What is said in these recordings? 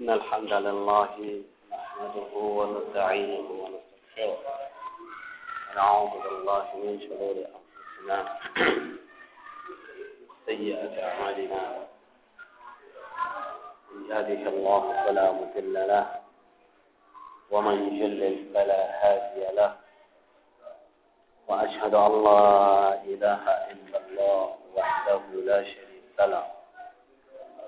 إن الحمد لله نحمده ونستعينه ونستغفره ونعوذ بالله من شرور أنفسنا سيئات أعمالنا من يهده الله فلا مضل له ومن يضلل فلا هادي له وأشهد أن لا إله إلا الله وحده لا شريك له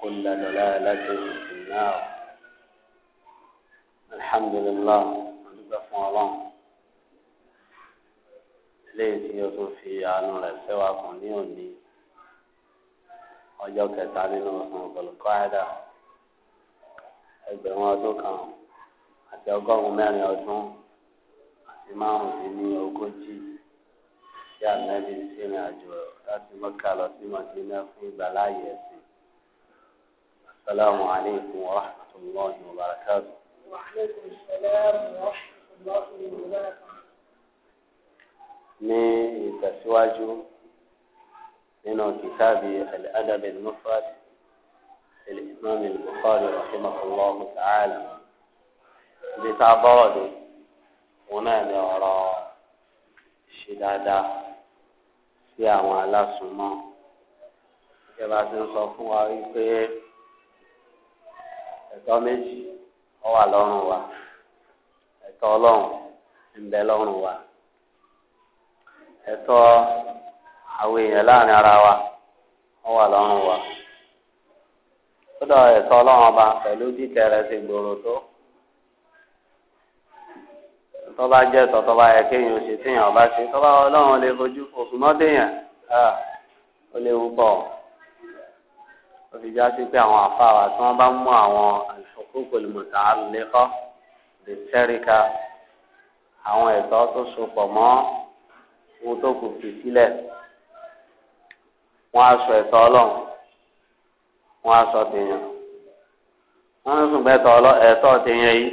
وكل ضلالة في النار الحمد لله أدوك الله léèdì o tún fi àánú rẹ̀ sẹ́wà kan ní òní ọjọ́ kẹta nínú ọsàn olùkọ́àdà ẹgbẹ̀rún ọdún kan àti ọgọ́rùn-ún mẹ́rin ọdún àti márùndínní ogójì tí àmẹ́bí sínú àjò láti mọ́kà lọ sí mọ̀tínà fún ìgbàláyè ẹ̀sìn. السلام عليكم ورحمة الله وبركاته وعليكم السلام ورحمة الله وبركاته ní ìtẹ̀síwájú nínú kìtàbí al-adab al-mufrad al-imam al-bukhari rahimahullah ta'ala bí tá a bọ́rọ̀ dé òun náà ní ọ̀rọ̀ ṣe dáadáa sí àwọn alásùnmọ́ gẹ́gẹ́ bá ti ń sọ fún wa wípé. Ẹtọ méjì ọ wà wa ẹ̀tọ́ ọlọ́run ń wa ẹ̀tọ́ àwọn èèyàn láàrin ara wa ó wà lọ́rùn wa kódà ẹ̀tọ́ ọlọ́run ọba pẹ̀lú títẹ̀rẹ̀ ti gbòòrò tó tọ́ba jẹ́ tọ́tọ́ba yẹ kéèyàn ṣe ọba ṣe lè fojú ó fi já sí pé àwọn àfáàwà tí wọ́n bá ń mú àwọn al-huquq al-muta'alliqa bit-tarika àwọn ẹ̀tọ́ tó sopọ̀ mọ́ ohun tó kù fi sílẹ̀ wọ́n á sọ ẹ̀tọ́ ọlọ́run wọ́n á sọ tèèyàn wọ́n ń sùn bẹ́tọ̀ ẹ̀tọ́ tèèyàn yìí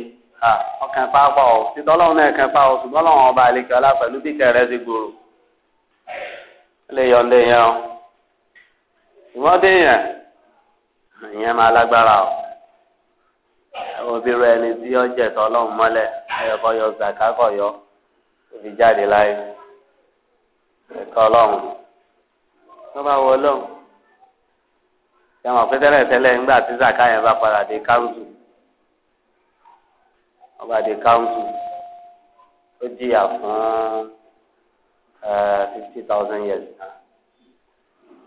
ọkàn pápá ọ̀ títọ́ ọlọ́run náà kàn pa ọ̀ ṣùgbọ́n ọlọ́run ọba àlekè ọlá pẹ̀lú bí kẹrẹ́ ti gbòòrò lè yọ̀ǹde yẹn o ìmọ̀dé yẹn ìyẹn máa lágbára o obìnrin ẹni tí ó jẹ tọ Ọlọ́run mọ́lẹ̀ ẹyọkọ yọ zakakọ yọ òbí jáde láyé ẹ̀kọ́ Ọlọ́run tó bá wọ Ọlọ́run ẹ mọ̀ pé tẹ́lẹ̀ tẹ́lẹ̀ nígbà tí zaka yẹn bá padà dé káńtù ọba dé káńtù ó jìyà fún fifty thousand years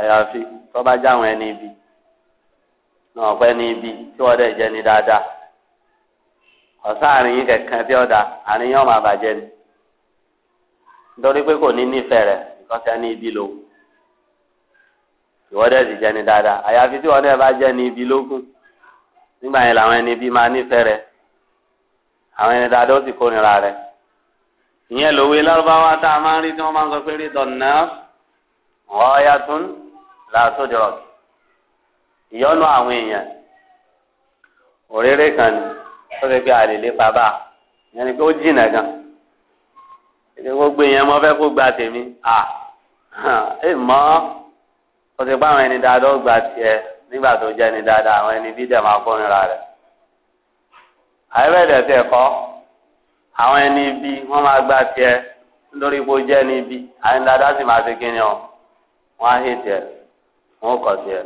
àyàfi tọ́ba já àwọn ẹni ibi náà ọ̀pẹ́ ní ibi tí wọ́n dẹ̀ jẹ́ ní dáadáa ọ̀sán àríyìn kẹ̀kẹ́ tí ọ̀dà àríyìn ọ̀mà bàjẹ́ ni nítorí pé kò ní nífẹ̀ẹ́ rẹ̀ ìkọ́sẹ́ ní ibi lòun ìwọ́dẹ̀ sì jẹ́ ní dáadáa àyàfi tí ìwọ́dẹ̀ bá jẹ́ ní ibi lókun nígbà yẹn làwọn ẹni ibi máa nífẹ̀ẹ́ rẹ̀ àwọn ẹni dáadáa ó sì kórìíra rẹ̀ ìyẹn lòwe lọ́rùbáwá tá a máa ń rí tí wọ́n máa ń sọ pé rí dọ̀nà ọ̀ọ́yá tún làásù dìrọ̀ ìyọnu àwọn èèyàn òréré kan ni ó ṣe pé àlèlé pàbà yẹn ni pé ó jìnà gan èdè gbé èèyàn fẹ́ kó gba tèmi à ẹ mọ́ àwọn gba nígbà tó jẹ́ ẹni dáadáa àwọn ẹni máa àyẹ̀bẹ̀dẹ̀ tẹ̀ kọ́ àwọn ẹni máa gba tiẹ̀ nítorí pé ó jẹ́ ẹni ọ á wọn kọ sí ẹ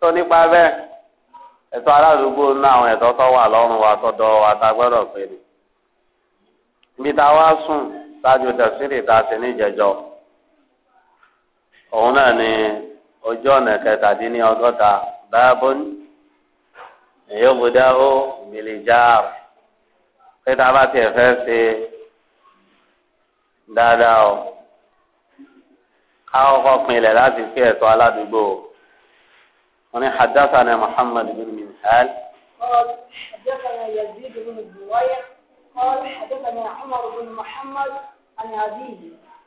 tó nípa bẹ́ẹ̀ ẹ̀tọ́ aládùúgbò ní àwọn tó wà lọ́rùn wa tọdọ dọ wa tá gbọ́dọ̀ pé ni ibi ta wá sùn ṣáájú tẹsílì tá a ní jẹjọ òun náà ni ojú ọ̀nà kẹtàdínní ọgọ́ta báábọ́n èyí ò gbọdá ó pé bá tiẹ̀ fẹ́ ṣe dáadáa o. káwọ́kọ́ pinlẹ̀ láti fi ẹ̀tọ́ aládùúgbò wọn ni hadassana muhammad bin minhal. قال حدثنا يزيد بن الزويع قال حدثنا عمر بن محمد عن أبيه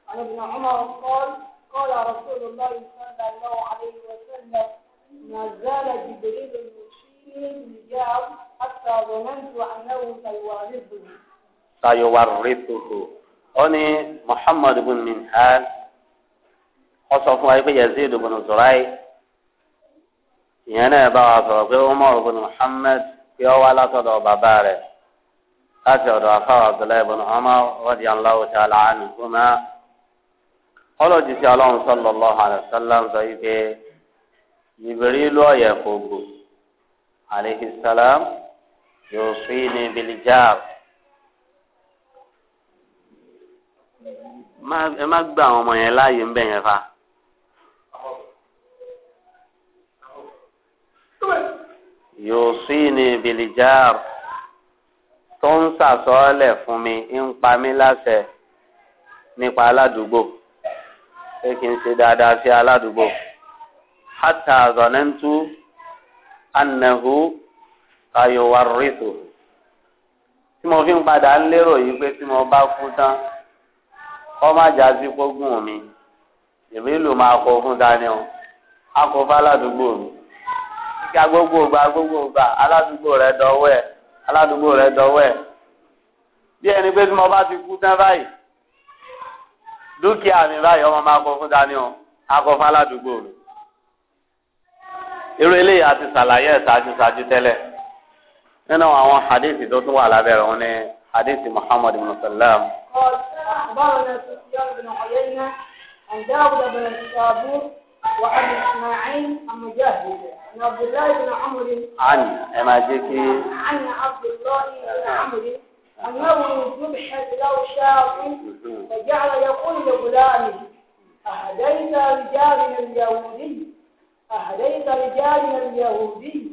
عن ابن عمر قال قال رسول الله صلى الله عليه وسلم ما زال جبريل يشير بالجاب حتى ظننت أنه سيورثه سيورثه أني محمد بن منهال wọ́n sọ fún wa Umar ọ wá látọ̀dọ̀ bàbá rẹ̀ láti ọ̀dọ̀ na Umar radiyallahu ta'ala anhuma ọlọ́jì sí ọlọ́run sallallahu alaihi wasallam sọ yìí pé Jibrilu gba ọmọ yẹn láàyè yusini bilijar tó ń sàsọ́ọ́lẹ̀ fún mi ń pa mí láṣẹ nípa aládùúgbò pé kí n ṣe dáadáa sí aládùúgbò hata zanantu annahu kayowarritu tí mo fi ń padà ń lérò yìí pé tí mo bá kú tán kọ́ má jásí kó gùn mi ìrílù máa kó fún daniel akọ fún aládùúgbò mi kíá gbogbo ògbà gbogbo ògbà aládùúgbò rẹ dọwọ́ ẹ̀ aládùúgbò rẹ dọwọ́ ẹ̀ bí ẹni pé tí mo bá ti kú tán báyìí dúkìá mi báyìí ọmọ máa kọ fún dání o akọ fún aládùúgbò mi irú eléyìí àti sàlàyé ẹ̀ ṣáájú ṣáájú tẹ́lẹ̀ nínú àwọn hadith tó tún wà lábẹ́rẹ̀ wọn ni hadith muhammad ibn sallam. قال أخبرنا سفيان بن عيينة عن داود بن الشابور وعن إسماعيل عن مجاهد عن عبد الله بن عمرو عن ما جيكي عن عبد الله بن عمرو أنه ذبحت له شاة فجعل يقول لغلامه أهديت رجالنا اليهودي أهديت رجالنا اليهودي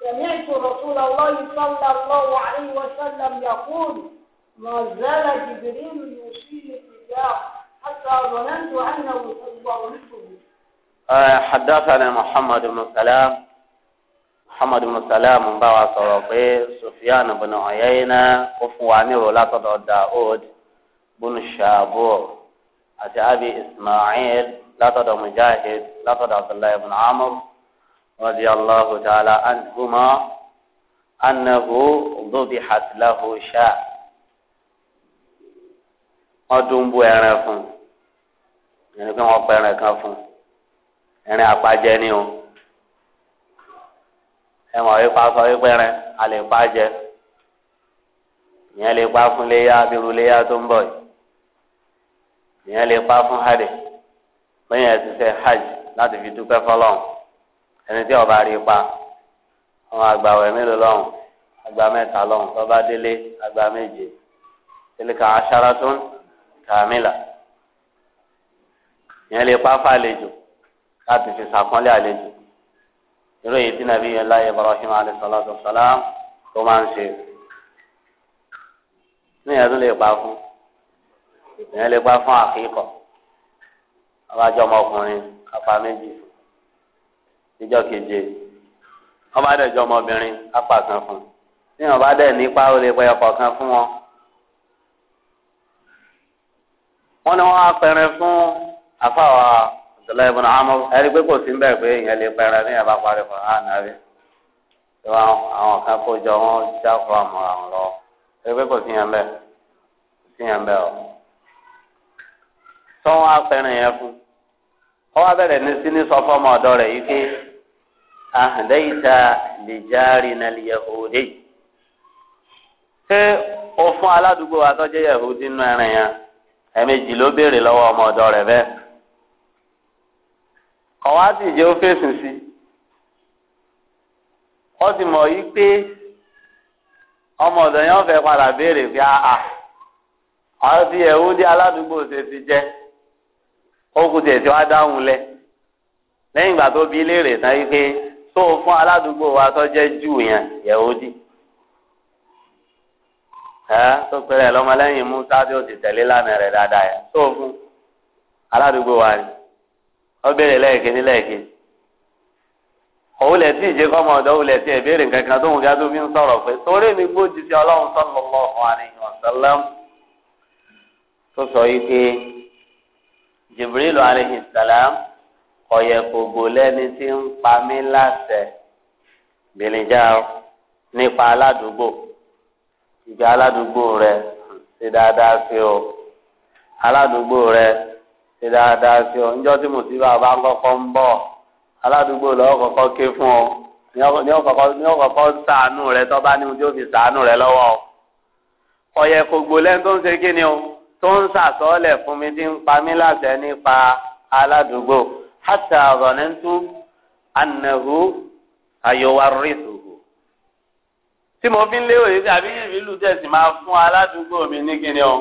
سمعت رسول الله صلى الله عليه وسلم يقول ما زال جبريل يوصيني الكتاب حتى ظننت أنه سيورثه آه، حدثنا محمد بن سلام محمد بن سلام من بوا صرفي سفيان بن عيينة وفواني ولا تدعو داود بن الشابور أتى أبي إسماعيل لا تدع مجاهد لا تدع عبد الله بن عمرو رضي الله تعالى عنهما أنه ذبحت له شاء ọdún bú ẹran fún ẹni pé wọn pa ẹran kan fún un ẹrin àpajẹ ni o ẹ mọ̀ wípé aṣọ wípé rẹ a lè pa jẹ ìyẹn lè pa fún léyà abirú léyà tó ń hajj fi dúpẹ́ fọlọ́n ẹni tí ọba rí pa àwọn àgbàwẹ̀ mélòó lọ́hùn àgbà mẹ́ta lọ́hùn tọ́ba délé àgbà méje tẹlifà láti fi sàkọ́lé àlejò irú èyí tí nàbí yẹn láyé Ibrahim alayhi salatu wa salam tó máa ń ṣe ní ìyẹn tó lè pa fún ìyẹn lè pa fún àkíkọ ọbàjọ ọmọkùnrin apá méjì ìjọ keje ọbàdẹjọ ọmọbìnrin apá kan fún ní ọbàdẹ nípa ó lè pẹ ọkọ kan fún wọn. wọn ní wọn á fún àfàwà. Abdullahi ibn Amr ẹni pé kò sí bẹ́ẹ̀ pé èèyàn lè ní ẹ̀bá parí fún náà rí àwọn kan kó jọ wọn já fún àmọ́ àwọn lọ ẹni pé kò sí yẹn kò sí yẹn o. yẹn fún wá bẹ̀rẹ̀ ní sí ní sọ yìí pé lè járe òde ṣé o fún aládùúgbò kọ̀wáàtì jẹ́ ó fèsì sí ó sì mọ̀ yí pé ọmọ ọ̀dọ̀ yẹn fẹ́ padà béèrè pé àà ah, àwọn ah, tí ẹ̀wú dé aládùúgbò ti jẹ́ tí lẹ ìgbà tó bí léèrè tán yí pé tó o fún aládùúgbò wa tó jù yẹn yẹ̀wó dì ẹ tó ti lánàá dáadáa yẹn tó o fún aládùúgbò wa ọbẹ̀rẹ̀ lẹ́ẹ̀kẹ́ ní lẹ́ẹ̀kẹ́ òun tí ìjẹ́ kọ́mọ ọ̀dọ́ tí ẹ̀bẹ̀rẹ̀ kankan tó ń ga tó fi ń sọ̀rọ̀ torí mi gbójú sí ọlọ́run tó sọ yìí pé Jibril ọ̀yẹ̀ lẹ́ni nípa aládùúgbò ìgbà aládùúgbò dáadáa sí o aládùúgbò ṣe dáadáa sí ọ níjọ́ tí mùsíbà bá kọ́kọ́ ń bọ̀ aládùúgbò lọ́wọ́ kọ́kọ́ ké fún ọ ní ọ̀kọ̀ọ̀kọ́ sàánú rẹ tó bá ní ohun tí ó fi sàánú rẹ lọ́wọ́ ọ. ọ̀yẹ̀ kò gbólẹ́ tó ń ṣe kí ni o tó ń sàsọ́ọ̀lẹ̀ fún mi tí ń pa mí láṣẹ nípa aládùúgbò hàtà ọ̀rọ̀nẹ́ntú anahu ayọ̀wárìsòwò. tí mo fi ń léwèé àbí ìlú tẹ̀sí máa fún aládùúgbò mi ní kí ni o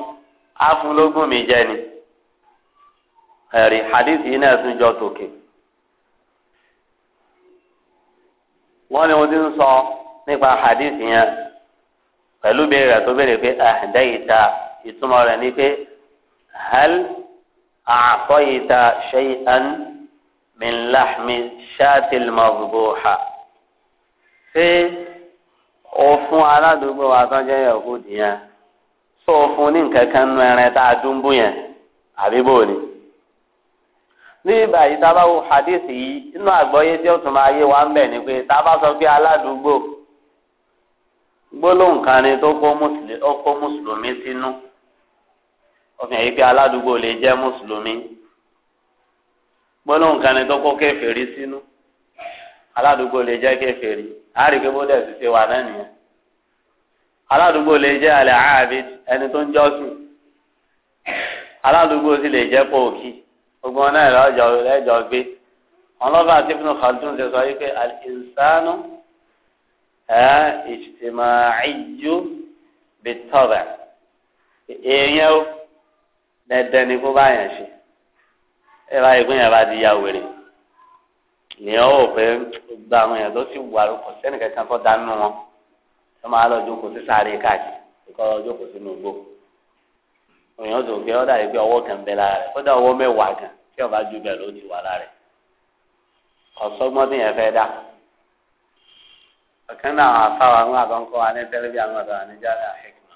á fún lógún mi jẹ ni ẹ̀rí hadith yìí náà tún jọ tòkè. wọ́n ní wọ́n ti ń sọ nípa hadith yẹn pẹ̀lú bí rẹ̀ tó béèrè pé àdá ah, ìta ìtumọ̀ rẹ̀ ni pé hal àtọ́ ìta shay'an min lahmi shatil mazbuha ṣé o aládùúgbò wa tán jẹ́ yẹ̀kú dìyẹn ní nǹkan kan nu ẹran tá a dún bú yẹn àbí bò ni. ní báyìí tá a bá hadith yìí inú àgbọ́yé tí ó tún máa yé wa ń bẹ̀ ni pé tá a bá sọ pé aládùúgbò gbólóhùn kan ni tó kó mùsùlùmí sínú aladugbo yìí pé aládùúgbò lè jẹ́ mùsùlùmí gbólóhùn kan ni tó kó kèfèrí sínú aládùúgbò lè jẹ́ kèfèrí àárín kébó dẹ̀ ti ṣe wà náà nìyẹn aládùúgbò lè jẹ́ alẹ́ àábí ẹni tó gbogbo náà lọ́jọ́ lẹ́jọ́ gbé wọn lọ́ba àti Ibn Khaldun ṣe sọ yìí pé al-insanu ijtima'iyyu bit-tab' èèyàn ó dandan ni kó bá yàn ṣe ẹ bá yẹ kó yàn bá di ya wèrè nìyẹn ó fẹ́ gba àwọn èèyàn tó sì wà lóko sẹ́nìkẹ́kẹ́ tó dánú wọn tó máa lọ jókòó sí sáré káàkiri kó lọ jókòó sínú gbó. òyìn tó kẹ́ ọ́ dàbí pé ọwọ́ kan bẹ lára rẹ̀ kódà ọwọ́ mẹ́wàá kan tí ọba ju bẹ̀ ló ti wà lára rẹ̀ ọ̀sọ́gbọ́n tí yẹn fẹ́ dà ọ̀kan náà àfáwà ń wà kọ́ńkọ́ wa ní tẹ́lifí àwọn ọ̀dọ́ wa ní jáde àhẹ́kùmá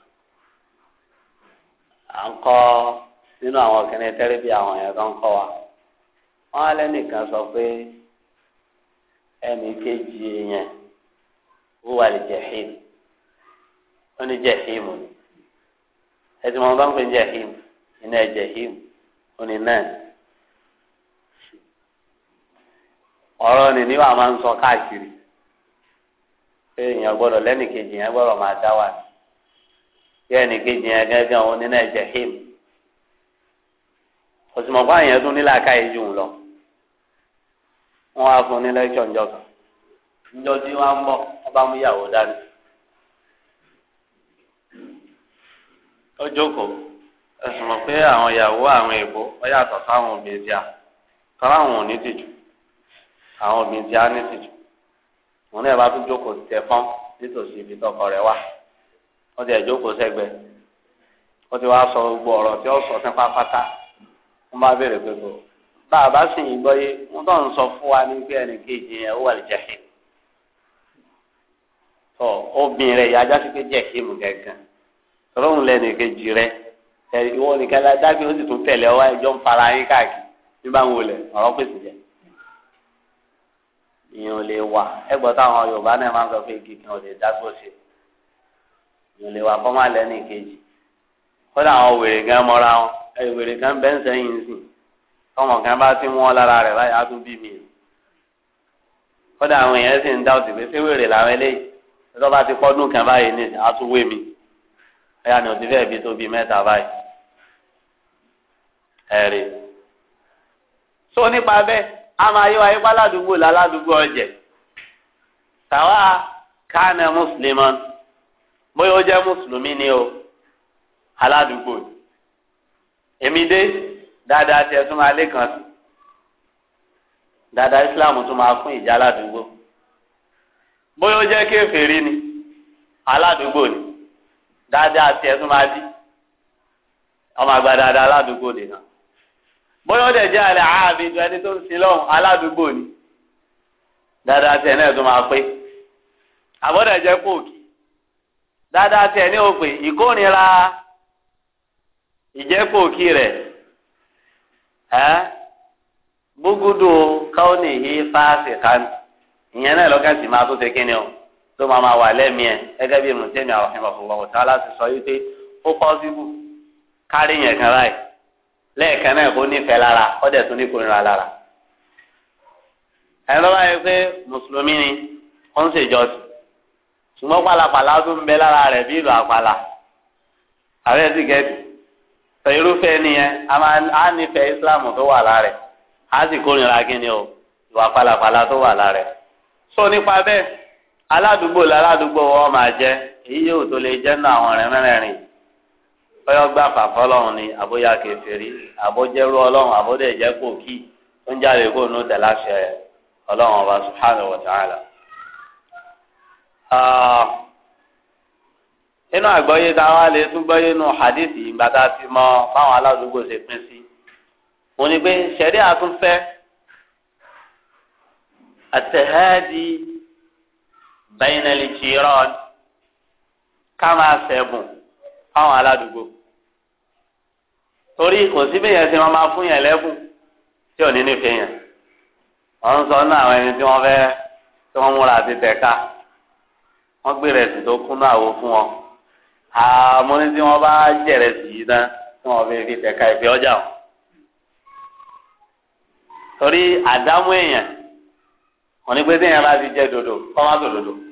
à ń kọ́ nínú àwọn àwọn kọ́ńkọ́ wa sọ pé ẹnì kejì ẹtì wọn bá ń pè ní jahim iná ẹ jahim òní náà ọ̀rọ̀ ni níwà máa ń sọ káàkiri pé èèyàn gbọ́dọ̀ lẹ́nìkejì yẹn gbọ́dọ̀ máa dá wà bí ẹnìkejì yẹn gángan òun náà jahim òsùmọ̀ fún àyẹ̀dún nílà káyé jù ń lọ wọn wá fún un ní lẹ́kṣọ̀ ńjọ́ kan ńjọ́ tí wọ́n ń bọ̀ wọ́n bá mú ìyàwó dání. ó jókòó ẹ̀sùn mọ̀ pé àwọn ìyàwó àwọn èèbó wọ́n yàtọ̀ sáwọn obìnrin tí a àwọn òní tìjú àwọn obìnrin tí a ní tìjú òun náà nítòsí ibi tọkọ rẹ̀ wà ti ẹ̀ jókòó sẹ́gbẹ́ ti wá sọ gbogbo ọ̀rọ̀ tí ó sọ sí wọ́n bá béèrè pé kò bá a bá sì yín gbọ́ yé wọ́n tó ń sọ fún wa ní pé ẹnì kejì rọrùn lẹ́nu kejì rẹ ìwọ nìkan la dábì ó sì tún tẹ̀lé ọwọ́ ẹjọ́ ń fara yín káàkiri nígbà wo lẹ̀ ọ̀rọ̀ pèsè jẹ. ìyẹn ò lè wà ẹgbọ́n táwọn Yorùbá náà máa ń sọ pé igi kan ò lè dá tó ṣe ìyẹn ò lè wà kọ́ máa lẹ́nu kejì kódà àwọn wèrè gan mọ́ra wọn wèrè gan bẹ́ẹ̀ sẹ́yìn ń sìn tọmọ kan bá ti wọ́n lára rẹ̀ báyìí á tún bí mi kódà àwọn èèyàn sì ń dá òtì pé ṣé wèrè làwọn eléyìí tó bá ti pọ́dún kan báyìí ní àtúwé mi. ẹ̀yà ni òtí fẹ́ẹ̀ bí tó mẹ́ta báyìí ẹ̀rí. so nípa bẹ́ẹ̀ a máa yọ ayé páládùúgbò láládùúgbò ọ̀jẹ̀ tàwa kánẹ mùsùlùmán bóyá ó jẹ́ ni o aládùúgbò èmi dé dáadáa tiẹ̀ tún máa kan dáadáa islam tún máa fún ìjà aládùúgbò bóyá ó jẹ́ ni aládùúgbò ni. dáadáa tiẹ̀ tó máa bí ọmọ àgbà dáadáa aládùúgbò náà bóyá ó dẹ̀ jẹ́ àlẹ́ ààbí ju ẹni tó ń sin lọ́hùn aládùúgbò ni dáadáa tiẹ̀ náà tó máa pé àbọ̀dẹ̀ jẹ́ pòkì dáadáa tiẹ̀ ní òpè ìkórìíra rẹ̀ ẹ́ káwọn kan ìyẹn náà lọ́kàn máa tó ṣe kíni o. tó máa máa wà lẹ́mìí ẹ̀ gẹ́gẹ́ bí mùsùlùmí àwòrán ọ̀tá láti sọ yìí pé ó pọ́sibú kárí yẹn kan báyìí lẹ́ẹ̀kan náà kó nífẹ̀ẹ́ lára ó ní kórìíra lára. ẹ̀rọ pé mùsùlùmí ni ó ń ṣèjọsìn ṣùgbọ́n pàlàpàlà tó ń bẹ lára rẹ̀ bí ìlú àpàlà ààrẹ sì irúfẹ́ nìyẹn á nífẹ̀ẹ́ ìsìláàmù o ìwà pàlàpàlà tó sọ nípa bẹ́ẹ̀ aládùúgbò làládùúgbò wọn máa jẹ èyí yóò tó lè jẹ́ nínú àwọn rẹ̀ mẹ́rẹ̀ẹ̀rin bọ́yọ̀ gbà fàfọ́ ni àbóyá kẹfẹ́rí àbójẹ́rú ọlọ́run àbódẹ́jẹ́ kó kí tó ń jáde kó nù tẹ̀ subhanahu wa ta'ala. inú ah, àgbọ́yé tá a wá lè tún gbọ́yé hadith ti mọ aládùúgbò ṣe bẹ́yìn ẹ̀lì jìrán ká máa sẹ̀bùn fáwọn aládùúgbò torí kò sí bí yẹn ti wọn máa fún yẹn lẹ́bùn tí ò ní nífẹ̀ẹ́ yẹn wọ́n ń sọ ní àwọn ẹni tí wọ́n fẹ́ tí wọ́n múra àti tẹ̀ka wọ́n gbé rẹ̀ sì tó kún náà wò fún wọn àmọ́ ní tí wọ́n bá jẹ̀rẹ̀ sí yìí náà tí wọ́n fi fi tẹ̀ka ìfẹ́ ọjà wọn torí àdámú èèyàn wọ́n ní pé téèyàn bá ti jẹ́ dodo kọ́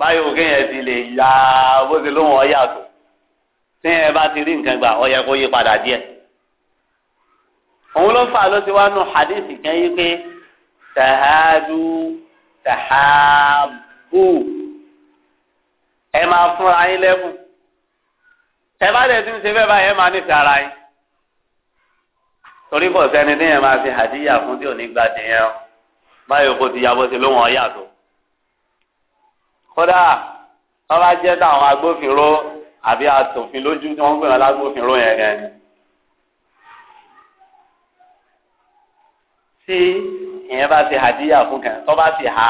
báyọ̀ kéèyàn ti lè ya bó ti lóhùn ọ̀yà tó téèyàn bá ti rí nǹkan gbà ó yẹ kó yí padà díẹ̀. òun ló fà ló ti wá nù hadith kan yí pé tàhádù tàhábù ẹ máa fúnra yín lẹ́bùn ẹ bá dẹ̀ ti ń ṣe bẹ́ẹ̀ báyìí ẹ máa nífẹ̀ẹ́ ara yín torí kò sẹ́ni téèyàn máa fi hàdíyà fún tí ò ní gba tèèyàn báyọ̀ kó ti ya bó ti lóhùn ọ̀yà tó kódà wọ́n bá jẹ́ táwọn agbófinró àbí asòfin lójú tí wọ́n ń pè wọ́n lágbófinró yẹn yẹn. tí ìyẹn bá ti hàdíyà fún kàn tó bá ti hà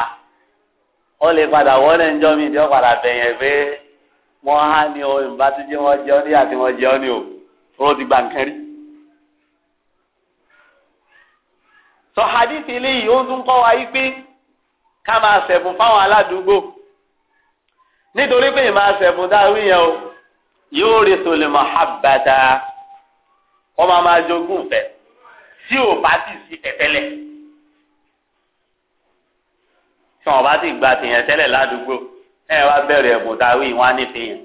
ó lè padà wọlé ńjọ́ mi tí ó padà bẹ̀yẹn pé wọ́n há ni, o ìbá tó jẹ́ wọ́n jẹ́ ọ́ ní àti wọ́n jẹ́ ọ́ ní o ó ti gba nǹkan rí. sọ hadith eléyìí ó tún kọ́ wa yí pé ká máa ṣẹ̀bùn fáwọn aládùúgbò nítorí pé ìmọ̀ àṣẹ̀bùn dáwí yẹn o yóò rí sọlẹ̀ mahabbata wọ́n máa máa jogún fẹ́ tí ò bá sì sí tẹ̀tẹ́lẹ̀ tí wọ́n bá sì gba tìyẹn tẹ́lẹ̀ ládùúgbò ẹ wá bẹ̀rẹ̀ ẹ̀bùn dáwí wọn á nífẹ̀ẹ́ yẹn.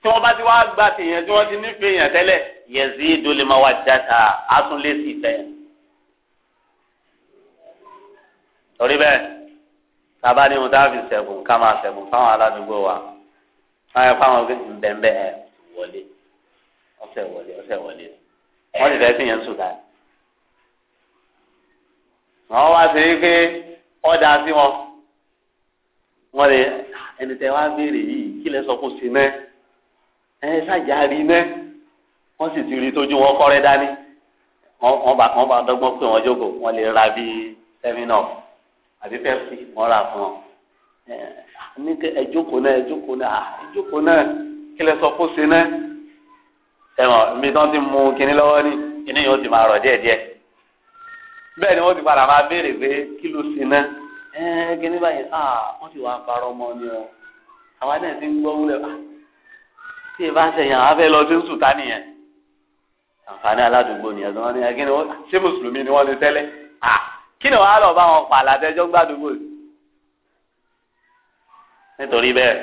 tí wọ́n bá ti wá gba tìyẹn tí wọ́n ti nífẹ̀ẹ́ yẹn tẹ́lẹ̀ yazidu li mawaddata á tún lé sí ìfẹ́ yẹn. torí bẹ́ẹ̀ tába ní wọn táàbì sẹ̀gùn ká máa sẹ̀gùn fáwọn aládùúgbò wa káwọn ẹ̀fọ́ àwọn bẹ̀ẹ̀bẹ̀ ẹ̀ wọlé ọ̀sẹ̀ wọlé ọ̀sẹ̀ wọlé wọ́n ti fẹ́ sí yẹn sùdà. wọ́n wá sí pé ọ̀dà sí wọn wọ́n lè ẹni tẹ́ wá béèrè yìí kí lẹ sọ kó sí náà ẹ ṣàjà rí wọ́n sì ti rí tójú wọn kọ́rẹ́ dání wọ́n bá dọ́gbọ́n pé wọ́n jókòó wọ́n lè ra bíi sẹ́mínọ̀ọ́ àbí pepsi wọn rà fún ọ ní ẹjókòó náà ẹjókòó náà ẹjókòó náà kí lẹ sọ fún ṣe náà ẹwọn mi tán ti mú kinní lọ́wọ́ ní kinní yóò ti máa rọ̀ díẹ̀díẹ̀ bẹ́ẹ̀ ni wọn ti padà máa béèrè pé kí ló ṣe náà ẹ kinní báyìí ah wọn ti wà á parọ́ ọmọ ni ọ àwọn ẹni tí ń gbọ́ wúlẹ̀ wá tí ẹ bá ń sẹyìn àwọn afẹ́ lọ sí ń sùtá nìyẹn àǹfààní aládùúgbò nìyẹn tí wọn ní akíní ṣé ah kí ni wàá lọ bá wọn pa àlàtẹjọ gbàdúgbò yìí nítorí bẹ́ẹ̀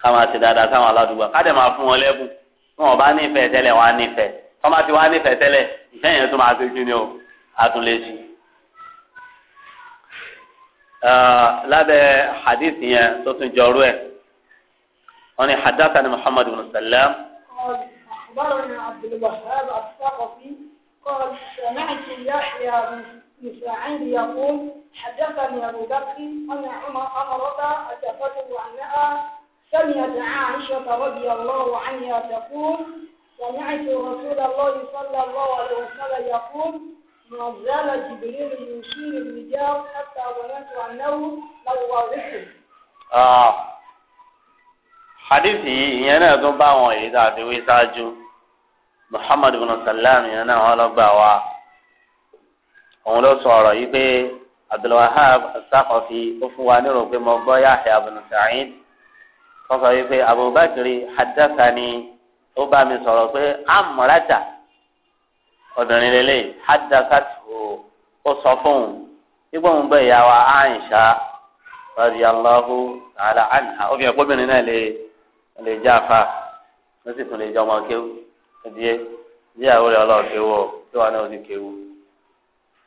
ká máa ṣe dáadáa sáwọn aládùúgbò ká dẹ máa fún wọn lẹ́bùn tí wọn bá nífẹ̀ẹ́ tẹ́lẹ̀ wọn á nífẹ̀ẹ́ tí wọn bá ti wá nífẹ̀ẹ́ tẹ́lẹ̀ ìfẹ́ yẹn tó máa ṣe kí ni o á lábẹ́ hadith yẹn tó tún jọrú ẹ̀ wọ́n ní hadathani muhammadu bin salam. أخبرنا عبد الوهاب الثقفي قال سمعت يحيى بن إسماعيل يقول حدثني أبو بكر أن عمر أمرت أتفته أنها سمعت عائشة رضي الله عنها تقول سمعت رسول الله صلى الله عليه وسلم يقول ما زال جبريل يشير الرجال حتى ظننت أنه لو وضعه آه حديث ìyẹn náà tó bá àwọn èyí tá a fi wí ṣáájú bin salam ìyẹn náà wọn lọ gbà wá òun ló sọ ọ̀rọ̀ yìí pé abdulwahab sakọfi ó fún wa nírò pé mo gbọ́ yahya ibn wọ́n sọ abubakar ó bá mi sọ̀rọ̀ pé amúrata obìnrin lélẹ̀ hadathat ó sọ fún un nígbà wọn radiyallahu ta'ala anha obìnrin kóbìnrin náà lè lè jẹ afa ó sì tún lè ọmọ díẹ̀ tí náà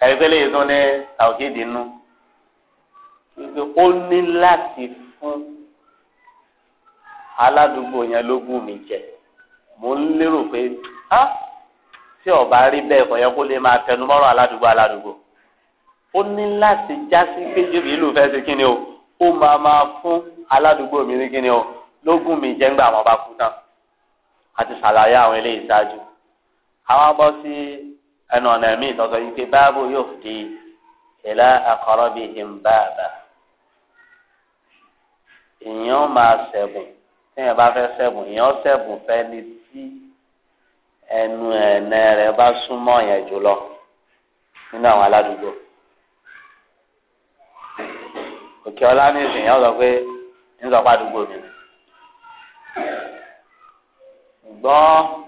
kàyípẹ́lẹ́ yìí tún ní àwòkéde nù wípé ó ní láti fún aládùúgbò yẹn lógún mi jẹ mo ń lérò pé á tí ọba rí bẹ́ẹ̀ kò yẹ kó lè máa tẹnu mọ́rọ̀ aládùúgbò aládùúgbò ó ní láti já sí ìlú fẹ́ ṣe kí o ó máa máa fún aládùúgbò mi ní kí ni o lógún mi jẹ́ ńgbà àwọn ọba kú tán àti ṣàlàyé àwọn eléyìí ṣáájú àwọn abọ́ sí ẹnu ọ̀nà mi ìtọ́sọ yìí pé báàbò yóò di ìlà àkọ́rọ́ bíi ìmbàbà ìyẹn máa ṣẹ̀bùn tíyẹn bá fẹ́ ṣẹ̀bùn ìyẹn ṣẹ̀bùn fẹ́ni tí ẹnu ẹ̀nà rẹ̀ bá súnmọ́ yẹn jùlọ nínú àwọn aládùúgbò òkè ọlá ní ìsìn yẹn sọ pé ń sọ pé mi gbọ́n.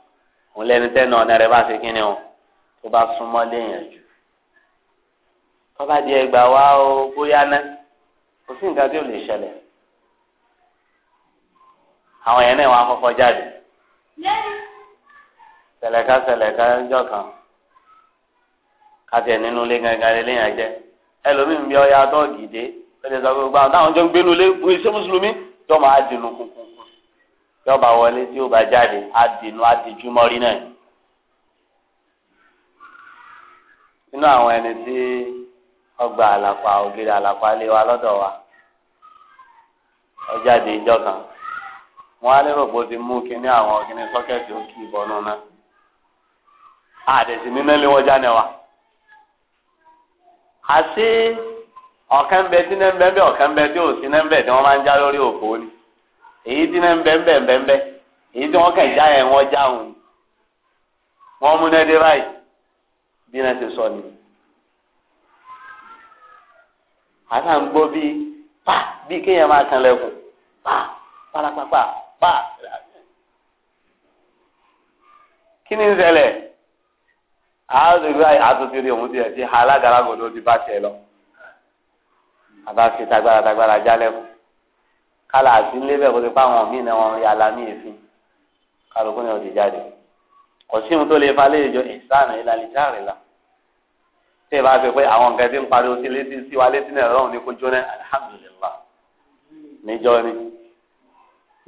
òun lẹni tẹnu ọ̀nà rẹ bá ṣe kí ni o tó bá súnmọ́ léèyàn jù tọ́ba di ẹgbàá wá o bóyá ná kò sí nǹkan tí ò lè ṣẹlẹ̀ àwọn yẹn náà wọn akọ́kọ́ jáde sẹlẹ̀ká sẹlẹ̀ká ńjọ́ kan kàtẹ́ nínú ilé gangan léèyàn jẹ́ ẹlòmíín bí ọya tó gìdé ó lè sọ pé gbàgbọ́ táwọn jọ ń gbénu lé wíṣẹ́ mùsùlùmí tó máa dìnnú kúkú tí ọba wọlé tí bá jáde á dìnnú á di náà nínú àwọn ẹni tí ọgbà àlàpà ògiri àlàpà lé wa lọ́dọ̀ wa ọjáde ìjọ kan wọn á lérò pé ti mú kinní àwọn kinní sọ́kẹ́tì òkè kì náà nínú wa àti bẹ tí bẹ bẹ tí ò sí tí ni. èyí tí náà ń bẹ́ ń bẹ́ ń bẹ́ ń bẹ́ èyí tí wọ́n kàn já yẹn wọ́n já òun wọ́n mú náà dé báyìí bí náà ti sọ ni. àtà ń gbọ́ bíi pa bíi kéèyàn máa kan lẹ́kùn pa parapapa pa. kí ni ń ṣẹlẹ̀ àádọ́gbé àtúntìrí òun tiẹ̀ ti alágàràgòdò ti bá tiẹ̀ lọ. àbá fi tagbára tagbára jálẹ̀kùn kálá àti lébẹ̀ kó ti pa àwọn míì náà wọn rí alámì èéfín kálukú ni ó ti jáde kò sí ohun tó lè fa léèjọ ìsáànù ìlàlẹ̀ járe la tí ì bá fi pé àwọn nǹkan tí ń pariwo sí létí sí wa létí náà rọrùn ní kó jóná alihamudulilá níjọ ni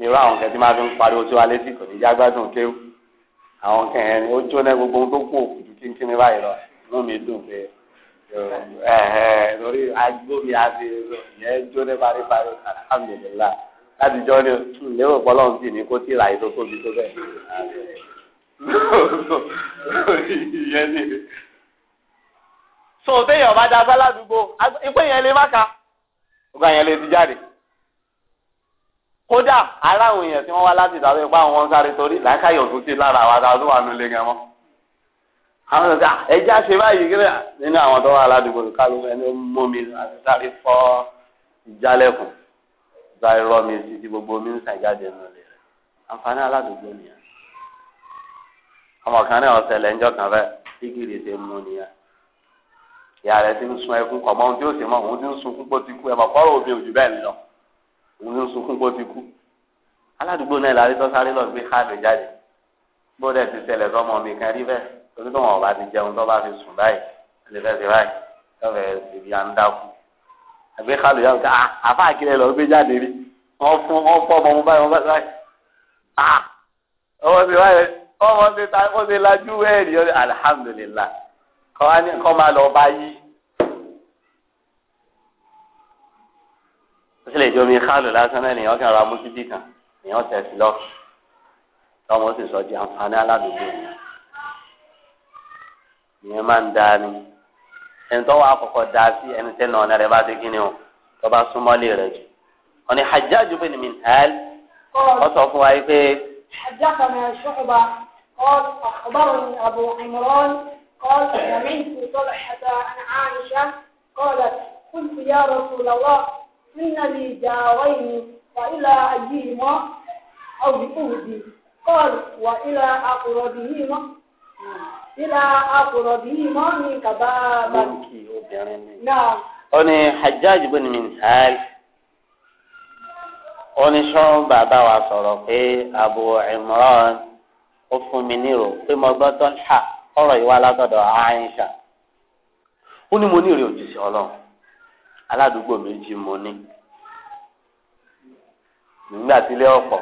irú àwọn nǹkan tí máa fi ń pariwo sí wa létí kò ní já kéwù àwọn nǹkan ó jóná gbogbo ohun tó kù òkùnkùn kínkín báyìí lọ inú mi dùn pé lórí agbómi àti ìyẹn jó ní paríparí alhamdulilayi láti jọ ní lérò pọlọ́n sì ní kó tí ra ètò tóbi tó bẹ́ẹ̀. ìyẹn ni so téèyàn bá da sálá dùgbò ipò yẹn lè má ka gbogbo àyẹn lè ti jáde kódà ara àwọn èèyàn tí wọn wá láti ìdáwọ ipá àwọn sáré torí làákàyọ̀ tó ti lára àwọn àtàwọn tó wà nílé gan mọ́ àwọn ọ̀gá ẹja ṣe báyìí kílẹ̀ nínú àwọn tó wà aládùúgbò kálù ẹni mú mi àti sáré fọ́ ìjálẹ̀kùn sáré rọ́ mi sí ti gbogbo mi ń sàn jáde nù lè rẹ̀ àǹfààní aládùúgbò nìyẹn ọmọ kan náà ọ̀sẹ̀lẹ̀ ńjọ́ kan fẹ́ kíkiri ṣe mú nìyẹn ìyá rẹ̀ ti ń sun ẹkún kọ̀ mọ́ ohun tí ó sì mọ́ òun ti ń sunkún pó ti kú ẹ̀ mọ̀ kọ́rọ̀ òbí òjò bẹ́ẹ̀ lọ òun ti ń sunkún pó ti kú aládùúgbò náà làrí tó sáré lọ gbé káàdì jáde bó dẹ̀ ti ṣẹlẹ̀ sọmọ mi kan rí bẹ́ẹ̀ torí tó wọn ọba ti jẹun tó fi sùn báyìí lè fẹ́ fi báyìí lọ́fẹ̀ẹ́ ìbí à ń dákú àgbẹ̀ kálù yà wọ́n àfa àkìlẹ̀ lọ gbé jáde rí wọ́n fún wọ́n fọ́ ọmọ wọn báyìí wọ́n bá báyìí ah ọmọ ti báyìí ọmọ ti ta ó ti lajú wẹ́ẹ̀rì ọ̀rẹ́ alihamudulila kọ́ máa lọ bá yí. ó sì lè jẹ́ omi kálù lásán náà nìyẹn ọkàn ra mú kan nìyẹn tẹ̀sí lọ́ọ̀kì tọ́mọ ìyẹn máa ń da ni ẹni tó wà kọ́kọ́ da sí ẹni tẹ́ nà ọ̀nà rẹ̀ bá ti kíni o tó bá súnmọ́lé rẹ̀ jù wọn ni Hajjaj bin Minhal wọ́n sọ fún wa yìí pé. حدثنا شعبة قال أخبرني أبو عمران قال سمعت طلحة عن عائشة قالت قلت يا رسول الله إن لي جارين وإلى أيهما أو بأهدي قال وإلى أقربهما sílá àkùrọ̀ bí mọ́ mi kàbá bá. mọ́ǹkì obìnrin ni. náà. ó ní hajjaj bin minhal ó ní sọ́n bàbá wa sọ̀rọ̀ pé abu imran ó fún mi nírò pé mo gbọ́ tọ́lá ọ̀rọ̀ yìí wá látọ̀dọ̀ aisha ó ní mo ní ìrè òjìṣẹ́ ọlọ́run aládùúgbò méjì mo ní nígbà tí ilé ọ̀pọ̀.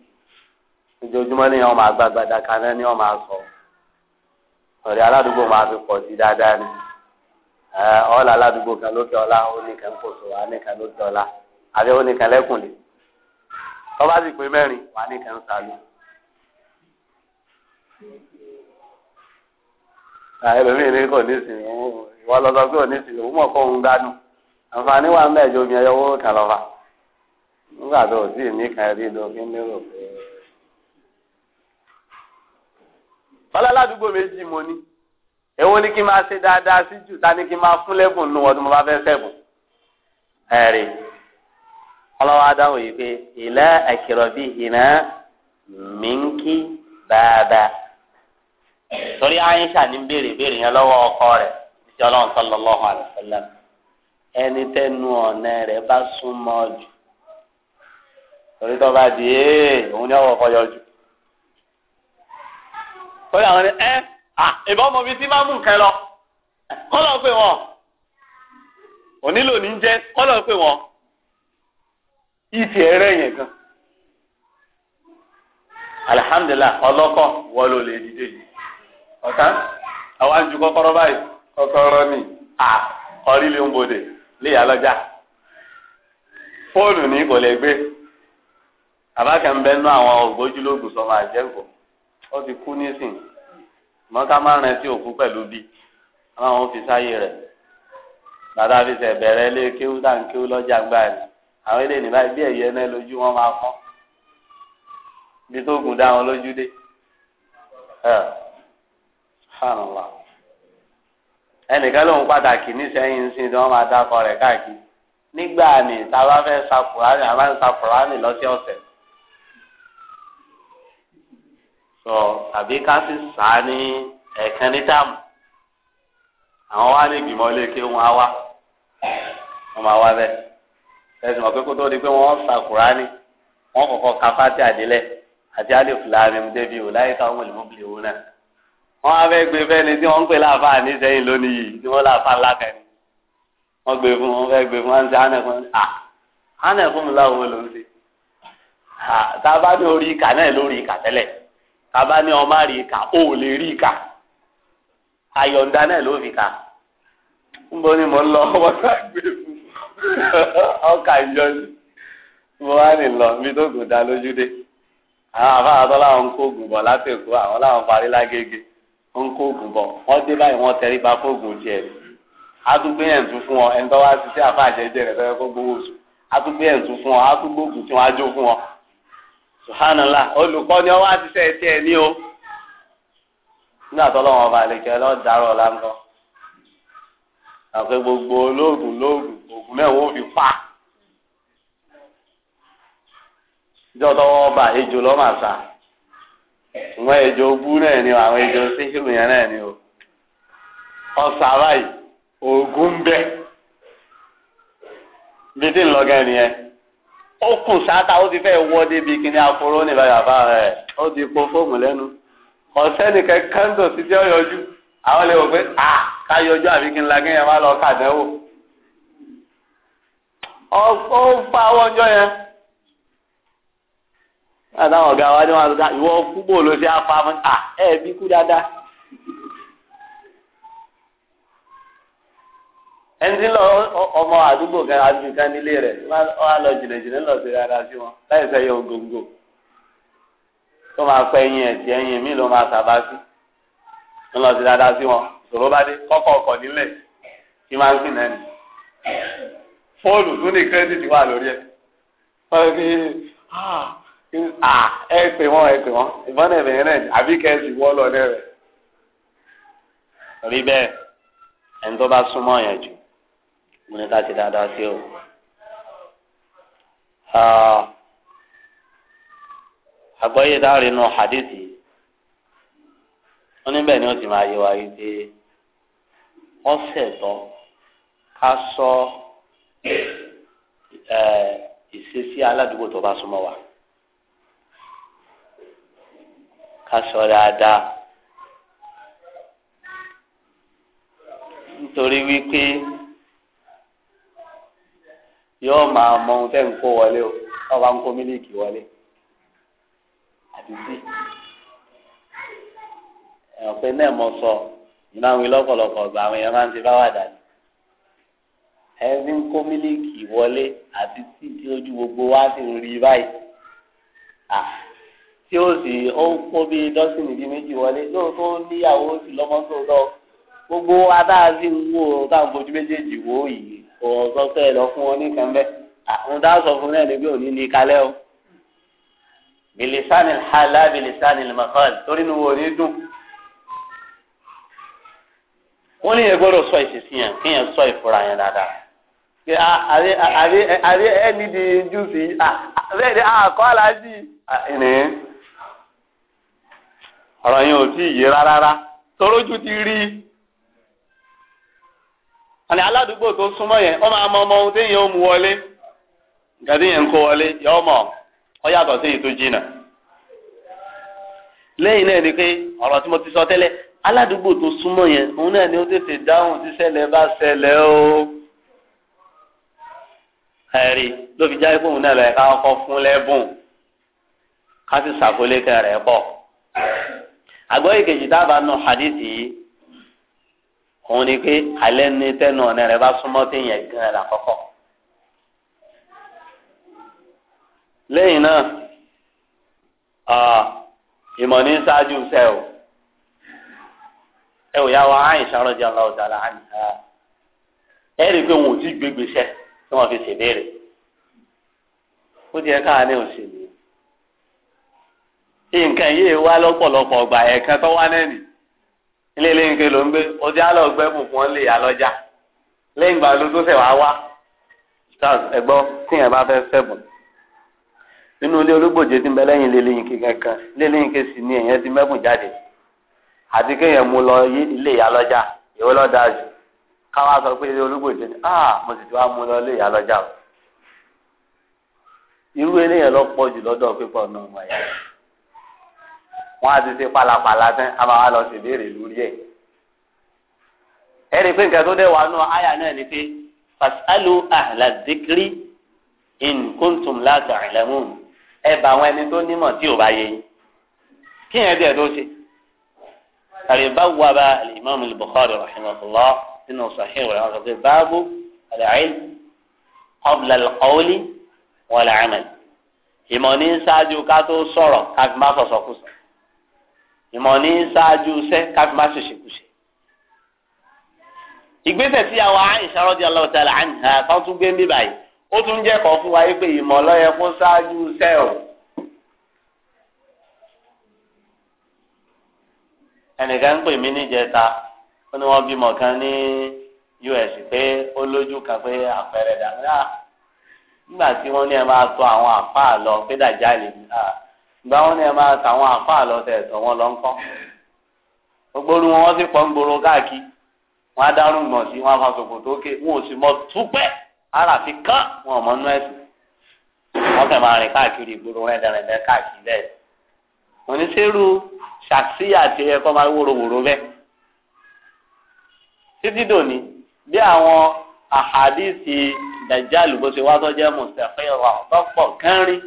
ìjọjúmọ́ ni wọ́n máa gbàgbàdà ni wọ́n máa sọ ọ̀rẹ́ aládùúgbò máa fi pọ̀ sí dáadáa ni ọ̀la aládùúgbò kan ló tẹ oníkan kò sọ ló àbí oníkan lẹ́kùnlé sì pé mẹ́rin wà níkan sálú. ẹlòmíì ní kò ní sìn ìwọ lọ́sọ pé ò ní sìn òun mọ̀ kó gbádùn àǹfààní wà ń bẹ̀ omi ẹyọ owó kan nígbà tó ní kan rí ọlọ́ládùúgbò méjì mo ní èwo ni kí n máa ṣe dáadáa sí jù ta ni kí n máa fún lẹ́bùn nù ọdún mo bá fẹ́ sẹ́bùn ẹ̀rí ọlọ́wọ́ adáhùn yìí pé ìlà àkìrọ̀ bíi ìná torí ní béèrè béèrè yẹn lọ́wọ́ ọkọ rẹ̀ ìjọ ọlọ́run sallallahu alaihi ẹni tẹnu ọ̀nà rẹ̀ bá súnmọ́ jù torí ee òun kọ́ yọjú. kọ́lé àwọn ni ẹ́ ìbọn ọmọ mi ti máa mú nǹkan lọ kọ́lọ̀ pé wọ́n onílò ní jẹ́ kọ́lọ̀ pé wọ́n ìtì ẹ̀rẹ́ yẹn gan. alihamdulilah ọlọkọ wọ́n ló lè dìde yìí ni à ọrí lè ń bodè lè yà kò lè gbé àbákẹ́ ń sọ máa jẹ́ nǹkan. ó ti kú nísìn mọ́ká má rìn sí òkú pẹ̀lú bí àwọn fi sáyé rẹ̀ bàtà fi sẹ̀ bẹ̀rẹ̀ lé kéwú dá ń kéwú lọ́jà gbà ní àwọn eléyìí nígbà bí ẹ̀yẹ náà lójú wọn máa fọ́n bí tó gùn dá wọn lójú dé hànàlá ẹnìkan lòun pàtàkì nísẹ́yìn sí ni wọ́n máa dákọ rẹ̀ káàkiri nígbà ní tá a bá fẹ́ sa Kùránì a máa ń sa Kùránì lọ́sẹ̀ ọ̀sẹ̀ sọ tàbí ká sì sá ní ẹ̀ẹ̀kan ní táàmù àwọn wá ní ìgbìmọ̀ ilé kí wọ́n á wá wọ́n máa wá bẹ́ẹ̀ ẹ̀sìn ọ̀pẹ́ kó tó di pé wọ́n sa Kùránì wọ́n kọ́kọ́ ka fáti àdílẹ̀ àti alif lamim débi ò láyé káwọn olùmọ̀bìlì òun náà wọ́n á fẹ́ gbé fẹ́ni tí wọ́n ń pè láàfà ní sẹ́yìn lónìí yìí tí wọ́n láàfà lákàní wọ́n gbé fún wọ́n fẹ́ gbé fún wọn ṣe ánẹ̀fún à ánẹ̀fún mi láwọn olóńsè tá a bá ní orí ìkà náà lórí ìkà tẹ́lẹ̀ tàbá ní ọmọ rí ìka ó lè rí ìka àyọ̀ǹda náà ló fi ka ń bọ́ ni mo ń lọ ọmọ náà gbé fún ọkà ìjọ ni mo wá ní lọ mi tó gùn dá lójú dé àwọn àfáà tó láwọn ń kó oògùn bọ̀ látẹ̀kọ́ àwọn láwọn parí lágége ń kó oògùn bọ̀ wọ́n dé báyìí wọ́n tẹrí ba fóògùn tiẹ̀ àtúgbé yẹn tún fún ọ ẹni wá sí sí àfáà jẹjẹrẹ tó yẹ gbowó sùn àtúgbé yẹn tún fún ọ àtúgbó oògùn tí wọ́n á jó fún ọ. subhanallah olùkọ́ ni ọwọ́ àtisẹ́ ẹtí ẹ ní o nígbà lọ́wọ́ ọba àlejò ẹlọ́dàárọ̀ láńkọ́ àpé gbogbo olóògùn lóògùn ògùn mẹ́wọ́ fi pa ìjọ tọwọ́ ọba ejò lọ́màṣá ìwọ̀n ejò bú náà ni àwọn ejò síhìrù yẹn náà ni o ọ̀sà báyìí ògùn ń bẹ bí tí ó kùn sáta ó ti fẹ́ wọ́ débi kíní aforo ní bàbá rẹ̀ ó ti po fóònù lẹ́nu ọ̀sẹ́ni kankan tó ti jẹ́ ọ̀yọ́jú àwọn lè wò pé à ká yọjú àbí kí n la kéèyàn má lọ kàdánwò ó fa àwọn ọjọ́ yẹn látàwọn ọ̀gá wa ni wọn àti ìwọ kúgbò ló ṣe afáfún à ẹ̀ dáadáa. ẹnití lọ ọmọ àdúgbò kan àdúgbò nílé rẹ wà lọ jìnnàjìnnà lọ sí rárá sí wọn láì fẹ́ yọ gbòǹgbò tó máa pẹ ẹyin ẹtì ẹyin mi ló máa sábà sí lọ sí rárá sí wọn ìṣòro bá dé kọkọ ọkọ nílẹ̀ kí máa ń sìn náà nì fóònù tún ní kírẹ́dìtì wà lórí ẹ wọn kì í ẹ pè wọn ẹ pè wọn ìbọn náà bẹ̀rẹ̀ náà àbí kẹ́sì wọ́ lọ náà rẹ rí bẹ́ẹ̀ ẹni tó bá súnmọ́ yẹn jù mo ní ká ti dáadáa sí o. àgbọ́yé dáre nu hadithi wọ́n ni ó ti máa yẹ wa yìí pé wọ́n sọ ìṣesí wa ká sọ dáadáa yóò máa mọ ohun tẹ́ ń kó wọlé o ọba ń kó mílíìkì wọlé àti tí ẹ̀rọ pé náà mo sọ ìmọ̀ àwọn ilé ọ̀pọ̀lọpọ̀ ọgbà àwọn èèyàn máa ń ṣe báwà dàní ẹni ń kó mílíìkì wọlé àti tí tí ojú gbogbo wa sì ń rí báyìí tí ó sì ó ń kó bí dọ́sìnì bíi méjì wọlé lóòótọ́ níyàwó sì lọ́mọ́ gbogbo adáàbí ń wò táwọn fojú méjèèjì wò yìí kò sọ pé ẹ lọ fún wọn nìkan bẹ́ẹ̀ àwọn tá a sọ fún náà ni pé òní ní kalẹ́ o bilisani hala bilisani makal torí nu wo ni dùn wọ́n ní yẹn gbọ́dọ̀ sọ ìsinsin yẹn kí yẹn sọ ìfura yẹn dáadáa ṣe ah, àrí àrí àrí ẹni di júùsì ah, bẹ́ẹ̀ ni àkọ́ ah, aláàjì ẹ̀nì ọ̀rọ̀ yẹn ò tí ì yé rárá torójú ti rí àní aládùúgbò tó súnmọ́ yẹn ọ ma mọ ọmọ ohun téèyàn ó wọlé nǹkan wọlé yọ ọmọ ọ yàtọ̀ tó jìnnà lẹ́yìn náà ni pé tí mo ti sọ tẹ́lẹ̀ aládùúgbò tó súnmọ́ yẹn òun náà ni ó tètè dáhùn bá o ẹ̀rí ló fi jáde fóun náà káwọn fún ká sì ṣàkólé tá a bá nù yìí. òun ni pé alẹ́ ní tẹnu ọ̀nà rẹ bá súnmọ́ téèyàn gan la kọ́kọ́. lẹ́yìn náà ìmọ̀ ní ṣáájú sẹ́ o ẹ ò yá wa Àìṣà radiyallahu ta'ala anha ẹ rí i pé wọn ò tí gbégbèsẹ́ tí wọ́n fi ṣèbéèrè ó ti ẹ̀ káà ní òṣèlú nǹkan yìí wá lọ́pọ̀lọpọ̀ ọgbà ẹ̀ẹ̀kan tó wá náà ilé ilé nǹkan ló ń gbé ọdí àlọ́ ọgbẹ́ bùkún wọn lè yà lọ́jà lẹ́yìn ìgbà ló tó sẹ̀ wá wá ẹgbọ́ tíyẹn bá fẹ́ fẹ́bùn nínú ilé olúgbòjé ti bẹ lẹ́yìn ilé lẹ́yìn lọ ilé ìyá lọ́jà ìwé lọ́dà jù káwá sọ pé ilé olúgbòjé ni ah mo sì ti wá mú lọ ilé o irú eléyàn lọ wọn á ti ṣe palapala tán a máa lọ sí ìbéèrè lórí ẹ. ẹ̀rí pé nǹkan tó dẹ̀ wà nù àyà náà ni pé fasalu ahla zikri in kuntum la ta'lamun ẹ bá àwọn ẹni tó nímọ̀ tí ò bá yé yín kí yẹn díẹ̀ tó ṣe. àrèbáwaba alimami al-Bukhari rahimahullah nínú sahih rẹ̀ wọ́n sọ pé báàbù al-ilm amal ìmọ̀ ní sáájú ká tó sọ̀rọ̀ ká fi má sọ̀sọ̀ kù sọ̀rọ̀ ìmọ̀ ní ṣáájú iṣẹ́ káfí má ṣèṣe kùṣe. ìgbésẹ̀ tí àwọn Àìṣà radiyallahu ta'ala anha kan tún gbé mí báyìí ó tún jẹ́ kọ́ fún wa pé ìmọ̀ lọ́yẹ fún ṣáájú iṣẹ́ o. ẹnìkan ń pè mí níjẹta ó ní wọ́n bímọ kan ní US pé ó lójú kan pé àpẹẹrẹ dàgbà ah, nígbà tí wọ́n ní ẹ máa tọ̀ àwọn àpá àlọ́ pé dàjà lè ní gba wọn ni ẹ máa tàwọn àfa àlọtẹ ẹsọ wọn lọ ń kọ gbogbo wọn wọn sì pọ̀ ń gbòòrò káàkiri wọn á dárú gbọ̀n sí wọn á fa sòkòtò òkè wọn ò sì mọ túpẹ́ aláfi kán wọn ò mọ nú ẹ̀sìn wọn fẹ́ máa rìn káàkiri ìgboro rẹ̀dẹ̀rẹ̀dẹ̀ káàkiri bẹ́ẹ̀ oníṣẹ́rù ṣàṣìyà tí ẹ kọ́ máa wòrowòro bẹ́ẹ̀ títí dòní bí àwọn àhàdìsì dàjálù bó ṣe wá tó jẹ́ mùsàfẹ́ rọ̀ tó pọ̀ kánrin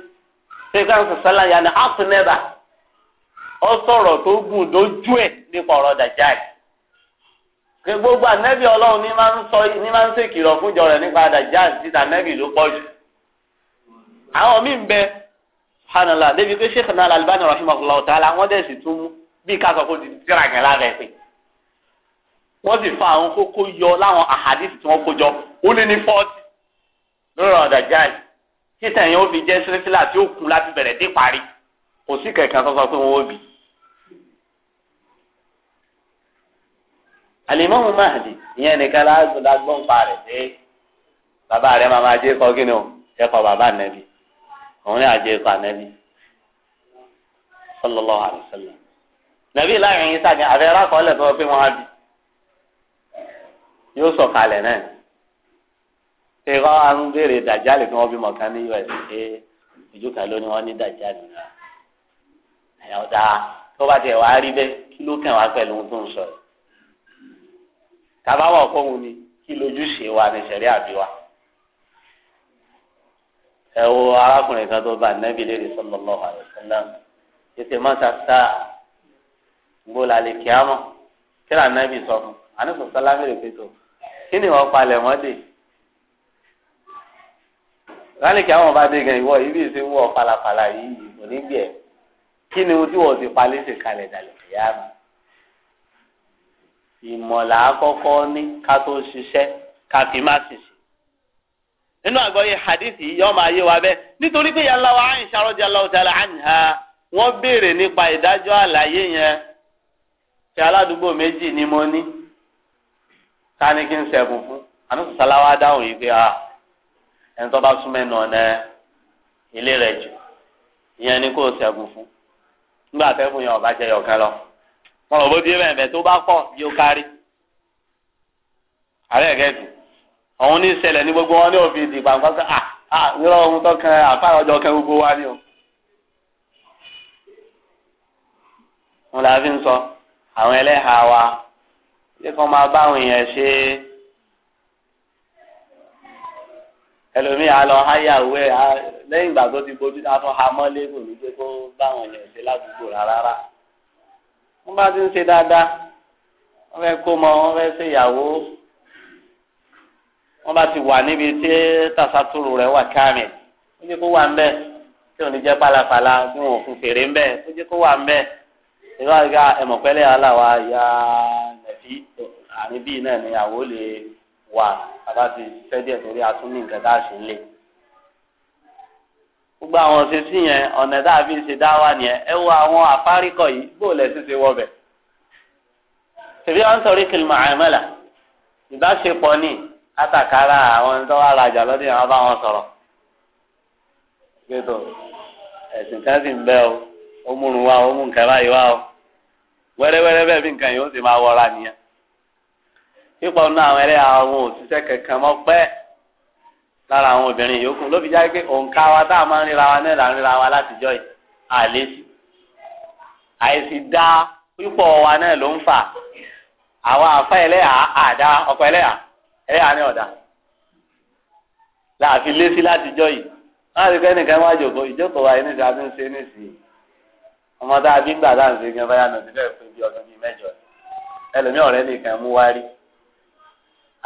sèkà sọsọlá yàrá àtúnẹ́bà ọ sọ̀rọ̀ tó gùn dójú ẹ̀ nípa ọ̀rọ̀ dàjáàlì pé gbogbo ànẹ́bì ọlọ́run ní máa ń sọ ní máa ń ṣèkìlọ̀ fúnjọ rẹ̀ nípa dàjáàlì títà ànẹ́bì ló pọ̀ jù àwọn míì ń bẹ hanala débi pé sèkà náà Al-Albani rahimahullah ta'ala wọ́n dẹ̀ sì tún mú bí ká sọ kó di tíra kẹ́ lára ẹ̀ pé wọ́n sì fa àwọn kókó yọ láwọn àhàdìsì tí wọ́n kó jọ ó lé ní fọ́ọ̀tì lórí ọ̀dàjáàlì títẹ̀ yẹn ó fi jẹ́ sírífìlà tí ó kún láti bẹ̀rẹ̀ dé parí kò sí kẹ̀kẹ́ sọ́sọ́ pé wọ́n ó bì. Àlìmámù Mahdi ìyẹn nìkan lágbọ́n pa rẹ̀ pé bàbá rẹ̀ máa máa jẹ́ kọ́ kí ni o ẹ̀kọ́ bàbá nẹ́bí òun ní àjẹ́ ẹ̀kọ́ ànẹ́bí sallallahu alaihi wasallam. láàrin yín sáà ní àfẹ́rẹ́ akọ́lẹ̀ fún ọ pé wọ́n á bì yóò sọ̀kalẹ̀ náà ṣe kọ́ à ń béèrè dàjálì kí wọ́n bímọ kan ní us ṣe ìjú kan ló ní wọ́n ní dàjálì náà ẹ̀yà ọ̀dà tó bá tiẹ̀ wá rí bẹ́ẹ̀ kí ló kàn wá pẹ̀lú ohun tó ń sọ yìí tàbá wà fóun ni kí lójúṣe wa ní sẹ̀rí àbí ẹ wo arákùnrin kan tó bá nẹ́bí lédè sallallahu alaihi wasallam ètè mọ́ta sáà gbọ́lá lè kíámọ̀ kí lànà ẹ̀bí sọ fún àníṣọ́ sálámì rẹ̀ pé tó kí ni lálẹ́kì àwọn bá dé gan ìwọ ibi ìṣe wọ falafala yìí onígbì ẹ̀ kí ni ti palẹ́ ṣe kalẹ̀ dàlẹ́ ìyá mi. ìmọ̀lá àkọ́kọ́ ní ká tó ṣiṣẹ́ ká fi má ṣiṣẹ́. nínú àgbọ̀yé hadith yìí máa yé wa bẹ́ẹ̀ nítorí pé yàrá wa Àìṣà radiyallahu ta'ala anha béèrè nípa àlàyé yẹn ṣe aládùúgbò ni mo ní ká ní kí n fún dáhùn yìí pé ah, ẹni tó bá súnmọ́ ẹnu ọ̀nà ilé rẹ̀ jù ìyẹn ni kò ṣẹ́gun fún nígbà tẹ́gùn yẹn ọ̀bá jẹ́ yọ̀kan lọ wọn lọ bó di ẹbẹ̀ ẹ̀bẹ̀ tó bá pọ̀ yóò kárí àárẹ̀ gẹ̀ẹ́dù ọ̀hún ní ìṣẹ̀lẹ̀ ní gbogbo wọn ní òfin ìdìbò àgbàgbà à à ah, nírọ̀ ah, ohun tó kan àfáà ọjọ́ kan gbogbo wa ni o. wọn làá fi ń sọ àwọn ẹlẹ́hàá wa ṣé kí wọ́n máa bá àwọn èèyàn ṣe é. ẹlòmíì alọ háyàwó ẹ lẹ́yìn ìgbà tó ti bójú náà tó ha mọ́ lébù ní pé kó báwọn yẹn ṣe ládùúgbò rárá wọ́n bá ti ń ṣe dáadáa wọ́n fẹ́ kó mọ wọ́n fẹ́ ṣe ìyàwó wọ́n bá ti wà níbi tí tàṣàtúrò rẹ̀ wà káàmì ó jẹ́ kó wà ń bẹ́ẹ̀ tí ò ní pálapàla bí wọn fún fèrè ń bẹ́ẹ̀ ó jẹ́ kó wà ń bẹ́ẹ̀ ìgbà ẹ̀mọ̀pẹ́lẹ́ aláwa ya nàbí àníbí náà ni àwọ̀ lè wà bàbá ti fẹ́ díẹ̀ torí a tún ní nǹkan tá a ṣe lé gbogbo àwọn òṣèṣì yẹn ọ̀nà tá a fi ń ṣe dá wà nìyẹn ẹ wo àwọn àfárikọ yìí bó lẹ ti ṣe wọbẹ̀ tèmi à sọrí kìlìmọ̀ àìmọ́là ìbáṣepọ̀ ní àtàkárà àwọn tó wà rajà lọ́dún yẹn wọ́n bá wọn sọ̀rọ̀ gbẹ́tọ̀ ẹ̀sìn kan sì ń bẹ́ o ó múrun wá ó mú nǹkan báyìí wá o wẹ́rẹ́wẹ́rẹ́ bẹ́ẹ̀ bí nǹkan yìí ó sì máa wọra nìyẹn pípọ̀ nínú àwọn ẹlẹ́yà àwọn òṣìṣẹ́ kankan mọ́ pẹ́ lára àwọn obìnrin yòókù ló fi já pé òǹkà wa tá a máa ń ríra wa náà là ń ríra wa látijọ́ yìí àlésì àìsí dá pípọ̀ wa náà ló ń fà àwọn àfa ẹlẹ́yà àdá ọ̀pọ̀ ẹlẹ́yà ẹlẹ́yà ní ọ̀dà láàfi lésì látijọ́ yìí wọ́n á rí pé ẹnìkan wá jòkó ìjókòó wa yìí níta tó ń ṣe nísìnyí ọmọ tá a bí gbà dáhùn gan báyà náà ti fẹ́ẹ́ pé bí ọdún bíi mẹ́jọ ẹlòmíọ̀rẹ́ nìkan mú wá rí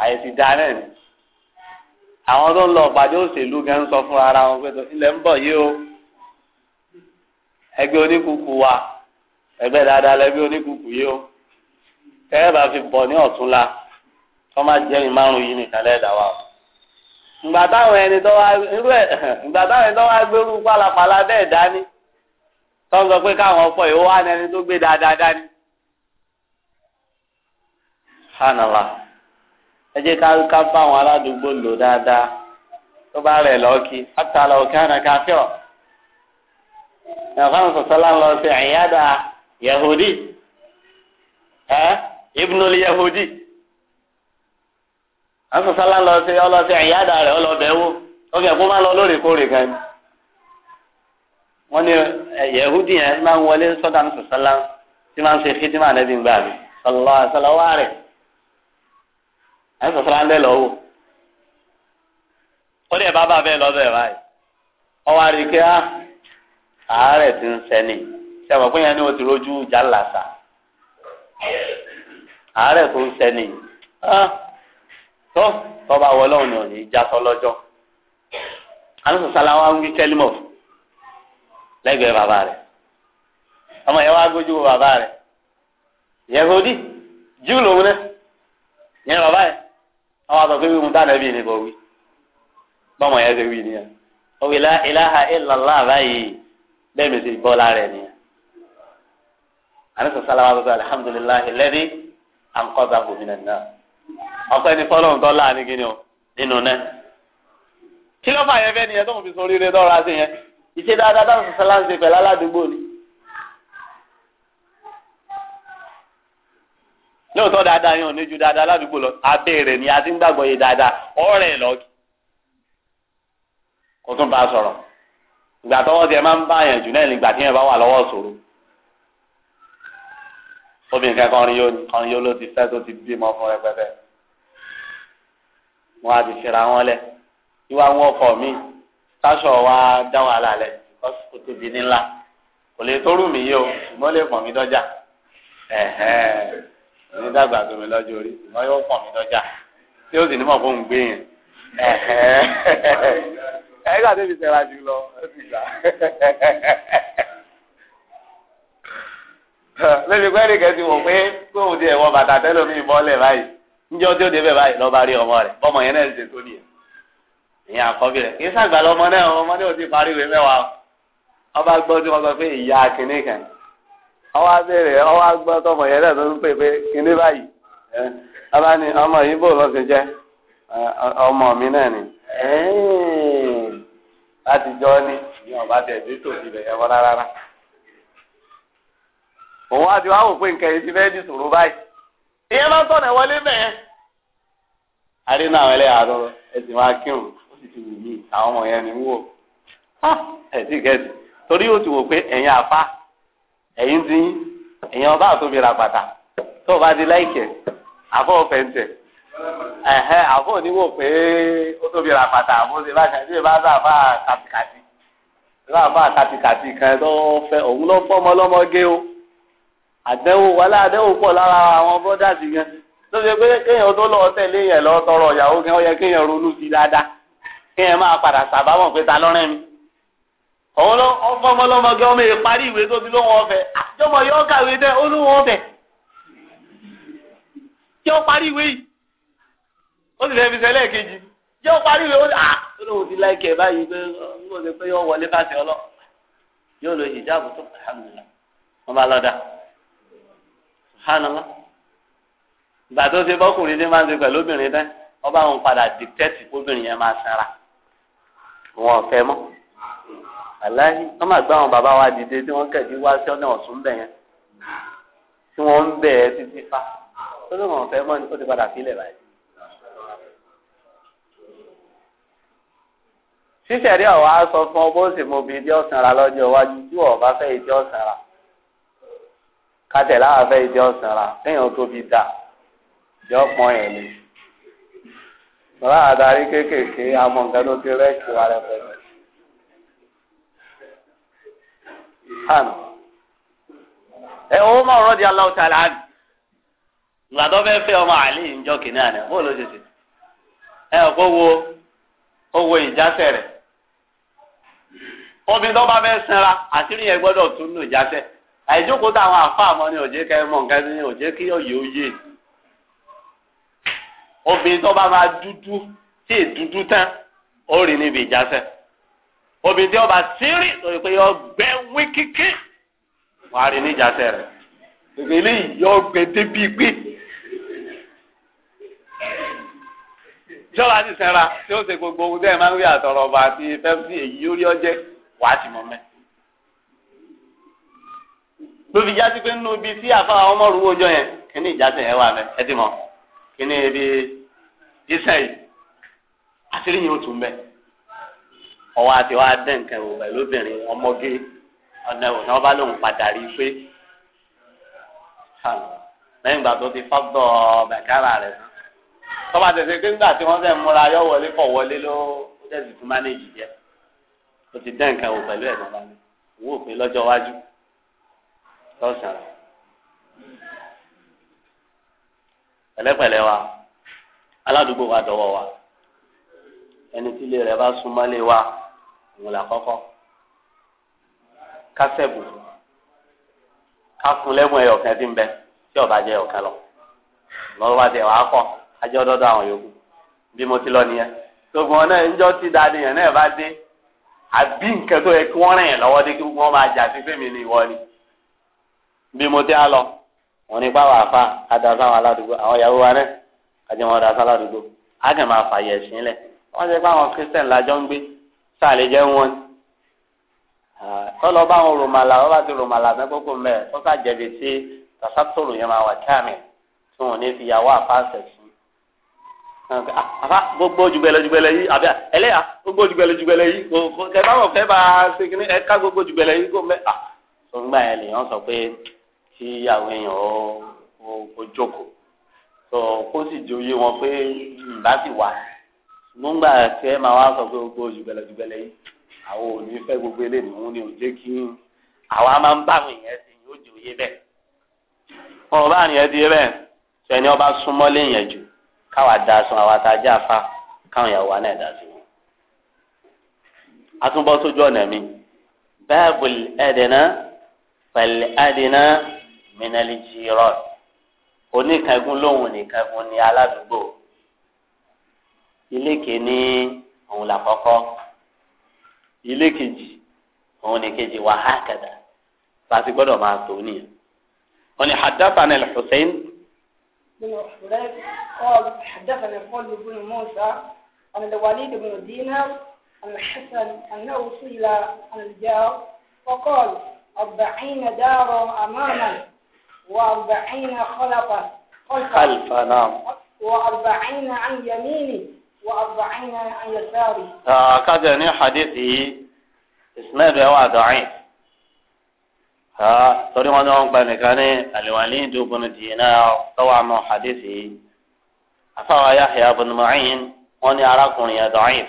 àìsí dáná ni àwọn tó ń lọ ọ̀pàdé òṣèlú gan sọ fún ara wọn pé ilẹ̀ ń bọ̀ yìí o ẹgbẹ́ wa ẹgbẹ́ dáadáa lẹ́gbẹ́ oníkùkù yìí o kẹ́rẹ́ fi bọ̀ ní ọ̀túnla kọ́ máa jẹ́ márùn-ún yìí wa o ìgbà táwọn ẹni tó wá irú ẹ̀ ìgbà táwọn ẹni tó wá gbérú pálapàla bẹ́ẹ̀ dání tó ń sọ pé káwọn ọ̀pọ̀ ẹni tó gbé dáadáa dání. ẹ jẹ́ ká ká bá àwọn aládùúgbò lò dáadáa tó bá rẹ̀ lọ́ọ̀kì àtàlà òkè àná káfíọ̀. ẹ̀fọn sọ̀sọ́lá lọ sí ẹ̀yáda yahudi ẹ̀ ibnul yahudi ẹ̀sọ̀sọ́lá lọ sí ọlọ́sí ẹ̀yáda rẹ̀ ọlọ́bẹ̀ wò ọkẹ́ kó má lọ lóòrèkóòrè kan ni. yahudi yẹn máa ń wọlé sọ́dà ẹ̀sọ̀sọ́lá tí máa ń ṣe fitima nẹ́bí ń gbà mí sọ̀lọ́ àṣàlọ́wọ́ rẹ̀ ẹsọ sọlá ń lẹ lọ wò ó dẹ bàbá bẹ́ẹ̀ lọ bẹ́ẹ̀ báyìí ọwọ́ àríkẹ́ á ti ń sẹ́ni sẹ́wọ̀n pé yẹn ni o ti rojú jálàsà àárẹ̀ tó ń sẹ́ni ah, tó tọ́ba wọlé òun ni ò ní í já sọlọ́jọ́ àwọn sọ̀sálà wa ń wí kẹ́límọ̀ lẹ́gbẹ̀ẹ́ bàbá rẹ̀ ọmọ yẹn wá gbójú wo bàbá rẹ̀ yẹ̀hódì jíù lòun náà yẹn bàbá yẹn àwọn àtọ̀ pé wíwú dáná bíi ni kò wí bọ́mọ yẹn ti wí nìyẹn ó wí lá ilaha illallah báyìí bẹ́ẹ̀ mi ti bọ́ lára ẹ̀ nìyẹn. àníṣe sáláwá tó sọ alihamudulilayi lẹ́ni àǹkọ́sà gómìnà náà ọ̀pẹ́ ni fọlọ́run tó láàánú kí ni o nínú náà. kí ló fà yẹn fẹ́ nìyẹn tó ń fi sọ oríire dọ́ra sí yẹn ìṣe dáadáa táwọn sọ lóòótọ́ dáadáa yẹn ò ní ju dáadáa ládùúgbò lọ abẹ́rẹ́ ni a ti ń gbàgbọ́ yé dáadáa ọ̀rẹ́ lọ́ọ̀kì kó tún bá a sọ̀rọ̀ ìgbà tọwọ́ tiẹ̀ máa ń bá yẹn jù náà nígbà tí yẹn bá wà lọ́wọ́ ṣòro obìnrin kan kọrin yóò kọrin yóò ló ti fẹ́ tó ti bímọ fún rẹpẹtẹ wọn á ti fira wọn lẹ ìwà wọn ọkọ mi sáṣọ wa dá wàhálà lẹ kó tóbi ní ńlá kò lè tó rù mí yé o ṣùgbọ́n lè pọ̀ mí dọ́jà ẹ̀hẹ́n ní dàgbà tó mi lọ́jọ́ orí ṣùgbọ́n yóò pọ̀ mí lọ́jà tí ó sì ní mọ̀ fóun gbé yẹn ẹ̀ẹ́dà tẹ́bi sẹ́ra jù lọ ẹ̀sìn gbà. lẹ́bi pẹ́ẹ́lí kẹ́sì wọ̀ pé kó o di ẹ̀wọ̀ bàtà tẹ́lẹ̀ mi bọ́lẹ̀ báyìí níjọ́ tí ó débẹ̀ báyìí lọ́ba rí ọmọ rẹ̀ bọ́mọ yẹn náà ṣe tó nìyẹn ìyẹn àkọ́bí rẹ̀ kì í sàgbà lọ́mọ náà ọmọ náà ò ti parí ìwé mẹ́wàá ọba gbọ́ tí pé ìyá kìnnìkan ọwọ́ abẹ́rẹ́ ọwọ́ agbọ́n tọmọ yẹn lẹ́tọ́ ń pè kíní báyìí ni ọmọ yìí bò ló jẹ ọmọ mi náà ni láti jọ ni ní ọba rárá. òun wò pé nǹkan yìí ti fẹ́ di sòrò báyìí ìyẹn máa ń tọ̀nà wọlé bẹ́ẹ̀. ti wù mí àwọn ọmọ yẹn ni wò ẹ̀yin ti yín èèyàn ọba àtòbí ra bàtà tó o bá di láìkẹ́ àfọ̀ fẹ̀ǹtẹ̀ ẹ̀hẹ́ àfọ̀ oníwò pé ó tóbi ra bàtà àfọ̀ ṣe bá ṣe bá ṣe àfà kàtìkàtì ṣe àfà kàtìkàtì kan tó fẹ́ òun ló fọ́mọ lọ́mọ gé o àdẹ́wò wàhálà àdẹ́wò pọ̀ lára àwọn bọ́dàsì yẹn tó ṣe pé kéèyàn tó lọ tẹ̀lé yẹn lọ tọrọ ìyàwó kan ó yẹ kéèyàn ronú sí dáadáa kéèyàn máa padà sàbámọ̀ pé ta lọ́rẹ́ mi òun ló ọfọmọ lọmọge ọmọ yìí parí ìwé tó ti lóhùn ọfẹ àjọmọ ah, yóò kàwé dẹ olóhùn ọfẹ jẹ́ ó parí ìwé yìí ó sì fẹ́ fi sẹ́lẹ̀ kejì jẹ́ ó parí ìwé ó sì à ah! olóhùn ti láìkẹ́ báyìí pé ó ṣe pé yóò wọlé bá ṣe ọlọ yóò lo ìjáàbù tó alhamdulillah wọn bá lọ́dà subhanallah ìgbà tó ṣe bọ́kùnrin ní máa ń ṣe pẹ̀lú obìnrin dẹ́ wọ́n aláhi wọn máa gbá àwọn bàbá wa dìde tí wọn kẹ̀dí wá sí ọ̀nà ọ̀sùn bẹ̀ yẹn tí wọn ń bẹ̀ ẹ́ títí fa tó ló wọn fẹ́ mọ́ ni ó ti padà sílẹ̀ báyìí. ṣíṣẹ̀rí ọ̀wá sọ fún ọ bó sì mú obìnrin tí ó sanra lọ́jọ́ iwájú tí wọ́n bá fẹ́ ìdí ọ̀sanra kátẹ̀ láwọn fẹ́ ìdí ọ̀sanra kéèyàn tóbi dà yọ pọ́n ẹ̀ bàbá àdarí kéékèèké amọ̀ nǹkan tó ti rẹ́ẹ̀kì wa pẹ̀lú. subhana ẹ o mọ ọrọ di aláwọ tí a lè gbàdọ bẹ fẹ ọmọ àlè ìjọ kìnìún àná bó ló ẹ ọkọ wo owó ìjásẹ rẹ obìnrin tó bá fẹ́ sinra àṣírí yẹn gbọ́dọ̀ tún nù jásẹ àìjókòó táwọn àfáà ni òjé kẹ mọ nǹkan ní òjé kí òye òye tó obìnrin tí ọba sírì lórí pé ọgbẹ́ wí kíkí wàá rí níjà sẹ́rẹ̀ bèbè eléyìí yọ ọgbẹ́ débi pé ti sẹ́ra tí ó ṣe gbogbo ohun tẹ́ ẹ máa ń rí àtọ̀rọ̀ ọba àti pepsi èyí ó rí ọjẹ́ wàá ti mọ̀ mẹ́. jásí pé nínú ibi tí àfáà ọmọ rú ojọ yẹn kíní ìjásẹ̀ yẹn wà mẹ́ ẹ ti mọ̀ kíní ibi àṣírí ọwọ́ àti wá dẹ̀ nǹkan wò pẹ̀lú obìnrin ọmọge ọ̀nà ìwò náà bá lòun padà rí i pé lẹ́yìn ìgbà tó ti fọ́gbọ́ bàkárà rẹ̀ tán tọ́ba tẹ̀sẹ̀ pé nígbà tí wọ́n fẹ́ múra yọ wọlé fọ̀ wọlé ló tẹ̀sí fún mánéjì jẹ́ ó ti dẹ̀ nǹkan wò pẹ̀lú ẹ̀gbọ́n bá mi owó òpin lọ́jọ́ iwájú lọ́sàn-án pẹ̀lẹ́pẹ̀lẹ́ wa aládùúgbò wa dọ̀wọ́ wa ẹni tí ilé rẹ̀ bá súnmọ́ lé wa. òun là kọ́kọ́ kásẹ̀bù kákun lẹ́gùn ẹyọ kan ti ń bẹ jẹ lọ lọ́wọ́ bá tẹ̀ wàá kọ́ ajọ́ àwọn yòókù bí mo ti lọ nìyẹn gbogbo wọn náà tí náà bá dé àbí nǹkan tó yẹ kí wọ́n rìn lọ́wọ́ dé kí wọ́n máa jà sí fèmí ni ìwọ ni bí sàlẹ̀ jẹ́ wọn tọ́lọ́ bá wọn rùmàlà wọ́n bá ti rùmàlà mẹ́kókò mẹ́ wọ́n sà jẹ̀bi sí tasátòrò yẹn máa wà káàmì tí wọn ò ní fi yàwó àfáàsẹ̀ sí. gbogbo jùgbẹ́lẹ̀ jùgbẹ́lẹ̀ yìí àbí ẹlẹ́yà gbogbo jùgbẹ́lẹ̀ jùgbẹ́lẹ̀ yìí kẹ bá wọn fẹ́ bá a ṣe kíní ẹ̀ka gbogbo jùgbẹ́lẹ̀ yìí kò mẹ́ à tó ń gbà yẹn lèèyàn sọ pé kí àwọn èèyàn ó jókòó tó kó sì jòyè wọn pé ìbá sì wà mọ̀ngbà tẹ́ máa wá sọ pé gbogbo jùbẹ̀lẹ̀ jùbẹ̀lẹ̀ yìí àwọn ò ní fẹ́ gbogbo eléyìí òun ni ò jẹ́ kí àwa máa ń bá àwọn èèyàn sí yóò jò yé bẹ́ẹ̀. ọ̀rọ̀ bá nìyẹn di bẹ́ẹ̀ sẹ́ni ọba súnmọ́ léèyàn jù káwa da sun àwa tá a já fa káwọn ìyàwó wa náà dà sí wọn. atúbọ̀ sójú ọ̀nà mi báàbù ẹ̀dẹ̀nà pẹ̀lú ẹ̀dẹ̀nà mìnàlì jìrọ̀ oníkẹ́gun lóhùn nìkẹ́gun ní aládùúgbò ilé kìíní òun là kọ́kọ́ ilé kejì òun ni kejì wà á kẹta láti gbọ́dọ̀ máa tó nìyẹn. wọ́n ní hadathana al-Husayn. حدثنا الفضل بن موسى عن الوليد بن دينار عن الحسن انه سئل عن الجار فقال أربعين دارا أماما وأربعين خلفا خلفا نعم وأربعين عن يميني وأربعين عن يساري كذا حديثي إسناده هو ضعيف torí wọn ní wọn gba nìkan ní aliwali dùbùn dìínà tọwọ àmọ́ hadithi afáwa Yahya bin Ma'in wọn ní arákùnrin yẹn dọ̀ọ́yìn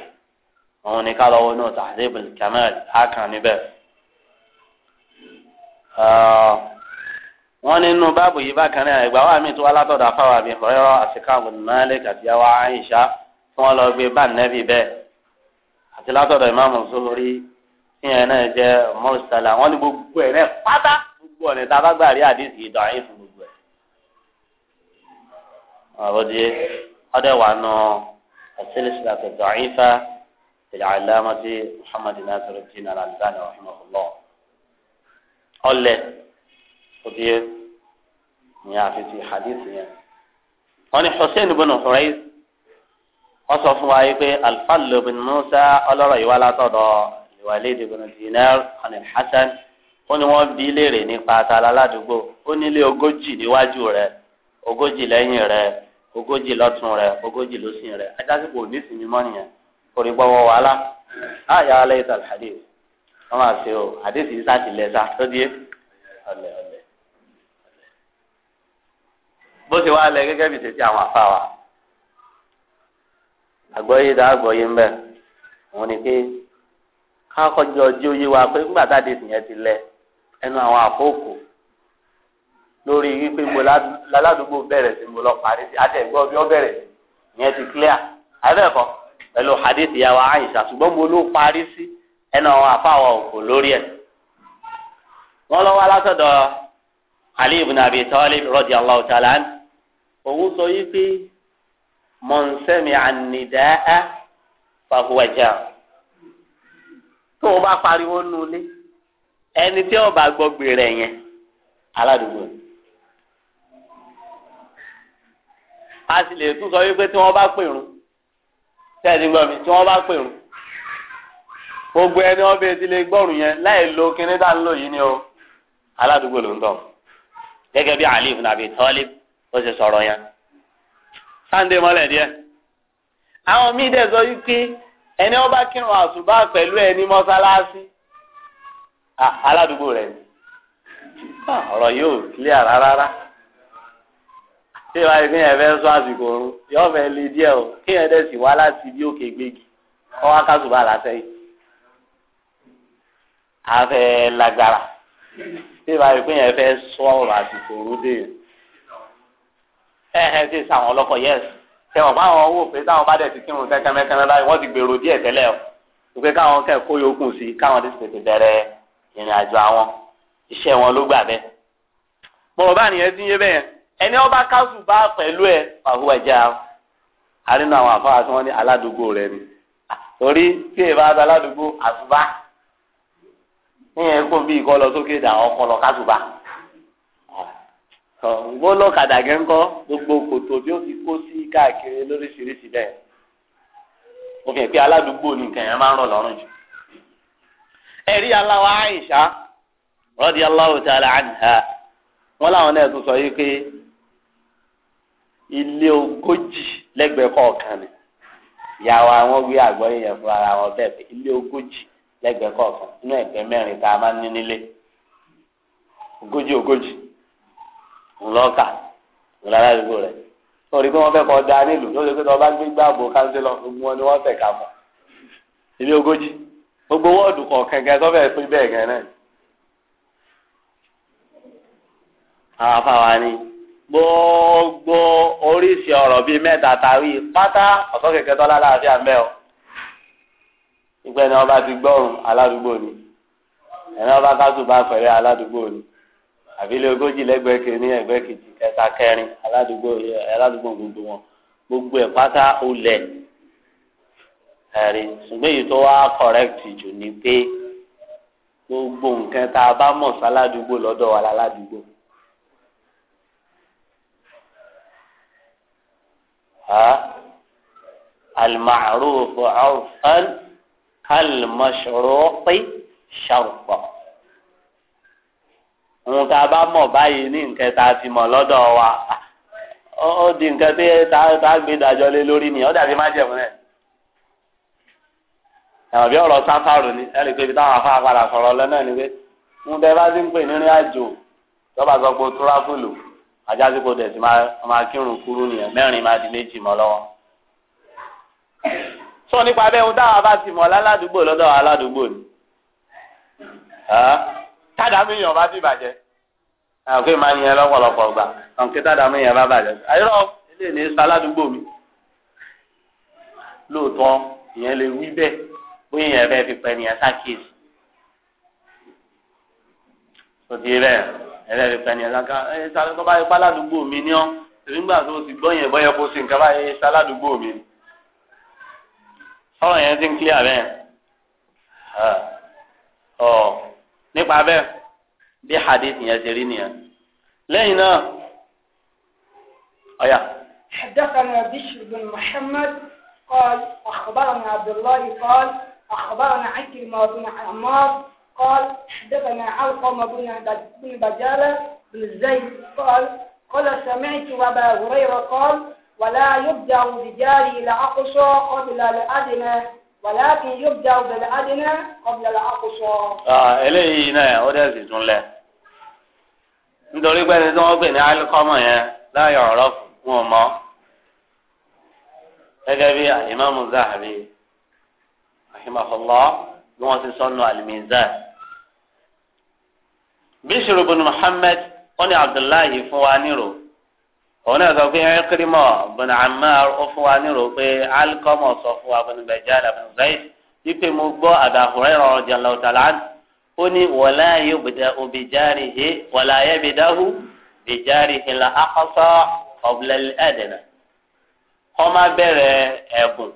òun ní ká lọ́wọ́ inú tahdhibul kamal hákàn níbẹ̀. wọn nínú báàbù yìí bákan náà ìgbà wa mi tó alátọ̀dọ̀ afáwa bíi Hurairah àti Ka'b bin Malik àti yàwá Aisha tí lọ gbé bá bẹ́ẹ̀ àti látọ̀dọ̀ ìmáàmù sórí ìyẹn náà jẹ́ mọ́sálà wọ́n ní gbogbo ẹ̀ náà pátá gbogbo ọ̀nà tá a àdìsí ìdọ̀ àyè fún gbogbo ẹ̀. àbọ̀dé ọdẹ wà nù àṣìlẹ̀ṣìlẹ̀ àtọ̀tọ̀ àyè fa ìlàlámàtí ti hadith yẹn wọ́n sọ fún wa yìí pé alfallu bin musa ọlọ́rọ̀ yìí wá látọ̀dọ̀ walid bin dinar an al-hasan ó ní wọ́n bí léèrè nípa atala aládùúgbò ó nílé ogójì níwájú rẹ̀ ogójì lẹ́yìn rẹ̀ ogójì lọ́tún rẹ̀ ogójì lósìn rẹ̀ ajásìkò onísìnyí mọ́ nìyẹn orí gbọ́wọ́ wàhálà láàyè alẹ́ ìtàlẹ̀ hadith wọ́n máa ṣe o hadith yìí sátìlẹ̀ sá tó díẹ̀ bó ṣe wá lẹ gẹ́gẹ́ bí ṣe àwọn àfa wa. àgbọ́yé dá àgbọ́yé ń bẹ ni pé kákọjọ ọjọ́ oyé wa pé nígbà táde sì yẹn ti lẹ ẹnu àwọn àfóòkù lórí wípé mo láládùúgbò bẹ̀rẹ̀ sí mo lọ parí sí àtẹ̀gbọ́ bí ó bẹ̀rẹ̀ yẹn ti clear àbẹ̀kọ pẹ̀lú hadith ìyá wa Àìṣà ṣùgbọ́n mo ló parí sí ẹnu àwọn àfáwọn òkò lórí ẹ̀ wọ́n lọ́wọ́ alásọ̀dọ̀ sọ mọ̀nsẹ́mi ànidáà fàhùwàjà tó o bá pariwo nulẹ̀ ẹni tí ọba gbọ́ gbèrè yẹn aládùúgbò ni. a sì lè tún sọ wípé tí wọ́n bá pèrún tẹ́ẹ̀dì gbọ́ mi tí wọ́n bá pèrún gbogbo ẹni wọ́n bẹ ti lè gbọ́rùn yẹn láì lo kinní dá ń lò yìí ni o aládùúgbò ló ń tọ̀ gẹ́gẹ́ bí Ali ibn Abi ó ṣe sọ̀rọ̀ yẹn sáńdé mọ́lẹ̀ díẹ̀. àwọn míì dẹ̀ sọ wípé ẹni ó bá kírun àsùbá pẹ̀lú ẹni mọ́sálásí aládùúgbò rẹ̀ ni ọ̀rọ̀ yóò clear rárá tí wàá fi hàn fẹ́ sọ àsìkò oorun yóò fẹ́ le díẹ̀ o kí hàn dẹ̀ sì wá láti bí òkè gbégi kọ́ wá kásùbà látẹ̀yìn afẹ́ lágbára tí wàá fi hàn sọ ọ̀rọ̀ àsìkò oorun dé ẹ̀hẹ̀ ṣe sàwọn ọlọ́kọ̀ yẹ́s tẹ̀wọ̀n bá àwọn owó pé táwọn bá dẹ̀ ti kírun kẹ́kẹ́mẹ́kẹ́mẹ́ báyìí wọ́n ti gbèrò díẹ̀ tẹ́lẹ̀ o pé káwọn kẹ́ kó yókùn sí káwọn ti tètè bẹ̀rẹ̀ ìrìn àjò àwọn iṣẹ́ wọn ló gbà bẹ́ẹ̀. mọ̀rọ̀ bá nìyẹn ti yé bẹ́ẹ̀ ẹni ọba káṣù bá pẹ̀lú ẹ pàhùwà já àrínú àwọn àfáà tí wọ́n ní aládùúgbò rẹ ni torí tí èèbá ta aládùúgbò àtúbá níyẹn kó bí ìkọlọ sókè dà ọkọlọ káṣù bá. gbọ́dọ̀ kàdà gẹ́ńkọ́ gbogbo kòtò bí ó ti kó sí káàkiri lóríṣiríṣi bẹ́ẹ̀ mo fi hàn pé aládùúgbò ní nǹkan yẹn máa ń rọ̀ lọ́rùn jù. ẹ̀rí aláwa Àìṣà radiyallahu ta'ala anha wọ́n láwọn náà tún sọ yìí pé ilé ogójì lẹ́gbẹ̀ẹ́ kọ̀ọ̀kan ni àgbọ̀ yẹn fún ara wọn bẹ́ẹ̀ pé ilé ogójì lẹ́gbẹ̀ẹ́ kọ̀ọ̀kan inú ńlọ́kà ńlá ládùúgbò rẹ̀ lórí pé wọ́n fẹ́ kọ́ da nílùú lórí pé tọ́ba gbé gbàgbó kánsílọ̀ gbogbo wọn ni wọ́n tẹ̀ ká mọ́ ilé ogójì gbogbo wọ́ọ̀dù kọ̀ọ̀kan gan sọ́fẹ̀ fún bẹ́ẹ̀ gan náà. àwọn afáwa ni gbogbo oríṣi ọ̀rọ̀ bíi mẹ́ta tàwí pátá ọ̀sọ́ kẹ̀kẹ́ tọ́lá láàfin àmẹ́ o ìgbẹ́ni ọba ti gbọ́rùn aládùúgbò ni ẹ̀rọ ọba kásù bá pẹ̀lẹ́ aládùúgbò ni àbílẹ̀ ogójì lẹ́gbẹ̀ẹ́ kìíní ẹgbẹ́ kejì kẹta kẹrin aládùúgbò aládùúgbò gbogbo wọn gbogbo ẹ̀ pátá ó ẹ̀rí ṣùgbọ́n èyí tó wá correct jù ni pé gbogbo nǹkan tá a bá mọ̀ sáládùúgbò lọ́dọ̀ wa láládùúgbò. المعروف عرفا كالمشروط شرطا òun tá a bá mọ̀ báyìí ní nǹkan tá a ti mọ̀ lọ́dọ̀ wa ó di nǹkan tí tá a gbé dájọ́ lé lórí ni ó dàbí má jẹ̀mú rẹ̀. ẹ̀wọ̀n ọ̀rọ̀ sáfàrò ni ẹ̀rì pé ibi táwọn afá padà sọ̀rọ̀ lọ́nà ni pé ń bẹ bá ti ń pè nírìn àjò lọ́ba sọ pé túráfùlù ajásíkò dẹ̀ sí máa kírun kúrú nìyẹn mẹ́rin máa di méjì mọ́ lọ́wọ́. sọ nípa bẹ́ẹ̀ ń táwọn afá ti mọ̀ tádàmú yẹn ọba ti bàjẹ́ àfi máa yẹn lọ́pọ̀lọpọ̀ gbà àǹkí tádàmú yẹn bá bàjẹ́ àyọ̀rọ̀ ilé ní sàládùúgbò mi lóòótọ́ ìyẹn lè wí bẹ́ẹ̀ bóyá ìyẹn bẹ́ẹ̀ fi pẹ́ nìyẹn sákìsì òtí rẹ̀ ẹ̀rẹ́ fi pẹ́ nìyẹn sákìsì sàládùúgbò bá yẹ páládùúgbò mi ní ọ́ nígbà tó ti gbọ́ yẹn bọ́yẹ kó sí nǹkan báyẹn sàládùúgbò mi ọ̀rọ̀ yẹn ti ń kílíà nípa bẹ́ẹ̀ bí hadith yẹn ṣe rí nìyẹn lẹ́yìn náà ọ̀yà. حدثنا بشر بن محمد قال أخبرنا عبد الله قال أخبرنا عكرمة بن عمار قال حدثنا علقمة بن بجالة بن زيد قال قال سمعت أبا هريرة قال ولا يبدأ بجاري لأقصى قبل الأدنى wàláàkì yóò jẹ ọbẹ̀lẹ̀ adínà ọbẹ̀lẹ̀ àkóso. eléyìí náà ó dẹ̀ sì tún lẹ̀ nítorí pé ẹni tí wọ́n gbé ní alikọ́mọ̀ yẹn láyọ̀ ọ̀rọ̀ fún ọmọ gẹ́gẹ́ bí alimami zahabi rahimahullah bí wọ́n ti sọnù alimizan bishiru abdullahi òun náà sọ pé ẹkẹrìmọ bùnà àmàr ó fún wa nírò pé alikọmọ sọ fún wa bùnà bẹjáàlà bùnà zayd wípé mo gbọ́ àdàkùnrin ọ̀rọ̀ jẹlẹ ọtàlá ó ní wọlá yóò bìdá òbí járe he wọlá yẹ bìdá hu bì járe he la akọsọ ọbìlẹlẹ ẹdẹnà kọ bẹ̀rẹ̀ ẹ̀bùn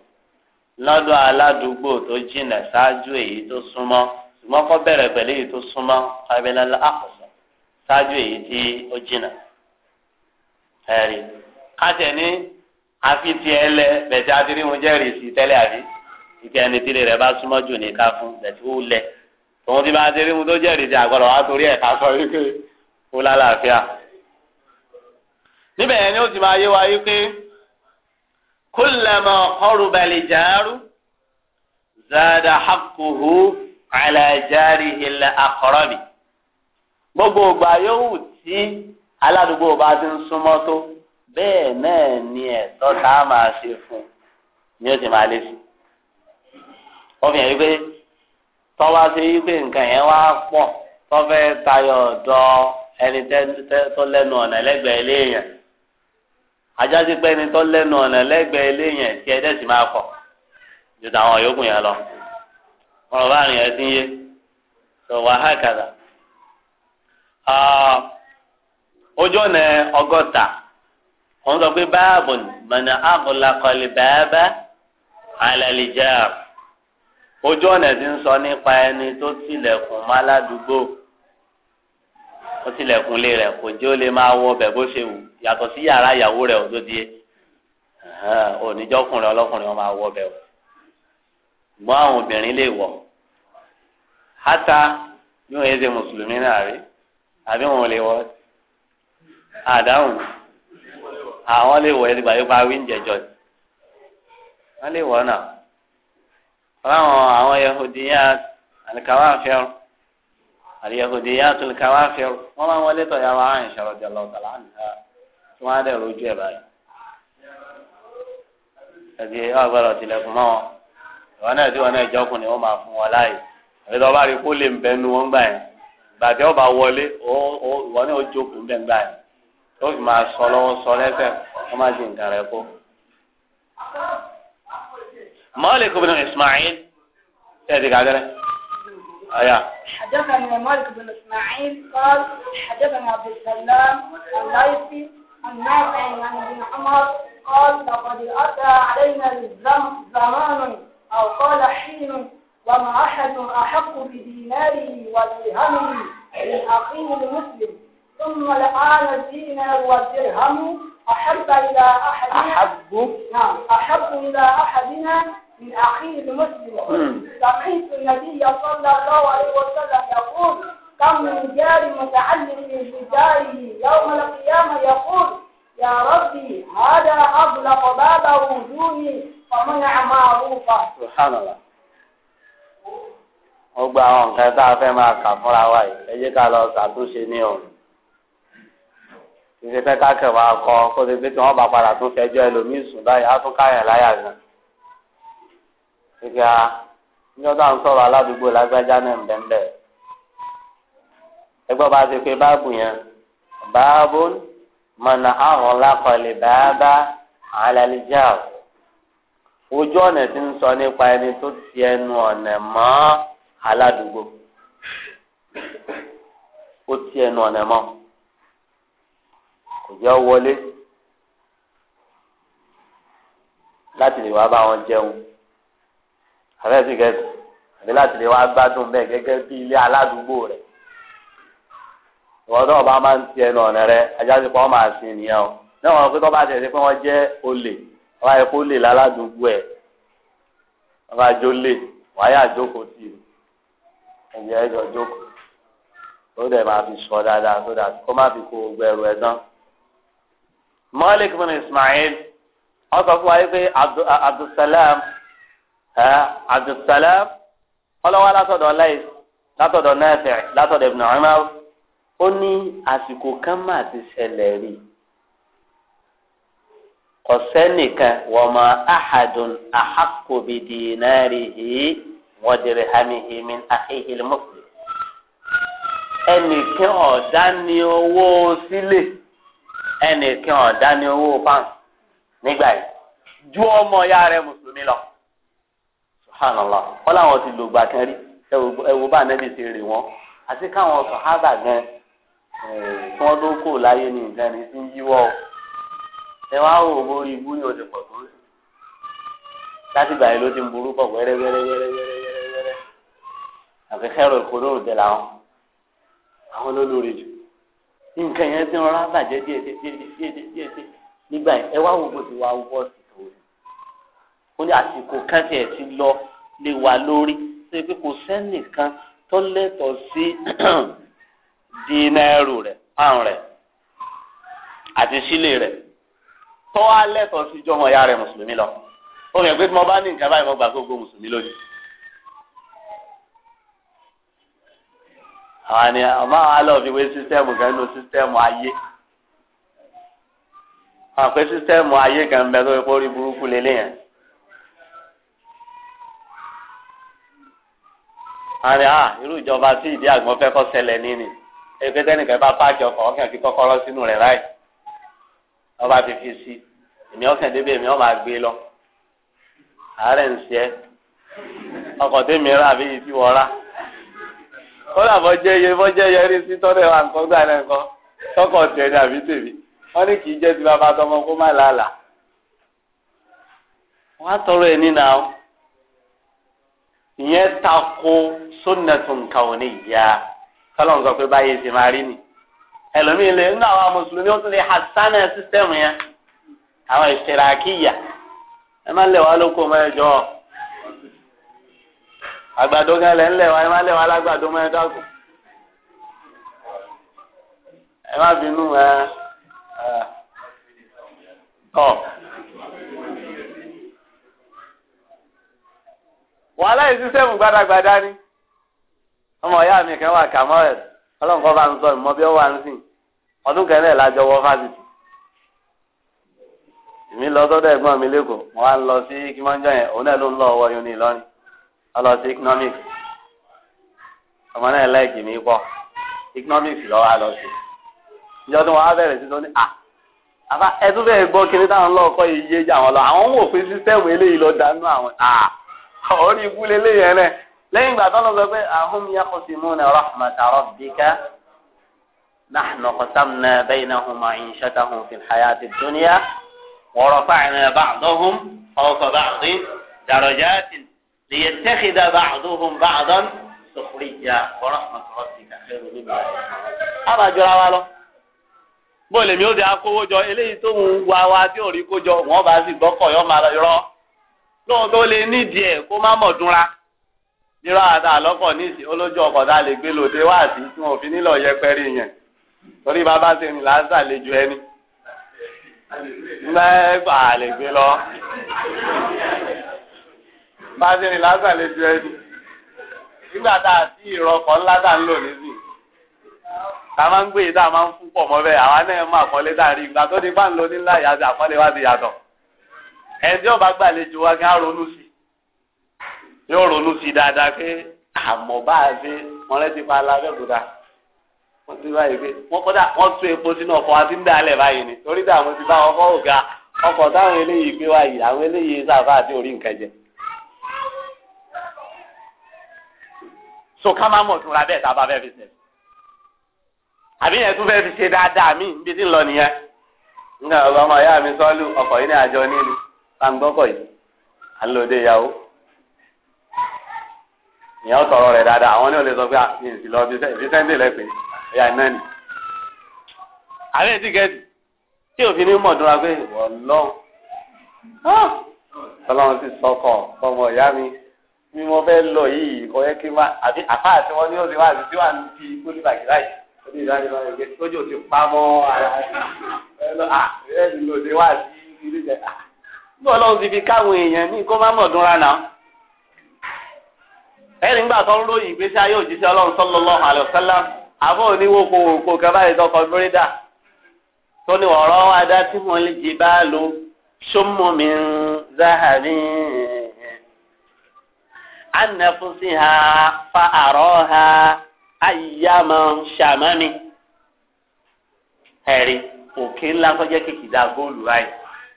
lọ́dọ̀ aládùúgbò tó jìnà ṣáájú èyí tó súnmọ́ ṣùgbọ́n kọ bẹ̀rẹ̀ pẹ̀lú èyí tó súnmọ́ ọbìlẹlẹ akọsọ ṣáájú èyí tí ó jìnà ẹ̀rí káṣẹ̀ ní àfi tiẹ̀ lẹ bẹ̀tẹ̀ àti níwọ̀n jẹ́rìí sí tẹ́lẹ̀ àbí ìfẹ́ ẹni tí ilé rẹ̀ bá súnmọ́ jù ní ká fún bẹ̀tẹ̀ ó lẹ tòun ti máa ṣe rí mu tó jẹ́rìí sí àgọ́dọ̀ wá torí ẹ̀ ká sọ wípé ó lálàáfíà. níbẹ̀ yẹn ni ó ti máa yé wa wípé kullama qaruba al zada haqquhu ala jarihi al-aqrabi gbogbo ìgbà yòówù tí aládùúgbò bá ti ń súnmọ́ tó bẹ́ẹ̀ náà ni ẹ̀tọ́ tá a máa ṣe fún ni ó ti máa lé sí. wọ́n fi hàn yí pé tọ́wá ṣe yí pé nǹkan yẹn wá pọ̀ tọ́fẹ́ tayọ̀ ọ̀dọ́ ẹni tó lẹ́nu ọ̀nà lẹ́gbẹ̀ẹ́ léèyàn ajásí pé ẹni tó lẹ́nu ọ̀nà lẹ́gbẹ̀ẹ́ léèyàn tí ẹ dẹ́sì máa pọ̀ ju tàwọn yòókù yẹn lọ. ọ̀rọ̀ bá rìn ẹ́ sí yé sọ wàhálà kàdà. Ah, ojú ọ̀nà ọgọ́ta wọ́n sọ pé báàbù mọ̀nà àkọlákọlì bàbá alàlìjà ojú ọ̀nà ti ń sọ nípa ẹni tó tilẹ̀kùn má ládùúgbò ó tilẹ̀kùn lé rẹ̀ kò jẹ́ ó lè máa wọ ọbẹ̀ bó ṣe wù yàtọ̀ sí yàrá ìyàwó rẹ̀ ò tó di oníjọ́kùnrin ọlọ́kùnrin wọn máa wọ ọbẹ̀ o gbọ́n àwọn obìnrin lè wọ̀ hátà bí yẹ ṣe mùsùlùmí náà rí àbí wọn ò lè wọ̀ ọ́ àdáhùn ah, àwọn lè wọ ẹnìgbà yóò parí ìjẹjọ wọn lè wọ náà fọláwọn àwọn yahudiyat alikawafiru aliyahudiyat alikawafiru wọn máa wọlé tọ̀ yàrá àyìn sọ̀rọ̀ jẹ lọ́wọ́ tàlà àyìnká tí wọ́n á dẹ̀ rojú ẹ̀ báyìí ẹ̀dí ọgbọ́dọ̀ tilẹ̀kùn mọ́ wọn ìwọ náà tí wọn náà jọkùn ni wọ́n máa fún wọn láàyè àbí tó bá rí kó lè ń bẹnu wọn gbà yẹn gbàtẹ́ ọba wọlé ìwọ náà ó jókòó ń bẹ̀ gbà yẹn. tó fi máa sọ lọ́wọ́ sọ lẹ́sẹ̀ wọ́n máa di nǹkan rẹ̀ kó. Malik bin Ismail تأتي قاعدنا أيا حدثنا مالك بن إسماعيل قال حدثنا عبد السلام الليثي عن نافع عن ابن عمر قال لقد أتى علينا زمان أو قال حين وما أحد أحق بديناره ودرهمه من أخيه المسلم ثم الآن الدينار والدرهم أحب إلى أحدنا أحب نعم أحب إلى أحدنا من أخيه المسلم سمعت النبي صلى الله عليه وسلم يقول كم من جار متعلق بجاره يوم القيامة يقول يا ربي هذا أغلق باب وجودي فمنع معروفه سبحان الله ó gba àwọn nǹkan tá a fẹ́ máa kà fúnra wa yìí ẹ jẹ́ ká lọ ṣàtúnṣe ní ọ̀run ìṣe fẹ́ kákẹ́ wa kọ kó o ti pé tí wọ́n bá padà tún fẹjọ́ ẹlòmíì sùn báyìí á tún káyàn láyà gan. ìgbà ní ọdún àwọn sọ̀rọ̀ aládùúgbò lágbájá náà ń bẹ̀ ń bẹ̀. ẹgbẹ́ bá ti pé báàbù yẹn báàbù mọ̀nà àrùn lákọlẹ̀ bàbá àlàlíjà ojú ọ̀nà tí ń sọ nípa ẹni tó ti ẹnu ọ̀nà mọ́ aládùúgbò ó ti ẹnu ọ̀nà mọ́ kò jẹ́ wọlé láti lè wá bá wọn jẹun àbẹ́sì gẹ̀ẹ́sì àbí láti lè wá gbádùn bẹ́ẹ̀ gẹ́gẹ́ bí ilé aládùúgbò rẹ̀ ìwọ́n tó ọba máa ń ti ẹnu ọ̀nà rẹ ajásí pé wọ́n máa sin ènìyàn o náà wọn pé tó bá tẹ̀ sí pé wọ́n jẹ́ olè wọ́n á kó lè láládùúgbò ẹ̀ wọ́n bá jó lè wọ́n á yà tì í ẹ̀jẹ̀ ẹ̀jọ̀ jókòó ó dẹ̀ máa fi sọ dáadáa sódà kó má fi kó gbẹrù ẹ̀ tán. Malik bin Ismail wọ́n sọ fún wa yìí eh, pé Abdulsalam uh, Abdulsalam ọlọ́wọ́ látọ̀dọ̀ Lais látọ̀dọ̀ Nafi' látọ̀dọ̀ Ibn Umar ó ní àsìkò kan mà ti ṣẹlẹ̀ rí kò sẹ́nìkan wa ma ahadun ahaqqu bi dinarihi ẹnìkan ọ̀dá ni owó ẹnìkan ọ̀dá ní owó pound nígbà yìí ju ọmọ ya rẹ mùsùlùmí lọ subhanallah wọn làwọn ti lògbà kan rí ẹwọ bá nẹbi ti rè wọn àti káwọn sàhábà gan eh, tí wọn tó kò láyé ní nǹkan ní ti ń yíwọ ẹ wá wò ó rí ibú ní oṣù pọ̀ tó láti gbà yìí ló ti ń burú pọ̀ wẹ́rẹ́wẹ́rẹ́wẹ́rẹ́wẹ́rẹ́ àfi kẹ́rọ̀ ìkóró òde làwọn àwọn olólùrí jù nǹkan yẹn ti rọra bàjẹ́ díẹ̀ díẹ̀ díẹ̀ díẹ̀ díẹ̀ díẹ̀ díẹ̀ nígbà yẹn ẹ wá wo bó ti wá wọ́ sí tòun ó ní àsìkò kan tiẹ̀ ti lọ lè wà lórí ṣe pé kò sẹ́nìkan tó lẹ́tọ̀ọ́ sí dínẹ́rù rẹ̀ pàrọ̀ rẹ̀ àti sílé rẹ̀ tó wá lẹ́tọ̀ọ́ sí jọmọ ìyá rẹ̀ mùsùlùmí lọ ó yẹ pé tí mo bá ní nǹkan báyìí mo gbà gbogbo mùsùlùmí lónìí. àwọn ni ọmọ àwọn alẹ́ òfin wé sísítẹ́ẹ̀mù kan nínú sísítẹ́ẹ̀mù ayé àwọn pé sísítẹ́ẹ̀mù ayé kan ń bẹ tó epo rí burúkú lélẹ̀ yẹn. ah irú ìjọba tí ìdí àgbọn fẹ́ kọ́ ṣẹlẹ̀ ní ni èpè tẹ́nìkan bá páàkì ọkọ̀ ọkàn fi kọ́kọ́rọ́ sínú rẹ̀ láì ọba ti fi si èmi ọkàn débi èmi ọba gbé lọ àárẹ̀ ń ṣe ọkọ̀ tẹ́mi rà bí kódà bọ́ jẹ́ iye bọ́ jẹ́ yẹrí sí tọ́lẹ̀ wa nǹkan gbà náà nǹkan tọkọ̀ tiẹ̀ ní àbí tèmi wọ́n ní kì í jẹ́ ti bàbá tọmọ kó má làálàá. wọ́n á tọrọ ẹ̀ nínà ó ìyẹn tako sunnatun kauniyya kọ́lọ̀ nǹkan pé báyìí ti máa rí ni ẹlòmíì lè nínú àwọn mùsùlùmí ó tún lè hasana sísẹ́mù yẹn àwọn ìṣẹ̀ràkìyà ẹ má lè wá lóko mọ́ ẹjọ́ àgbàdo gan lẹ ńlẹ wa ẹ má lẹ wa lágbàdo mọ ẹ dàgùn ẹ má bínú ẹ tọ. wàhálà yìí sísẹ́mù gbadagbada ni ọmọ ìyá mi kan wà kàmọ́ẹ̀ ọlọ́nkọ́ bá ń sọ ìmọ̀ bí ó wà ń sìn ọdún kan náà lájọ wọ fásitì èmi lọ sọ́dọ̀ ẹ̀gbọ́n mi lẹ́kọ̀ọ́ mo wá ń lọ sí kí wọ́n jọ yẹn òun náà ló ń lọ ọwọ́ yun ní ọlọsí economics ọmọ náà lẹ́ẹ̀kì mi pọ̀ economics lọ́wọ́ àlọ́sí ìjọ tí wọ́n á bẹ̀rẹ̀ sí tó ní à ah, àbá ẹtún bẹ́ẹ̀ gbọ́ kíní táwọn lọ́ọ̀kọ́ yìí yé jà wọn lọ àwọn wò pé sísẹ́ẹ̀mù eléyìí lọ dánú àwọn ah, à orí ibúlé léyìn rẹ lẹ́yìn ìgbà tó lọ sọ pé ahum yaqsimuna rahmata rabbika nahnu qasamna baynahum ma'ishatahum fil hayati dunya wa rafa'na ba'dahum fawqa ba'din darajatin ليتخذ بعضهم بعضا سخريا ورحمة ربك خير مما أما جرى والله bọ́ọ̀lù mi ó di akówójọ eléyìí tó ń wá wa tí ò rí kójọ wọ́n bá sì gbọ́kọ̀ yọ máa rọ lóhun tó lè nídìí ẹ̀ kó má mọ̀ dúnra nírọ̀ àti àlọ́kọ̀ ní olójú ọkọ̀ lè gbé lòdì wá tí wọn fi nílò yẹpẹrẹ yẹn torí bàbá ṣe ní làásà lè ju ẹni mẹ́fà lè gbé lọ bàtìrì lásán lè ju ẹni nígbà tá a ti ìrọkọ̀ ńlá tá a ń lò nísìnyí ta máa ń gbé yìí tá a máa ń fún pọ̀ mọ́ bẹ́ẹ̀ àwa náà máa kọ́lé dárí ìgbà tó ti bá ń lo nílá ìyáàdì àkọ́lé wá ti yàtọ̀ ẹni tí ọba gbàlejò wa kí á ronú sí yóò ronú sí dáadáa pé àmọ́ bá a ṣe wọn rẹ́ ti pa alábẹ́kúta wọ́n ti báyìí pé wọ́n kọ́dà wọ́n tún epo sínú ọkọ̀ àti ń dalẹ̀ báyìí ni torí dààmú ti bá ọkọ̀ ọ̀gá ọkọ̀ táwọn eléyìí gbé wáyìí àwọn eléyìí sáfà àti orí nǹkan jẹ so ká má mọ̀ túnra bẹ́ẹ̀ tá a bá fẹ́ fi sìn. àbí yẹn tún fẹ́ fi ṣe dáadáa mí níbi tí ń lọ nìyẹn. nga ọ̀rọ̀ ọmọ ìyá mi sọ́lù ọkọ̀ yìí ní àjọ nílùú bá ń gbọ́kọ̀ yìí à ń lò dé ìyàwó. ìyẹn ó tọrọ rẹ̀ dáadáa àwọn ní olè sọ pé àfihàn sí lọ bí sẹ́ńdẹ̀ lẹ́pẹ́ ẹ̀yà iná ni. àbẹ́ ti gẹ̀ẹ́dì tí òfin ní mọ̀ dúnra pé wọ́n lọ́wọ́ tọ́lọ́run sì sọkọ̀ ọmọ ìyá mi ni mo fẹ́ lọ yìí kò yẹ kí n wá àbí àfa àti wọn ni ó ti wá àbí tí wà ní ti kólí bàjẹ́ láì ó ti ìdájọ́ bá yẹ lójú ti pa mọ́ ara ẹ lọ à ẹ lò dé wá sí ilé jẹ à bí ọlọ́run ti fi káwọn èèyàn ní kó má mọ̀ dúnra nà ẹ̀rí ńgbà tó ń ròyìn ìgbésí ayé òjíṣẹ́ ọlọ́run sallallahu alaihi wasallam àbọ̀ oníwó kò kò kẹfà ìtọkọ bírídà tó ní ọ̀rọ̀ adá tí wọ́n lè jí bá lo ṣó mọ́ anafusiha fa arọha ayaman samani ẹri òkè ńlá sọjẹ kìkìdá góòlù ráì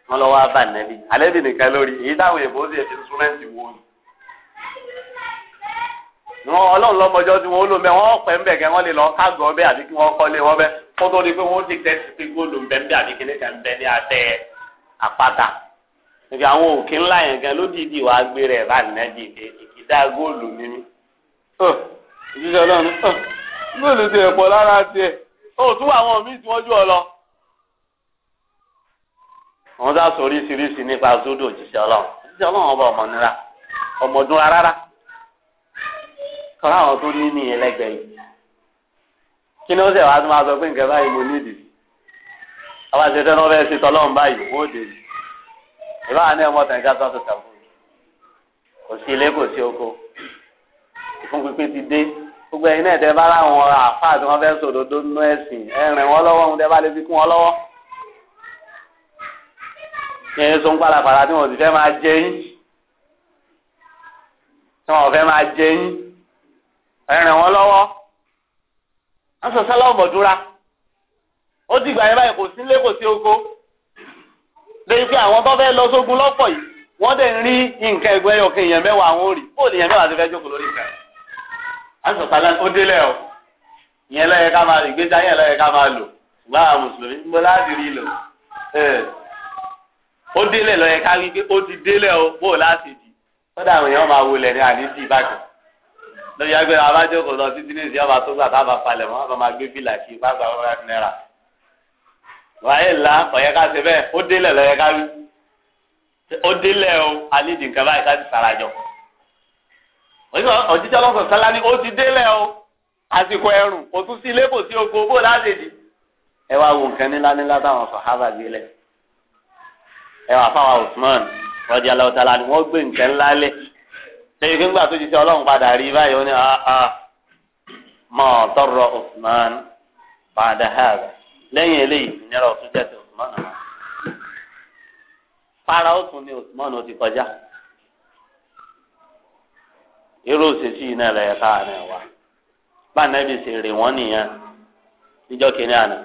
wọn lọ wá bá nàbí alẹ́ bì nìkan lórí èyí táwọn èèbó sì fi súnmẹ́ǹtì wò ni wọn ọlọ́run lọ́mọjọ́ tí wọ́n lò mẹ́ wọ́n pẹ́ ń bẹ̀ kẹ́ wọ́n lè lọ kágọ̀ ọbẹ̀ àbí kí wọ́n kọ́lé wọn bẹ́ kó tó di pé wọ́n ti tẹ́sí pé góòlù ń ń bẹ́ àbí kíní kan ń ní abẹ́ àpáta nígbà àwọn òkè ńlá yẹn gan ló dìídì wàá gbé rẹ̀ bá nàbí kéèké dá góòlù ní mi. òṣìṣẹ́ ọlọ́run góòlù ti ẹ̀pọ̀ lára tiẹ̀ ó tún àwọn míì tí wọ́n jù ọ lọ. wọ́n dá sọ oríṣiríṣi nípa zodo òṣìṣẹ́ ọlọ́run òṣìṣẹ́ ọlọ́run ọba ọmọ nira ọmọ ọdún rárá kọ́ra àwọn tó ní ní ẹlẹ́gbẹ̀ẹ́ yìí kí ni ó sì wàá tún máa sọ pé nǹkan báyìí mo ní ìdìbò àwọn àṣetẹ́ náà fẹ́ẹ́ ṣe tọ́lọ́run báyìí ó dé ìbára ní ọmọ tẹ̀ka tó ṣe tẹ̀kọ́ kò sí ilé kò sí oko ìfún pípé ti dé gbogbo ẹ̀yin náà tẹ bá láwọn àfáà tí wọn fẹẹ sòdodo nínú ẹsìn ẹ rìn wọn lọ́wọ́ ohun tẹ bá lè fi kún wọn lọ́wọ́ yẹn so ń pàlàpàlà tí wọn ò sì fẹ́ máa jẹ yín tí wọn ò fẹ́ máa jẹ yín ẹ rìn wọn lọ́wọ́ wọn sọ sẹlẹ ọmọdúnra ó dìgbà yẹn báyìí kò sí ilé kò sí oko lẹ́yìn pé àwọn tó fẹ́ lọ sógun lọ́pọ̀ yìí wọ́n dẹ̀ ń rí nǹkan ẹgbẹ́ yọ kí èèyàn mẹ́wàá àwọn òrì ó lè yàn mẹ́wàá ti fẹ́ jókòó lórí ìfẹ́ àti sọ̀tàlá ó délẹ̀ o ìyẹn lọ́yẹ ká máa lò ìgbésí ayé lọ́yẹ ká máa lò ṣùgbọ́n àwọn mùsùlùmí ń bọ́ láti rí lò ó délẹ̀ lọ́yẹ ká rí pé ó ti délẹ̀ o bó láti dì kódà àwọn èèyàn máa wọlé ní àní dì bákan lórí agbẹ́ abájókòó lọ títí ní ìsìn ọba tó gbà tá a bá falẹ̀ mọ́ a bá máa gbé fìlà kí ipá gbà wọ́n rẹ̀ náírà wàhálà ọ̀yẹ́ká ṣe bẹ́ẹ̀ ó délẹ̀ o alídì nǹkan báyìí ká ti sàràjọ. òjíṣẹ́ ọlọ́sọ̀ Sala ni o ti délẹ̀ o àsìkò ẹ̀rùn kò tún sí si, kò oko bó láti dì. ẹ wá wo nǹkan nílá nílá táwọn sàhábà gbélẹ̀ ẹ wà fáwọn Usman rọ́jà lọ́tàlá ni gbé nǹkan ńlá tó padà rí báyìí ó ní ah, ah, Usman padà eléyìí ìnira Usman para ó tún ní Usman ó ti kọjá irú òṣèṣì yìí náà lẹ́yìn káàánú ẹ̀ wá báńdẹ́bì sì rè wọ́n nìyẹn níjọ́ kínní àná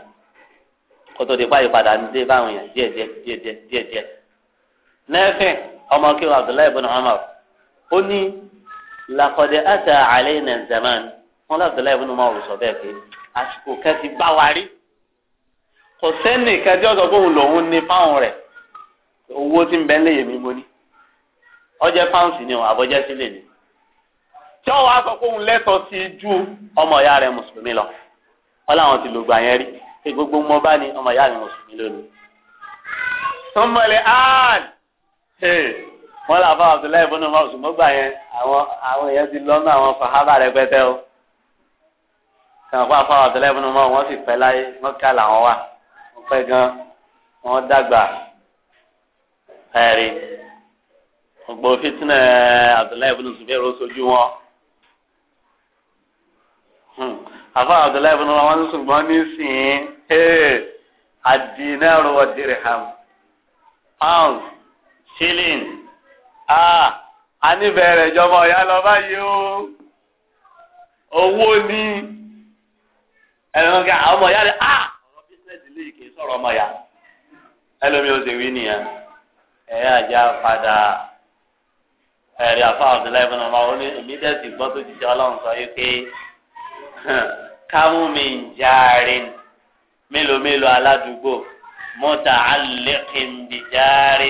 kótó di páyì padà ń dé báwọn yẹn díẹ̀díẹ̀ díẹ̀díẹ̀ díẹ̀díẹ̀ nẹ́fẹ̀ ọmọ kí wọn Abdullahi ibn Umar ó ní làkọ̀dẹ̀ àtà àlẹ́ nà zaman wọn l'Abdullahi ibn Umar sọ bẹ́ẹ̀ pé àsìkò kẹ́sì bá wa rí kò sẹ́nì kẹ́sì ọ̀dọ̀ bóun lòun ní fáwọn rẹ̀ owó tí ń bẹ ń léyè mi mo ní ọjẹ pounds ni o àbọjẹ sílẹ̀ ni tí wọn wá sọ pé òun lẹ́tọ̀ọ́ sí ju ọmọ ìyá rẹ̀ mùsùlùmí lọ wọn làwọn ti lògbà yẹn rí pé gbogbo mo bá ní ọmọ ìyá rẹ̀ mùsùlùmí lónìí. sọmọlẹ aan wọn là fún abdullahi ibùdó mọsùlùmí gbà yẹn àwọn àwọn èèyàn ti lọ́nà àwọn fàhábà rẹpẹtẹ o kàn fún afọ abdullahi ibùdó mọ wọn sì pẹ́ láyé wọn kà làwọn wà wọn pẹ́ gan wọn dàgbà. ẹ̀rí ọgbọ fitinẹ Abdullahi ibn Zubair sojú wọn afa hmm. Abdullahi ibn ṣùgbọ́n ní sìn eh, dirham pounds shilling ah, a bẹ̀rẹ̀ jọmọ lọ báyìí o owó ní ọmọ ìyá rẹ̀ ah, ọmọ ìyá ẹ̀yà àjà padà ẹ̀rí àfa Abdullahi ibn Umar ó ní èmi dẹ́sì gbọ́ tó ti ṣe ọlọ́run sọ yìí pé káwọn mi ń járe mélòó mélòó aládùúgbò mọ́tà alẹ́kìn bìjáre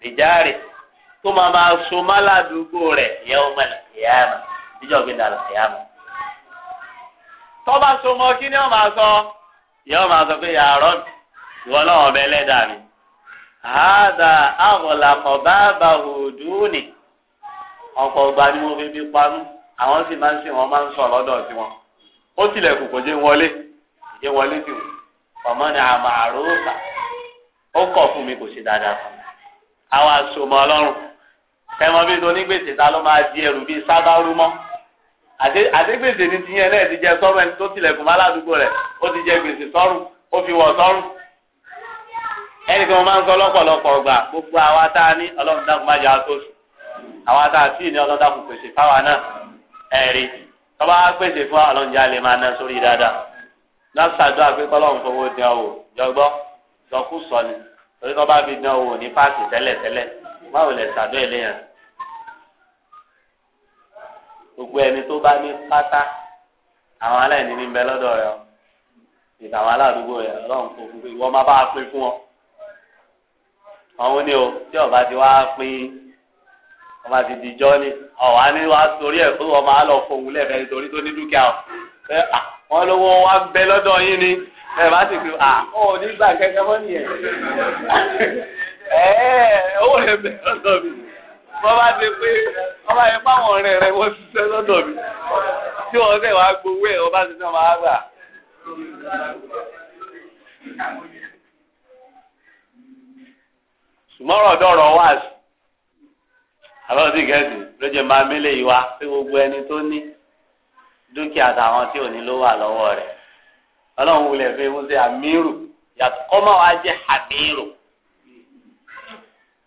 bìjáre tó máa máa so máládùúgbò rẹ̀ yẹ́wọ́ mẹ́lẹ̀ kìyàmù níjọ́ gbé dàlù kìyàmù. tọ́ba so mọ́ kí ni wọ́n máa sọ yẹ́wọ́ máa sọ pé yàrá ìwọ náà ọbẹ̀ ẹlẹ́dàá mi àádà àgọ̀làkọ̀ báàbà òdùnì ọ̀pọ̀ ọgbà ni mo fi fi pamọ́ àwọn sì máa ń sìn wọn máa ń sọ lọ́dọ̀ sí wọn ó tilẹ̀kùn kò jẹ́ wọlé jẹ́ wọlé sí wọn ọmọ ni àmà àrùbà ó kọ̀ fún mi kò ṣe dáadáa fún mi àwọn àsomọ ọlọ́run kẹmọ bíi tó onígbèsè ta ló máa di ẹrù bíi sábàrú mọ́ àdégbèsè ni tiyẹn náà ti jẹ sọ́rùn ẹni tó tilẹ̀kùn má ládùúgbò rẹ̀ ó ti jẹ gbèsè sọ́rùn ó fi wọ̀ sọ́rùn ẹnì kan máa ń sọ lọ́pọ̀lọpọ̀ gbà gbogbo àwa tá a ní ọlọ́run dákun má jà á tó sùn àwa tá a sì ní ọlọ́run dákun pèsè fáwa náà ẹ̀rí tọ́ba á pèsè fún ọlọ́run já lè máa ná sórí dáadáa lọ́sàdó àpékọ́ ọlọ́run fowó dín owó jọgbọ́ sọkú sọ ni torí kọ́ bá fi dín owó ní páàkì tẹ́lẹ̀tẹ́lẹ̀ báwo lẹ̀ sàdó ẹ̀ léyàn. gbogbo ẹni tó bá ní pátá àwọn aláìní ní bẹ lọ́dọ̀ rẹ̀ ìtàwọn aládùúgbò rẹ̀ ọlọ́run kò fún pé ìwọ má bá a pín fún wọn. ọ̀hún ni o tí ọba ti wá pín ọba ti di ni ọ̀wá ni wá sórí ẹ̀ fún ọmọ àlọ́ fòun lẹ́fẹ̀ẹ́ nítorí tó ní dúkìá o ẹ wọn lówó wa bẹ lọdọ yín ni ẹ bá ti fi à nígbà kẹ́kẹ́ ẹ owó rẹ bẹ mi bá ti pé ọba yẹn rẹ mi tí wá gbowó ọba ti ṣùgbọ́n ọ̀rọ̀ dọ̀rọ̀ wá sí àbẹ̀wò sí gẹ̀ẹ́sì ló jẹ́ máa mélé yìí wá pé gbogbo ẹni tó ní dúkìá àtàwọn tí ò ní ló wà lọ́wọ́ rẹ̀ ọlọ́run wulẹ̀ fi mú sí àmírù yàtọ̀ kọ́ máa wá jẹ́ àmírù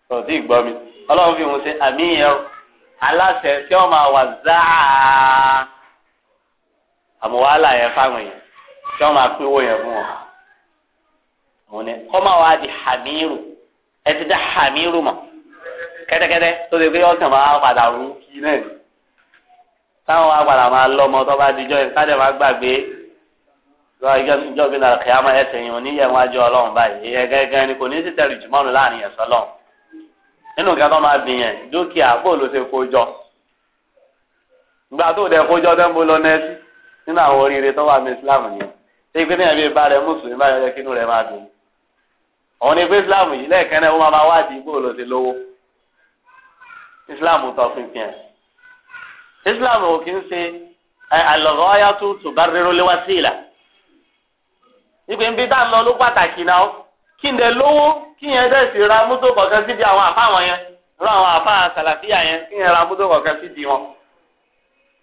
sọ̀tí ìgbọ́ mi ọlọ́run fi mú sí àmírù aláṣẹ tí wọ́n máa wà záà àmúwálà yẹn fáwọn èèyàn tí wọ́n máa pínwó yẹn fún wọn òun ni kọ́ máa di àmírù ẹ ti dá hàmí rú mọ̀ kẹ́tẹ́kẹ́tẹ́ tó ti pé ọ̀sán máa padà rú kí náà ni táwọn wa padà máa lọ́mọ tó bá dijọ́ yìí ká dẹ̀ máa gbàgbé ìjọ bí nàlẹ́ kìámà ẹsẹ̀ yìí oníyẹ̀ wọn ajọ́ ọlọ́run báyìí ìyẹn gẹ́gẹ́ ni kò ní ti tẹ̀lé jùmọ́nù láàrin ẹ̀sọ́ lọ́run nínú nǹkan tó máa bì yẹn dúkìá bó ló ṣe kójọ ìgbà tó dẹ̀ kójọ tó ń bolo nẹ́ẹ̀sì nínú àwọn oríire tó wà ní Islam yẹn ṣé ìpínlẹ̀ bíi bá rẹ mùsùlùmí báyọ̀ yẹ òun ni pé islam yìí lẹ́ẹ̀kan náà wọ́n máa wá di igbó lọ sí lówó islam tó fi fi hàn islam ò kí ń ṣe àlọ́gọ́yà tó tó bá rírun sí ìlà ìpè ń bí tá a lọ ló pàtàkì náà kí n dẹ lówó kí yẹn dẹ̀ sì ra mọ́tò kọ̀ọ̀kan síbi àwọn àfa wọn yẹn ra àwọn àfa àsàlàfíà yẹn kí yẹn ra mọ́tò kọ̀ọ̀kan síbi wọn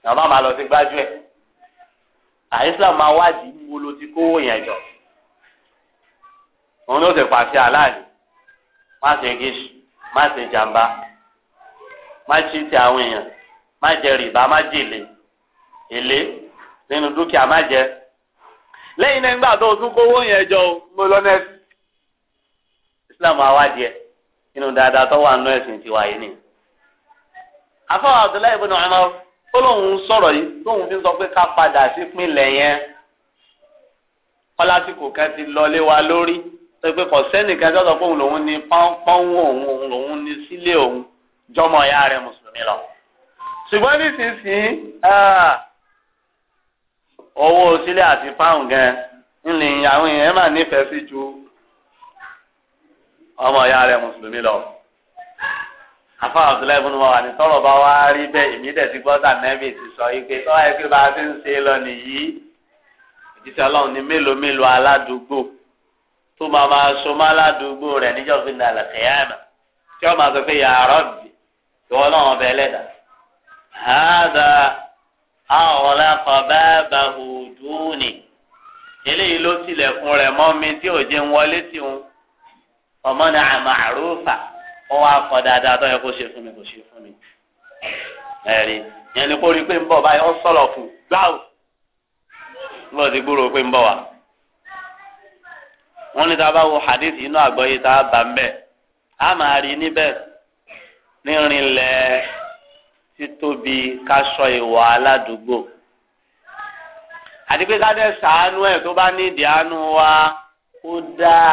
bàbá máa lọ sí gbájú ẹ̀ àìsàn máa wádìí wo ló ti kówó yẹn jọ. òun ló ti pàṣẹ aláàlì má ṣe gíṣù má ṣe jàmbá má ṣí ti àwọn èèyàn má jẹ rìbá má jèlé èlé nínú dúkìá má jẹ lẹ́yìn náà nígbà tó tún kówó yẹn jọ mo lọ nẹẹsì islam awádìí nínú dáadáa tó wà nínú ẹsìn tiwa yìí ni afọwọ ó lóun sọ pé ká padà sí yẹn ti lọlé wa lórí. pé kò sẹ́nìkan tó sọ pé òun lòun ní pọ́npọ́n òun òun lòun ní sílé òun jọmọ ìyá rẹ̀ mùsùlùmí lọ. ṣùgbọ́n nísinsìnyí owó sílé àti pound gan ńlẹ̀ àwọn èèyàn máa nífẹ̀ẹ́ sí ju ọmọ ìyá rẹ̀ mùsùlùmí lọ. àfa abdullahi ibùdó wa ní tọrọ bá wá rí bẹ́ẹ̀ èmi dẹ̀ ti gbọ́dọ̀ nẹ́bì ti sọ yìí pé tọ́wọ́ ẹgbẹ́ bá ti ń ṣe lọ nìyí ìdíṣẹ́ ọlọ́run ní mélòó mélòó aládùúgbò tó máa máa sọmọ aládùúgbò rẹ̀ níjọ́ fi nà lẹ́kẹ̀yàmà tí wọ́n máa sọ pé ya Rabbi ìwọ náà ọbẹ̀ ẹlẹ́dà. hàdà àwọ̀lákọ̀ bàbà hùdúùnì eléyìí ló tilẹ̀kùn rẹ̀ mọ́ mi tí ò jẹun wọlé sí òun ọmọ náà màrúfà wọ́n wá kọ́ dáadáa tó yẹ kó ṣe fún mi kó ṣe fún mi. ẹ̀rí yẹn ni kó rí pé ń bọ̀ báyìí ó sọ̀rọ̀ fún gbáù ń bọ̀ gbúrò pé ń bọ̀ wá wọ́n ní tá a bá wo hadith inú àgbọ́yé tá a bá ń bẹ̀ a máa rí níbẹ̀ nírinlẹ̀ títóbi káṣọ ìwà aládùúgbò àti pé ká sàánú ẹ̀ tó bá ní ìdí wa ó dáa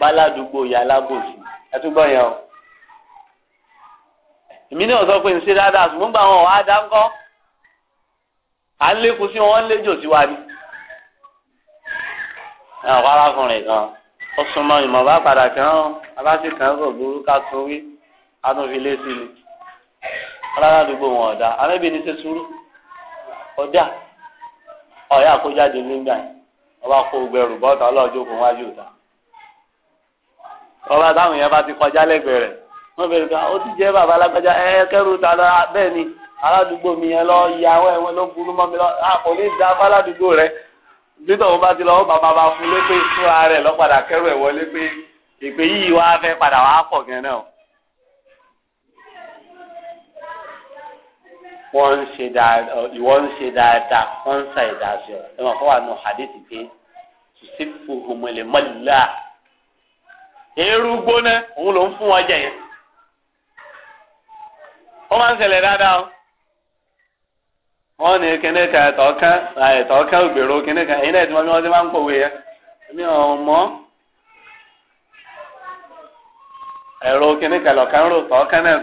báládùúgbò yà lábòsí ẹ tún gbọ́ yẹn o èmi náà sọ pé n ṣe dáadáa ṣùgbọ́n gbà wọn ò á dá ńkọ́ à ń lékun sí wọn ń léjò sí wa ni àwọn arákùnrin kan ọsùnmọ ìmọ̀ bá padà kàn án abáṣe kàn án kò burú ká tún wí adúnfi lé sí ni aládùúgbò wọn ọ̀dà anábì ní ṣe sùúrù ọjà ọ̀yà àkójáde nígbà yẹn wọ́n bá kó gbẹrù bọ́ọ̀tà ọlọ́ọ̀jọ́ kò wájú ìta wọ́n bá táwọn yẹn bá ti kọjá lẹ́gbẹ̀ẹ́ rẹ̀ wọ́n bẹ̀rẹ̀ ká ó ti jẹ́ bàbá alágbájá ẹ kẹ́rù ta lọ bẹ́ẹ̀ ni aládùúgbò mi yẹn lọ ya wọ́n ẹ̀wọ̀n ló burú mọ́ mi lọ àkòlí da fún rẹ̀ títọ̀ wọn bá ti lọ bàbá bá fún lépè fúnra rẹ̀ lọ́padà kẹ́rù ẹ̀ wọlé pé ìpè yìí wá fẹ́ padà wá pọ̀ gan náà. wọ́n ń ṣe dáadáa ìwọ ń ṣe dáadáa wọ́n ń sa ìdásí ọ̀ ẹ̀ mọ̀ fún wa nù hadithi pé ṣùṣìfù hùmọ̀lẹ́mọ́lá eérú gbóná òun ló ń fún wọn jẹ yẹn. ó máa ń ṣẹlẹ̀ dáadáa o. wọ́n ní kíní ka ẹ̀tọ́ kán ẹ̀tọ́ kán ògbèrò kíní kan èyí náà ti mọ bí wọ́n ya máa ń kọ̀wé yẹn èmi ò ka ka gbogbo àwọn kan tó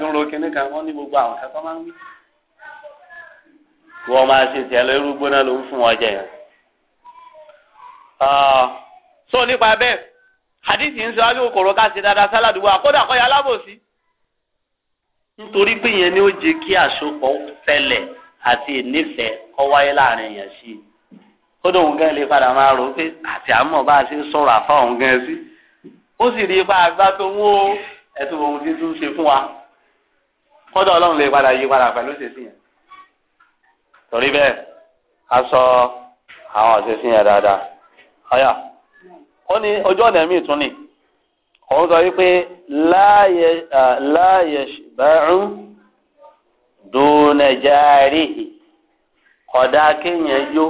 ṣe gbóná ló ń fún wọn jẹ yẹn. so nípa bẹ́ẹ̀ hadith ya alábòsí. nítorí pé ni ó kí àti ìnífẹ̀ẹ́ kọ́ wáyé láàrin èèyàn sí i ó dóun gan lè padà máa rò pé àti àmọ́ bá a ṣe ń sọ̀rọ̀ àfáwọn gan sí ó sì rí ipa àgbá tó ń wó ẹ̀sùn ohun tí tún ṣe fún wa kọ́dọ̀ ọlọ́run lè padà yí padà pẹ̀lú ṣèṣì yẹn torí bẹ́ẹ̀ a sọ àwọn ọ̀ṣẹ́ṣì yẹn dáadáa ọ̀yà ó ní ojú ọ̀nà míì tún ni òun sọ wípé láàyè láàyè dùnà jáàrí kódà kéèyàn yó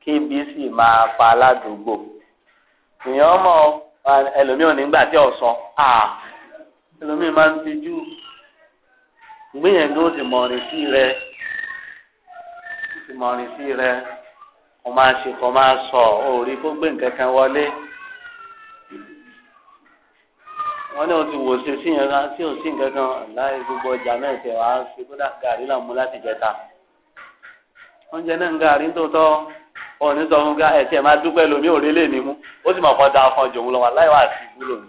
kébi sì máa pa aládùúgbò èèyàn mọ ẹlòmíràn nígbà tí ọ̀sán à ẹlòmíràn máa ń tijú gbìyànjú ó sì mọ ọ̀rìn sí rẹ ó sì mọ ọ̀rìn sí rẹ kò máa ṣe kò máa sọ kó gbé nǹkan kan wọlé. wọ́n ní wọ́n ti wò ṣe sí yẹn kan tí ò sí nǹkan kan láì gbogbo ọjà náà tẹ̀ wá sí kódà gàrí là ń mú láti jẹta oúnjẹ náà ń gàrí tó tọ́ wọn ò ní sọ fún ká ẹ̀ tí ẹ̀ máa dúpẹ́ lómi ò rélé ní mú ó sì máa fọ́ da ọkàn jòun lọ́wọ́ láì wá sí ìbúlò mi.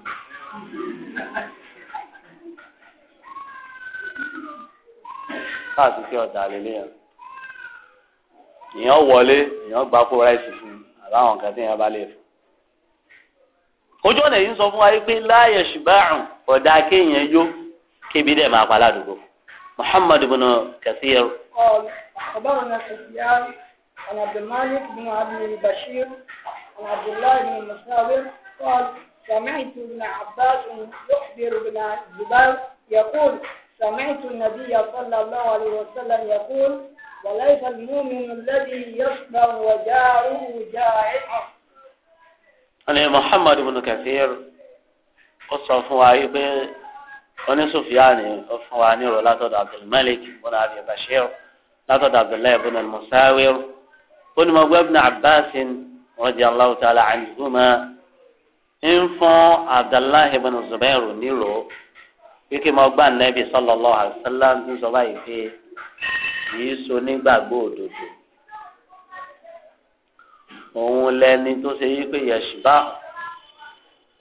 káàtó sí ọ̀dà lélẹ̀ yẹn èèyàn wọlé èèyàn gbá ráìsì fún un àbáwọn kan tí èèyàn bá lè fún ojú ọ̀nà yìí ń sọ fún wa pé láàyè ṣùgbọ́n ọ̀dà kéèyàn yó kébi dẹ̀ máa pa ládùúgbò muhammadu bin kathir. ọ̀bọ̀n ṣèṣìyàn ọ̀nà abdulmalik bin abdul bashir ọ̀nà abdullahi bin musawir قال سمعت ابن عباس يخبر ابن الزبير يقول سمعت النبي صلى الله عليه وسلم يقول وليس المؤمن الذي يصبر وجاره جائعه ọ̀nà muhammadu bin kathir ó sọ fún wa wípé onísùfìyàní ó fún wa ní ìrò látọ̀dọ̀ abdulmalik bin abi bashir látọ̀dọ̀ abdullahi bin al-musawir onímọ̀gbẹ́ bin abbasin radiyallahu ta'ala anhuma ń fún abdullahi bin zubair nílò wíkí mo gbà nẹ́bí sallallahu alaihi ń sọ báyìí pé kì í so nígbàgbọ́ òdodo òun lẹni tó ṣe yí pé yẹ̀ṣùbá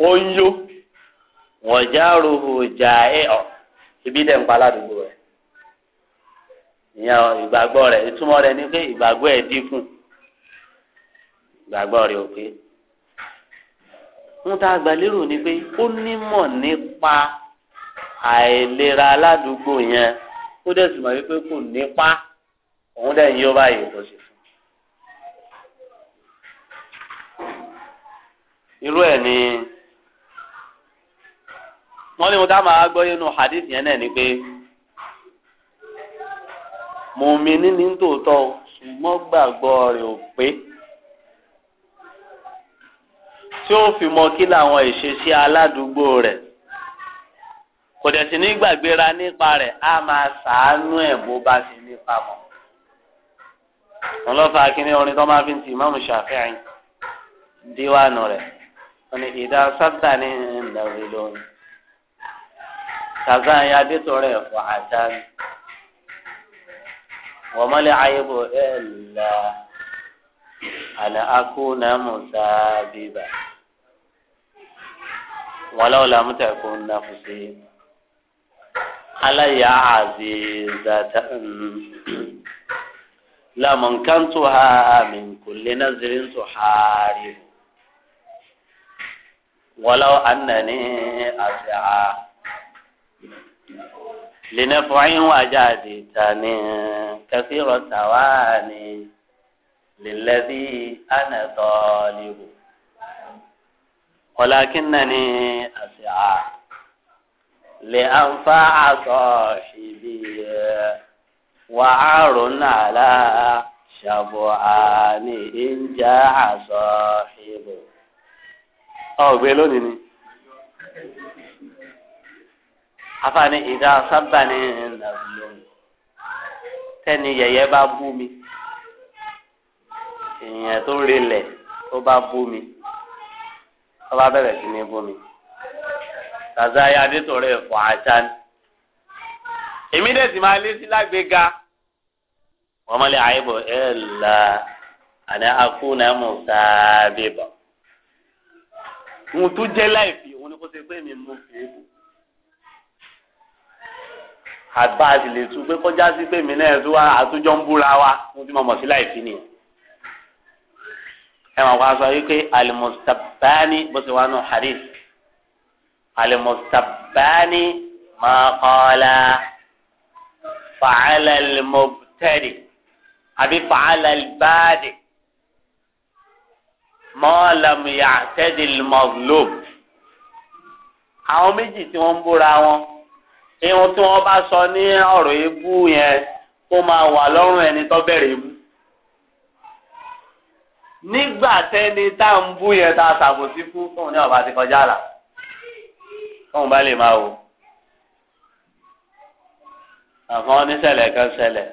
ó ń yó wọ́n já rohò jà ẹ̀ ọ̀ ibi dẹ̀ ń pa aládùúgbò rẹ̀ ìyẹn ìgbàgbọ́ rẹ̀ ìtumọ̀ rẹ̀ ni pé ìgbàgbọ́ ẹ̀ dínkù ìgbàgbọ́ rẹ̀ ò ń ta àgbàlérò ni pé ó nímọ̀ nípa àìlera aládùúgbò yẹn ó dẹ̀ sì mọ̀ wípé kò nípa òun dẹ̀ ń yó báyìí tó ṣe irú ẹ̀ ni wọ́n ní mo dá máa gbọ́ yẹnu hadith yẹn náà ni pé mùmíní ní tòótọ́ ṣùgbọ́n gbàgbọ́ rẹ̀ ò pé tí ó fi mọ kí làwọn ìṣesí aládùúgbò rẹ̀ kò dẹ̀ sí ní gbàgbéra nípa rẹ̀ á máa ṣàánú ẹ̀ bó bá ti nípa mọ́ wọn lọ́ọ́ fa akíní orin tó máa fi ń ti ìmáàmù Ṣàfi'í díwáànù rẹ̀. અને ઈદા સત્તા ને દવી લો સાઝા યાદ તોડે વાચન ومل عيب إلا أن أكون مسببا ولو لم تكن نفسي علي عزيزة لمن كنتها من كل نزل تحارب ولو أنني أسعى لنفع وجادتني كثير الثواني للذي أنا طالب ولكنني أسعى لأنفع صاحبي وعار على شبعان إن جاع صاحبه ọ̀gbẹ́ lónìí ni. afaani ìdá sábàní ńlọrọ tẹ́ni yẹ̀yẹ́ bá bú mi èèyàn tó relẹ̀ tó bá bú mi tó bá bẹ̀rẹ̀ sí ní bú mi tàzáyà adétòrè ẹ̀fọ́ àṣà ni èmi dẹ̀ sì máa lé sí lágbèéga wọ́n mọ̀lẹ́ àyẹ̀bọ̀ ẹ̀ la àná akúnà mọ̀ sáábẹ̀ bọ̀ ohun tó jẹ́ láìpẹ́ òun ni kó ṣe pé mi mú fi é àgbà àti lè tu pé kọjá sí pé mi náà tó wá àtújọ ń búra wa ohun tí mo mọ̀ sí láìpẹ́ nìyẹn ẹ máa wá sọ wípé alimustabani bó ṣe wà nù hadith alimustabani máa kọ́lá fàálà lmọ́tẹ́rì àbí fàálà lbáàdì mọ́ọ̀lámù yàtẹ́dìl mọ́ọ̀lóòbù àwọn méjì tí wọ́n ń búra wọn ihun tí wọ́n bá sọ ní ọ̀rọ̀ ebú yẹn kó máa wà lọ́rùn ẹni tó bẹ̀rẹ̀ ebú nígbà tẹ́ni tá à ń bú yẹn tá a ṣàbòsí fún tóun ní ọ̀bá ti kọjá là tóun bá lè máa wò àwọn oníṣẹ̀lẹ̀ kan ṣẹlẹ̀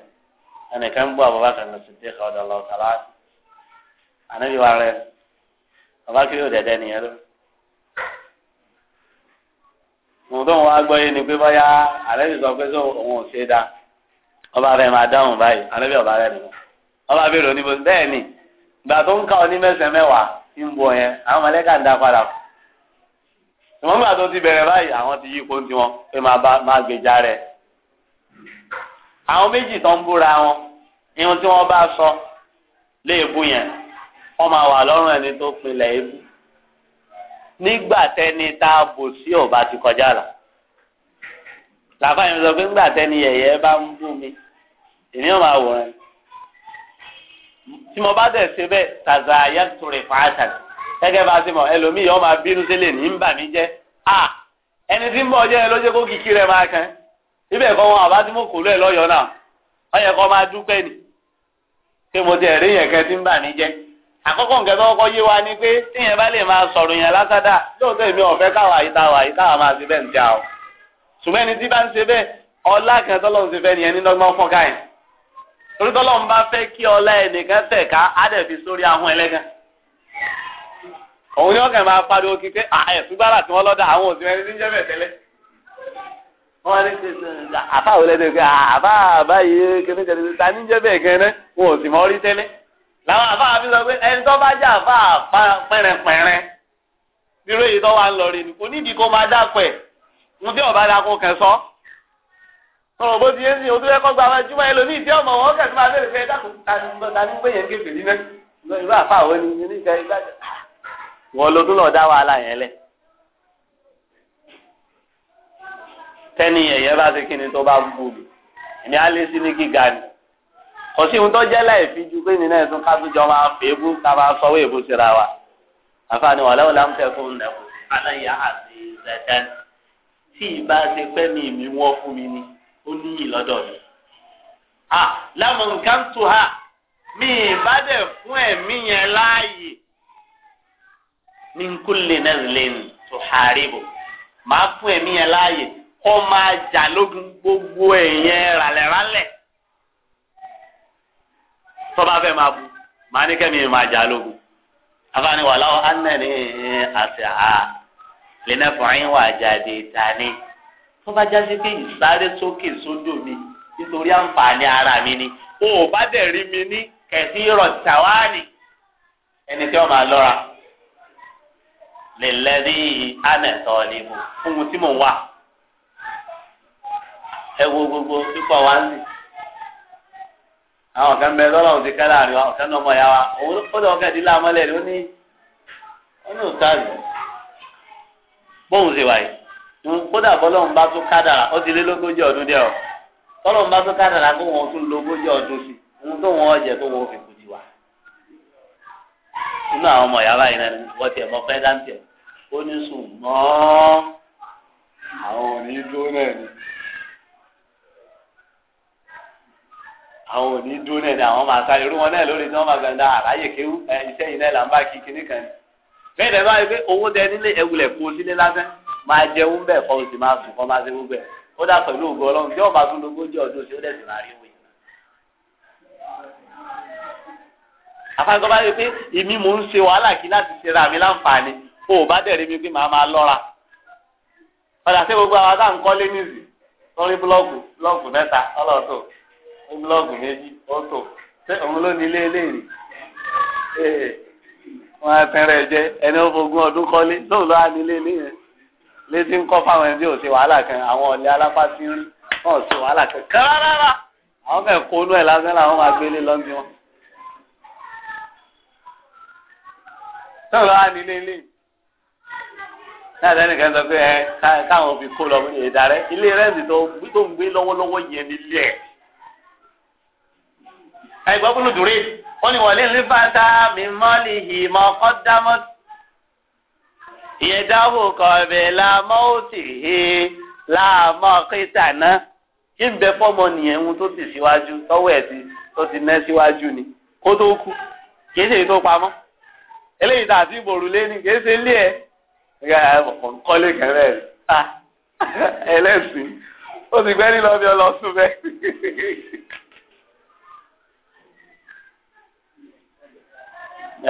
ẹnìkan ń bú Abubakar ní Siddiq ọ̀dọ̀ lọ́kàlá ànábìwá rẹ̀ bàbá kiri ò dẹ̀dẹ̀ nìyẹn ló. mo tó wọn agbọ́ yé ni pé báyà àlẹ́bí sọ pé òun ò ṣe dá ọba rẹ̀ máa dáhùn báyìí àlẹ́bí ọba rẹ̀ nìyẹn ọba bèrè oníbo bẹ́ẹ̀ ni ìgbà tó ń ka ọ ní mẹ́sàn-án mẹ́wàá ń bọ̀ yẹn àwọn mọ̀lẹ́kà ń dá padà fún ìwọ́n gbà tó ti bẹ̀rẹ̀ báyìí àwọn ti yí kó ń tiwọn pé máa gbèjà rẹ̀ àwọn méjì tó ń búra wọn irun tí wọ́n bá sọ léèbú yẹn wọ́n máa wà lọ́rùn ẹni tó pinlẹ̀ ebi nígbà tẹ́ni tá a bò sí ọba ti kọjá la làbáyé sọ pé nígbà tẹ́ni yẹ̀yẹ́ bá ń bú mi èmi ò máa wòran tí mo bá tẹ̀ ṣe bẹ́ẹ̀ tàzà ayẹ́tùrẹ̀ fàáṣà gẹ́gẹ́ bá a ti mọ̀ ẹlòmíì yóò máa bínú sílẹ̀ ní ń bà mí jẹ́ à ẹni tí ń bọ̀ jẹ́ ló jẹ́ kó kìkì rẹ̀ máa kàn ibẹ̀ kọ́ wọn àbá tí mo kò lóye lọ́yọ̀ọ́ náà ọ yẹ kó máa dúpẹ́ ni pé mo ti ẹ̀rí yẹn kẹ́ tí ń bà mí jẹ́ àkọ́kọ́ nǹkan tó kọ́ yé wa ni pé tíyẹn bá lè máa sọ̀rọ̀ yẹn lásàdá lóòótọ́ èmi ọ̀fẹ́ káwa yìí yìí máa ṣe bẹ́ẹ̀ ń jà o ṣùgbọ́n ẹni tí bá ń ṣe bẹ́ẹ̀ ọlá kan tọ́lọ́run ṣe fẹ́ nìyẹn ní dọ́gbọ́n fọ́n ká yẹn torí tọ́lọ́run bá fẹ́ kí ọlá ẹnìkan fi sórí ahọ́n ẹlẹ́gàn òun ni máa pariwo kí pé tí wọ́n lọ́dà làwọn àfa mi sọ pé ẹni tó bá jẹ́ àfa pẹ̀rẹ̀pẹ̀rẹ̀ nírú èyí tó wà ń lọ rí ni kò nídìí kó máa dàpẹ̀ mo tí ọba dà kó kẹ sọ sọ̀rọ̀ bó ti yé sí oṣù ẹ̀kọ́ gba ọmọ ẹ lómi ìdí ọmọ wọn kẹsì máa bẹ̀rẹ̀ fẹ́ dákun ta ni gbé yẹn kéfì rí náà irú àfa àwọn ni ní ìjà ìgbà wọn ló lọ dá wàhálà yẹn lẹ. tẹ́ni ẹ̀yẹ́ bá ti kí ni tó bá ń bù mí ẹ̀mí á lé sí ní gíga ni kò sí ohun tó jẹ́ láìfi ju pé nínú ẹ̀sùn ká tó jọ máa fè é bú ká máa sọ wéèbù síra wa àfààní wà lẹ́wọ̀n láǹfẹ̀ fún nẹ̀kù aláya àti zẹ̀tẹ́n tí ìbá ṣe pẹ́ mi mi wọ́n fún mi ni ó ní ìlọ́dọ̀ mi. à lámọ̀ nǹkan tó hà mi ìbá dẹ̀ fún ẹ̀mí yẹn láàyè ní nkúlẹ̀ náà lẹ́nu tó haribo máa fún ẹ̀mí yẹn láàyè kó máa jà lógun gbogbo ẹ̀yẹn ràlẹ̀ràlẹ̀ tọ́ba fẹ́ máa bu màá ní kẹ́mi máa jà lógun afaani wàláwọ anani àtẹ̀hà lẹ́nẹ̀fọ̀ọ́yìn wà jáde tani tó bá jáde pé ìsáré sókè sódò mi nítorí àǹfààní ara mi ni o ò bá dẹ̀ rí mi ní kẹ̀sí rọ̀ tàwáàní ẹni tí wọ́n máa lọ́ra lẹ́lẹ́rí anẹ̀tọ́ ni mo fún un tí mò wà ẹ wo gbogbo pípọ̀ wá ń sìn àwọn ọ̀kan bẹ lọ́rọ̀ òdi kẹ́lá àríwá ọ̀kan náà mọ̀ ya wa òun kọ́dọ̀ ọ̀kan ìdílé amọ́lẹ̀ ló ní ó ní òtáàlì bóun ṣe wáyé ìwọ̀n kódà bọ́lọ́run bá tún kádàrà ó ti lé lógójì ọdún dẹ́ ọ tọ́lọ́run bá tún kádàrà kó wọn tún lógójì ọdún sí ohun tó wọn ọ̀jẹ̀ tó wọn fi kù jì wá. inú àwọn ọmọ yàrá yìí náà wọ́n tiẹ̀ mọ pẹ́ẹ́dáńtì ẹ̀ ó ní sùn mọ́ àwọn òní dúró náà àwọn ò ní dúró náà ni àwọn máa sáré irú wọn náà lórí tí wọn máa gbàgbà àráyè kéwú iṣẹ́ yìí náà là ń bá kí kinní kan ni. bẹ́ẹ̀ dẹ̀ báyìí pé owó dẹ nílé ẹwùlẹ̀ kó sílé lásán máa jẹ oúnjẹ bẹ́ẹ̀ kọ́ òsì máa sùn kọ́ máa ṣe gbogbo ẹ̀ ó dà pẹ̀lú ògo ọlọ́run tí ọba tún lógójì ọdún ṣe ó dẹ̀ sì máa rí wí. àfàgọ́ bá rí pé èmi mò ń ṣe wàhálà kí láti ṣe ra mi o ò bá dẹ̀ rí mi pé màá máa lọ́ra padà ó búlọ́ọ̀gù méjì ó tò ṣé òun ló ní ilé eléyìí wọn á tẹ́rẹ̀ jẹ ẹni ó fogún ọdún kọ́lé lóòótọ́ á ní ilé eléyìí létí ń kọ́ fáwọn ẹbí ò ṣe wàhálà kan àwọn ọ̀lẹ́ alápàtì ń rí wọn ò ṣe wàhálà kan kan rárá àwọn mẹ́ẹ̀ kó inú ẹ̀ lásán làwọn máa gbélé lọ́ńbí wọn. lọ́ọ̀rọ̀ á ní ilé ilé náà sẹ́nìkan sọ pé ẹ káwọn òbí kó lọ ìdàrẹ́ ilé rẹ́ǹtì tó ń gbé lọ́wọ́lọ́wọ́ yẹn nílé ẹ̀ ẹgbẹ́ kúlù dùrẹ́ wọ́n ní wọlé ní bàtà mi mọ́lì ìmọ̀ kọ́dámọ́ ìyẹ̀dáwò kọ̀ọ̀bẹ̀ làmọ́ọ̀tì he làmọ́ kíta náà kí n bẹ fọ́mọ nìyẹn ń tó ti síwájú tọ́wọ́ ẹ̀ ti tó ti ná síwájú ni kó tó kú kì í ṣe tó pamọ́ eléyìí tà sí ìbòrú lẹ́ni kì í ṣe ilé ẹ̀ kọ́lé kẹrẹ́ ẹ̀ ah, ẹlẹ́sìn ó ti gbẹ́ni lọ́bí ọlọ́sùn bẹ́ẹ̀.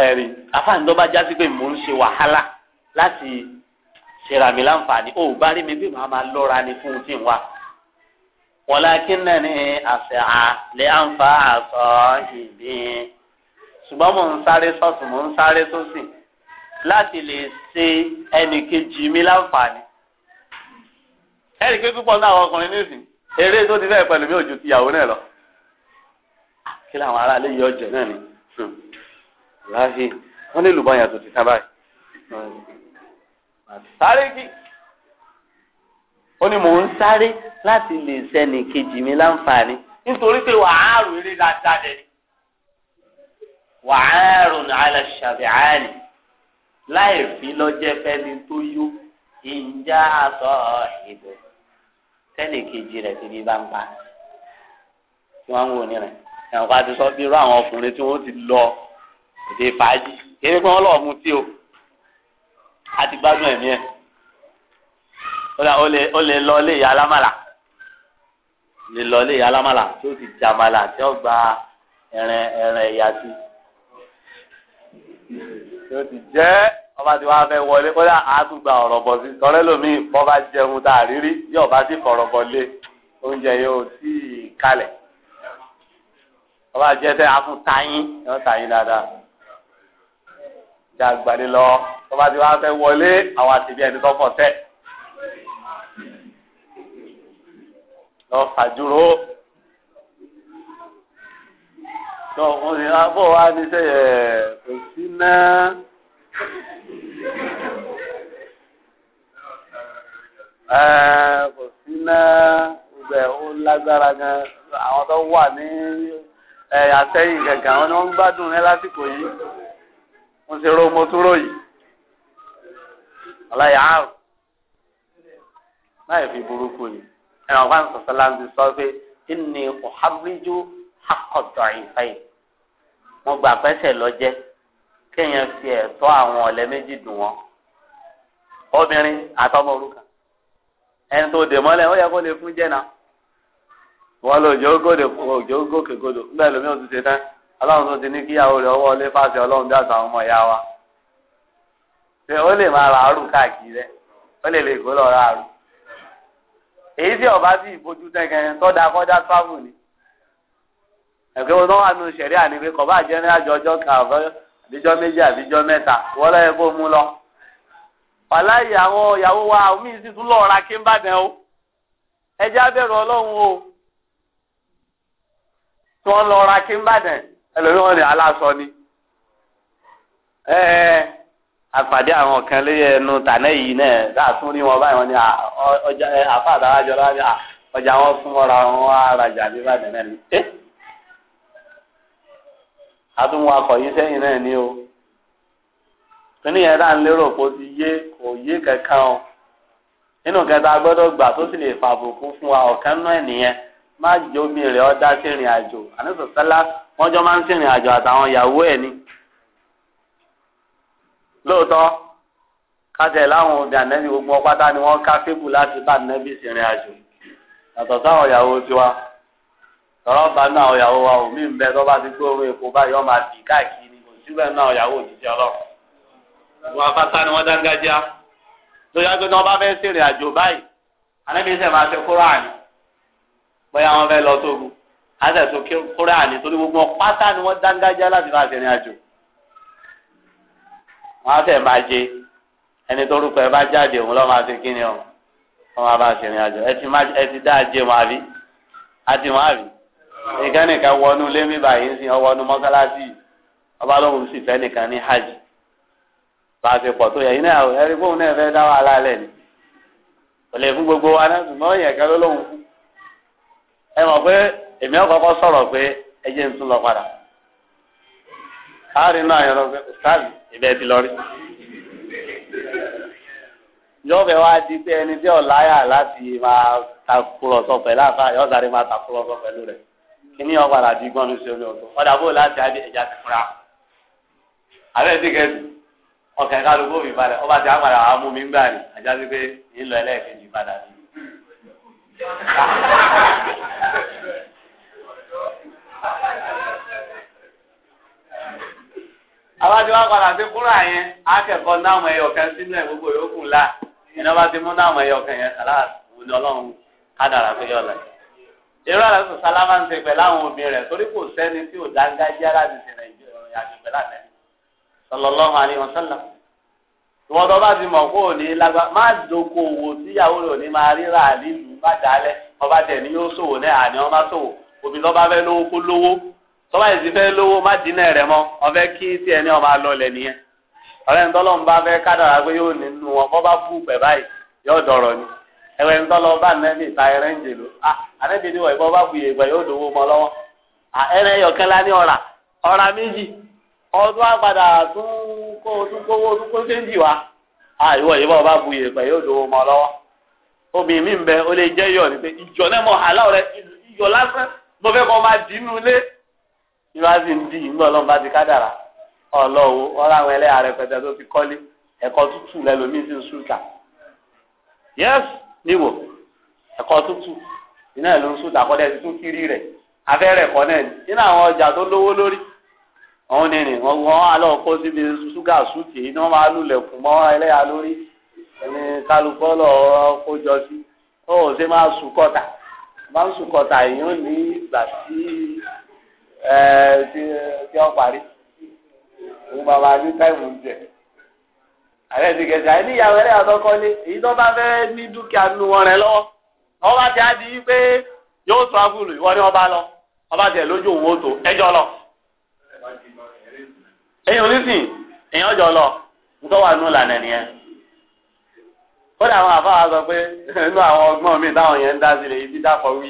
ẹ̀rí àfààní tó bá já sí pé mò ń ṣe wàhálà láti ṣèrà mi láǹfààní ó bá rí mi bí màá máa lọ́ra ni fún un tí ń wá. wọn lákín náà ní àṣẹ àlẹ́ àǹfà àṣọ ìbí ṣùgbọ́n mò ń sáré sọ́sùn mò ń sáré sósì láti lè ṣe ẹnì kejì mi láǹfààní. ẹ̀rí pé púpọ̀ náà ọkùnrin nísìn eré tó ti fẹ́ pẹ̀lú mi ò ju tìyàwó náà lọ. kí làwọn aráalé yìí ọjọ́ náà ni láàyè wọ́n ní lùbọ́n yàtọ̀ ti tán báyìí. sáré kí ó ní mò ń sáré láti lè sẹ́ni kejì mi láǹfààní nítorí pé wàhálù eré dáadáa dẹ̀ ni wàhálù nàlẹ́ ṣàbíàní láì fi lọ́jẹ́ fẹ́ni tó yó ìjà àtọ̀ ìbò sẹ́ni kejì rẹ̀ ti di bá ń pa tí wọ́n ń wò ní rẹ̀ ẹ̀wọ̀n ká ti sọ bí irú àwọn ọkùnrin tí wọ́n ti lọ òde fàájì kéré pé wọn lọ mú tí o a ti gbádùn ẹ̀mí ẹ o lè lọ ilé ìyá alámàlà lè lọ ilé ìyá alámàlà tí ó ti jàmàlà tí ó gba ẹ̀rìn ẹ̀rìn ẹ̀yà sí tí ó ti jẹ́ ọba tí wàá fẹ́ wọlé kọ́lá àádùgbà ọ̀rọ̀ bọ̀ sí sọ̀rọ̀ lómii bọ́ba jẹun tá a rírí yóò bá sì fọ̀rọ̀ bọ̀ lé oúnjẹ yóò sì kalẹ̀ ọba jẹ́ tẹ́ afún tayín yóò tayín dáadáa já gbalé lọ tọ́ba ti wá fẹ́ wọlé àwọn àti bí ẹni tó fọ̀ tẹ̀. lọ fàjúrò lọ fún mi ah, wa ni sẹ́yẹ̀ kò sí náà. kò sí náà ibẹ̀ ó lágbára gan àwọn tó wà ní ẹ̀yà sẹ́yìn gẹ̀gẹ̀ àwọn ni wọ́n ń gbádùn rẹ lásìkò yìí mo ṣe ro mo tún ròyìn ọláyà áàrùn láì fi burúkú ni ẹnìwọ̀n bá ń ń ti sọ pé ìní ọ̀hábíjú akọ̀tọ̀ ìfẹ́yì mo gbà pẹ́sẹ̀ lọ́jẹ́ kéèyàn fi ẹ̀tọ́ àwọn ọ̀lẹ́ méjì dùn wọ́n obìnrin àtọmọ orúkà ẹni tó dè mọ́lẹ̀ ó yẹ kó lè fún jẹ́ náà wọ́n lọ òjò gòkè gòdò nígbà lómi ò ti ṣe tán. ọlọ́run tó ti ní kíyàwó rẹ̀ ọwọ́ ilé fáṣẹ ọlọ́run ọmọ ìyá wa ṣé ó lè máa ra káàkiri rẹ ó lè lè kó lọ ra àrù èyí tí ọba sì ìbojú tẹ́gẹ̀ẹ́ tọ́da kọjá sábùn ni ẹ̀kẹ́ wọn wà nínú àní pé kọ̀bá ní àjọ ọjọ́ àbíjọ́ wa omi sì tún lọ ra kí n o ẹjẹ́ abẹ́rù ọlọ́run o ẹlòmí ni aláṣọ ni ẹ àpàdé àwọn kan lé ẹnu tànẹ yìí náà láàtún wọn báyìí wọn ni ọjà àfa àtàwájọ ọjà wọn fún ọra wọn arajà ní ìbàdàn náà ni ẹ àtúnwò o ń lérò ti yé kò yé kankan o nínú kẹta gbà tó sì lè fàbùkù fún wa náà omi ọ dá sí ìrìn àjò wọ́n jọ máa ń sìnrìn àjò àtàwọn ìyàwó ẹ̀ ni lóòótọ́ kájẹ̀ láwọn obì ànẹ́bí gbogbo ọpátá ni wọ́n ká fébù láti bá ànẹ́bí sìnrìn àjò yàtọ̀ sáwọn ìyàwó tiwa tọ́rọ́ bá ní àwọn ìyàwó wa ò ń bẹ tó bá ti gbóòrò epo báyọ̀ máa dì káàkiri kò síbẹ̀ ní àwọn ìyàwó òjijì ọlọ́run ìwà fata ni wọ́n dángájá tó yá pé ní wọ́n bá fẹ́ sìnrìn àjò báyìí ànẹ́bí sẹ̀ máa ṣe kúrò àná bóyá wọ́n fẹ́ lọ sógun àtẹ̀sùn kúrẹ́ àní torí gbogbo wọn pátá ni wọ́n dángájá láti máa ṣe ní àjò wọn á fẹ́ máa jẹ ẹni tó rúkọ ẹ bá jáde òun lọ́ọ́ máa ṣe kí ni ọ wọn máa bá ṣe ní àjò ẹ ti dá ajé wọn àbí àti wọn àbí nìkan nìkan wọnú lémi báyìí ń sìn ọ ọba lóhùn sì fẹ́ nìkan ní hajj bá a ṣe pọ̀ tó yẹ iná ẹni fóun náà fẹ́ dá wàhálà lẹ̀ ni kò lè fún gbogbo wa náà ṣùgbọ́n yẹn èmi ọkọ̀ọ̀kọ̀ sọrọ pé ẹ ń tún lọ padà káàrin náà yọrọ pé ọ̀sáàlì ìbẹ́ ti lọ rí wá di pé ẹni tí láti máa pẹ̀lú àfa máa pẹ̀lú rẹ̀ kíní ọ̀padà di ọ̀tọ̀ ọ̀dà bó láti adé ti fura àbẹ́ ti kẹ́sì ọkàn kálukú mi balẹ̀ ọba ti àpàdà wà mú mi gbà ní àjá sí pé ìlọ ẹlẹ́ẹ̀kejì padà àbájọ wa padà sí kúrò yẹn akẹ́kọ̀ọ́ náwọn ẹyọ kan sínú ẹ̀ gbogbo yòókù ńlá ìná bá ti mú náwọn ẹyọ kan yẹn kàlá òun ọlọ́run kádàrà tó yọ̀ lẹ̀. irú àlọ́ sọ sálámà ń ṣe pẹ̀lú àwọn òbí rẹ̀ torí kò sẹ́ni tí ò dáńgájíá láti ṣe nàìjíríà àgbègbè lánàá sallallahu alaihi wasallam. ìwọ́n tó bá ti mọ̀ kó o ní lágbá má doko owó tíyàwó rẹ̀ ò tọ́ba yìí ti fẹ́ lówó má dínà rẹ̀ mọ́ ọ̀fẹ́ kí tí ẹni ọba lọlẹ̀ nìyẹn ọ̀rẹ́ ńtọ́lọ́ ń bá fẹ́ kádàrà pé yóò nínú wọn bá bú pẹ̀ báyìí yóò dọ̀rọ̀ ni ta ń jèlò ànẹ́bí ni wọ̀nyí bu yóò mọ́ lọ́wọ́ yọkẹ́lá ní ọ̀rà ọ̀rà méjì ọdún bí wọ́n á sì ń bí ìgbà ọlọ́run bá ti kádàrà ọlọ́wọ́ wọ́n láwọn ẹlẹ́yà rẹpẹtẹ tó ti kọ́lé ẹ̀kọ́ tútù lẹ́lòmíì sì ń yẹ́sì níwò ẹ̀kọ́ tútù iná ẹ̀ ló ń súta kọ́lé ẹ̀sìn tún kiri rẹ̀ afẹ́rẹ́ ẹ̀kọ́ náà ni nínú àwọn ọjà tó lówó lórí òun ni wọ́n wọ́n alọ́ kó síbi ṣúgà sútì iná máa lulẹ̀kùn mọ́ ẹlẹ́yà lórí ẹni kálukọ́ ẹ ti tí parí òun bàbá ní táìmù jẹ àrẹ ti kẹsì àìní ìyàwó ẹlẹ́yà tọkọ ní èyí tó bá fẹ́ ní dúkìá nu wọn rẹ lọ́wọ́ wọn ti á di pé yóò ìwọ ni ọba lọ wọn lójú òun ó lọ. onísìn lọ nítorí wà nù lànà nìyẹn kódà àwọn àfáà sọ pé àwọn ọgbọ́n mi táwọn yẹn ń dá sílẹ̀ wí.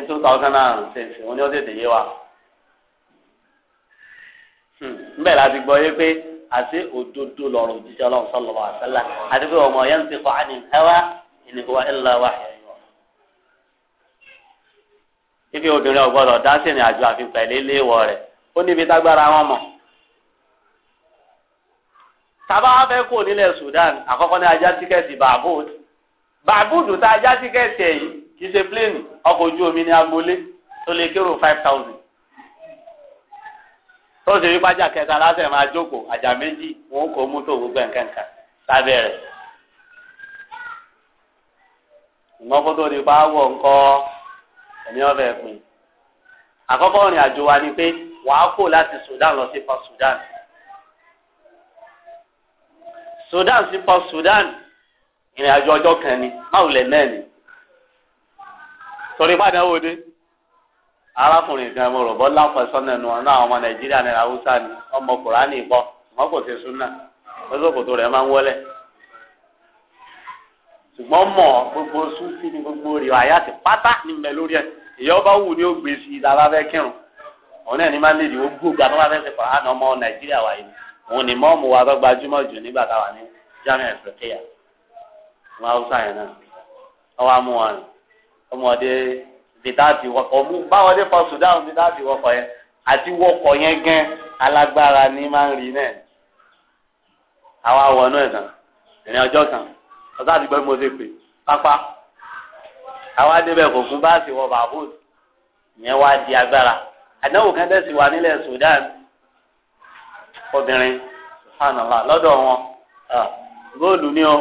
ní two thousand and six òun ni ó tètè yé wa nbẹ hmm, láti gbọ́ yé pé àti òdodo lọ́rọ̀ jíjẹ Ọlọ́run sọlọ wa sẹlẹ àti pé ọmọ yẹn ti kọ àní ẹwà ìní wa ẹlẹ wa ẹyọ. ibi obìnrin ọgbọdọ dáńsì ní àjọ àfi pẹ̀lú ilé ìwọ rẹ̀ ó níbi tágbára wọn mọ. tábà fẹ́ kó nílẹ̀ Sudan àkọ́kọ́ ní ajá tíkẹ́ẹ̀tì bàbúùdù bàbúùdù tá ajá tíkẹ́ẹ̀tì ẹ̀yìn kì í ṣe pléènì ọkọ̀ ojú omi ní agboolé tó lè kérò five thousand tó ṣe wípé ajá kẹta lásẹ̀ máa jókòó ajá méjì wọn kò mú tó gbogbo ẹ̀ǹkẹ̀ǹkẹ̀ lábẹ́ rẹ̀ ìmọ̀ kó tó di pa wọ̀ ńkọ́ ẹ̀mí ọ̀fẹ́ pin àkọ́kọ́ ìrìn àjò wa ni pé wàá kó láti Sudan lọ sí port Sudan Sudan sí port Sudan ìrìn àjò ọjọ́ kan ni máwùlẹ̀ mẹ́rin. torí pàdé wò dé arákùnrin kan mo rò bọ́ láǹfọ̀sọ́nà nu ọ̀nà àwọn ọmọ nàìjíríà ní haúsá ni ọmọ kùránì ìbọn ṣùgbọ́n kò ṣe súnà lọ́sọ̀kòtò rẹ̀ máa ń wọlé ṣùgbọ́n mọ̀ gbogbo súnfì ní gbogbo rẹ̀ àyà ti pátá ní lórí ẹ̀ ìyá ọba wù ó gbé sí i dára fẹ́ kírun òun náà ní máa ń lè dìbò gbòógà tó bá fẹ́ ṣe kùránì ọmọ nàìjíríà wáyé òun ni ọmọdé bìtáàtì wọkọ̀ mú báwọdé fọ Sudan bìtáàtì wọkọ̀ yẹn àti wọkọ̀ yẹn gan alágbára ní máa ń rí náà àwa wọnú ẹ̀ tán ìrìn ọjọ́ kan ọ̀sán àti gbẹ́mọ́ ṣe pé pápá àwa débẹ̀ kò fún báàsì wọ bàbóòt ìyẹn wá di agbára àdánwò kan tẹ̀sí wà nílẹ̀ Sudan obìnrin subhanallah lọ́dọ̀ wọn góòlù ni o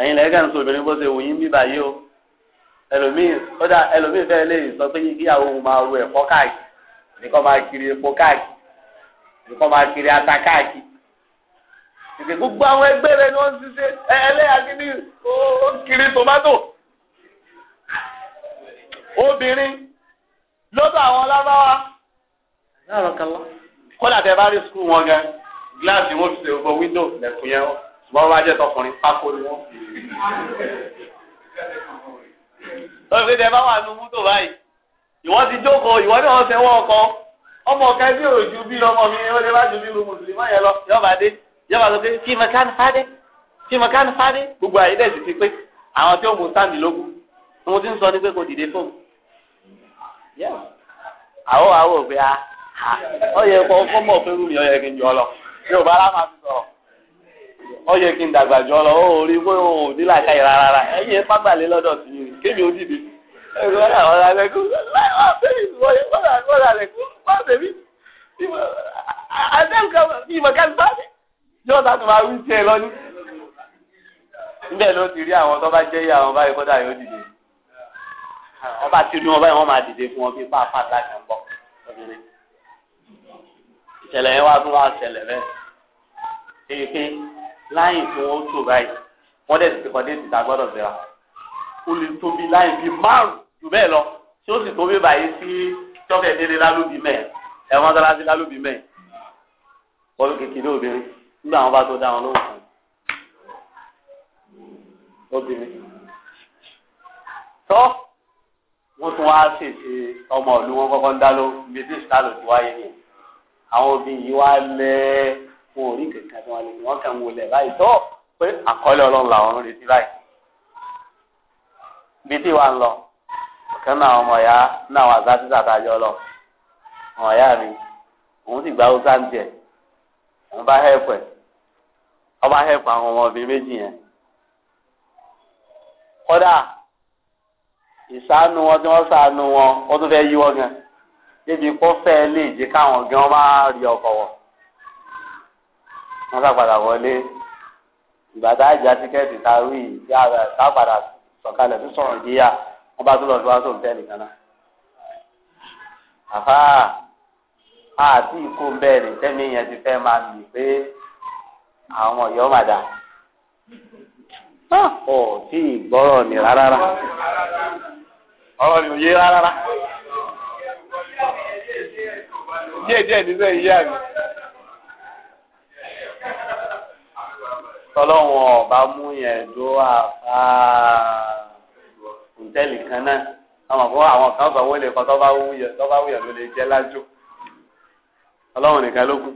ẹ̀yin lẹ́gàn sọ obìnrin bó ṣe wù yín bíbá yìí o ẹlòmíì kódà ẹlòmíì fẹ́ lè sọ pé kíyàwó òun máa ru ẹ̀fọ́ káàkiri nìkan máa kiri epo káàkiri nìkan máa kiri ata káàkiri ìgbè gbogbo àwọn ẹgbẹ́ rẹ ni wọ́n ń ṣiṣẹ́ ẹlẹ́yà kí ni ó kiri tomato obìnrin lọ́dọ̀ àwọn lábáwá kódà tẹ bá rí skul wọn gan gíláàsì wọn fi ṣe gbogbo wíńdò lẹ́kùn yẹn ṣùgbọ́n wọn bá jẹ́ tọkùnrin pákó ni wọn lọ́wọ́ pé tẹ bá wà nínú mọ́tò báyìí ìwọ ti jókòó ìwọ ní wọn fẹ́ ọkọ ọmọ ọ̀ka ẹbí ò bí ọmọ mi ó lè má ju bí mùsùlùmí yẹn lọ yọba dé yọba sọ pé kí mẹkánì fádé kí mẹkánì fádé gbogbo àyè dẹ̀ ti pé àwọn tí ó mú sáàmì lógún ohun tí ń sọ ni pé kò dìde fóun àwọ̀ àwọ̀ òbí a ọ yẹ kọ́ fọ́mọ̀ fẹ́rù mi ọ yẹ kí n jọ lọ yóò bá aláma sọ̀rọ̀ ó yẹ kí n dàgbà jọ lọ ó rí pé ní làákà yìí rárá ẹyẹ pàgbàlẹ lọ́dọ̀ sí i kémi ó dìde ẹgbẹ wọn làwọn ará rẹ kú láì wọn bẹbí wọn yẹ wọn làwọn ará rẹ kú wọn bẹbí àdéhùnkà ìmọ̀kàlì sáfì yóò sá tó máa wí tiẹ̀ lọ́ní. níbẹ̀ ló ti rí àwọn tó bá jẹ́ yé àwọn báyìí kọ́dà yóò dìde wọ́n bá ti nu wọn wọ́n máa dìde fún wọn bí pàápàá ńlá kan bọ̀ ìṣẹ̀lẹ̀ yẹn wá tún wá ṣẹlẹ̀ bẹ́ẹ̀ kéèké láyìn tó ó tù báyìí wọ́n dẹ̀ ti kọ́ déètì tá a gbọ́dọ̀ bẹ̀rẹ̀ ó lè tóbi láyìn bíi márùn jù bẹ́ẹ̀ lọ tí ó sì tóbi báyìí sí tọ́kẹ̀ délé lálùbí mẹ́ẹ̀ ẹ̀wọ̀n tó lásì lálùbí mẹ́ẹ̀ wọ́n kékeré obìnrin nígbà wọn bá tó dá wọn lóhùn obìnrin tọ́ wọ́n tún wá ṣèṣe ọmọ ìlú wọn kọ́kọ́ ń dá ló ibi tí wáyé nìyẹn àwọn obìnrin yìí wá lẹ́ẹ̀. wọn ò rí kankan tí wọn lè ní wọn kàn wọlé báyìí tó pé àkọọ́lẹ̀ ọlọ́run làwọn ń retí báyìí bíi tí wàá ń lọ ọ̀kan náà ọmọ ọ̀yá náà wà sá títà tá a jọ lọ ọmọ ọ̀yá mi òun sì gba haúsá ń tiẹ̀ òun bá ẹ̀ ọba hẹ́ẹ̀pù àwọn méjì yẹn wọn tí wọ́n wọn wọ́n tún fẹ́ yí wọn wọ́n sá padà wọlé ìgbà tá a já tíkẹ́ẹ̀tì tá a rí ìdí ààrẹ tá a padà sọ̀kalẹ̀ tó sọ̀rọ̀ ìdíyà wọ́n bá tó lọ sí wàásù òǹtẹ́ nìkan náà. àfa àti ìkó bẹ́ẹ̀ ni tẹ́mi yẹn ti fẹ́ máa mì pé àwọn ọ̀yọ́ mà dá. ọ̀ tí ìgbọ́rọ̀ ni rárá ọ̀rọ̀ ni ò rárá. díẹ̀ díẹ̀ nínú ẹ̀yà mi. tọ́lọ́wọ́n ọba mú yẹn dó àfa ǹtẹ́lì kan náà àwọn kan àwọn kan sọ wọlé kan tọ́ba wúyẹ tọ́ba wúyẹ ló lè jẹ́ lájú ọlọ́run nìkan ló kù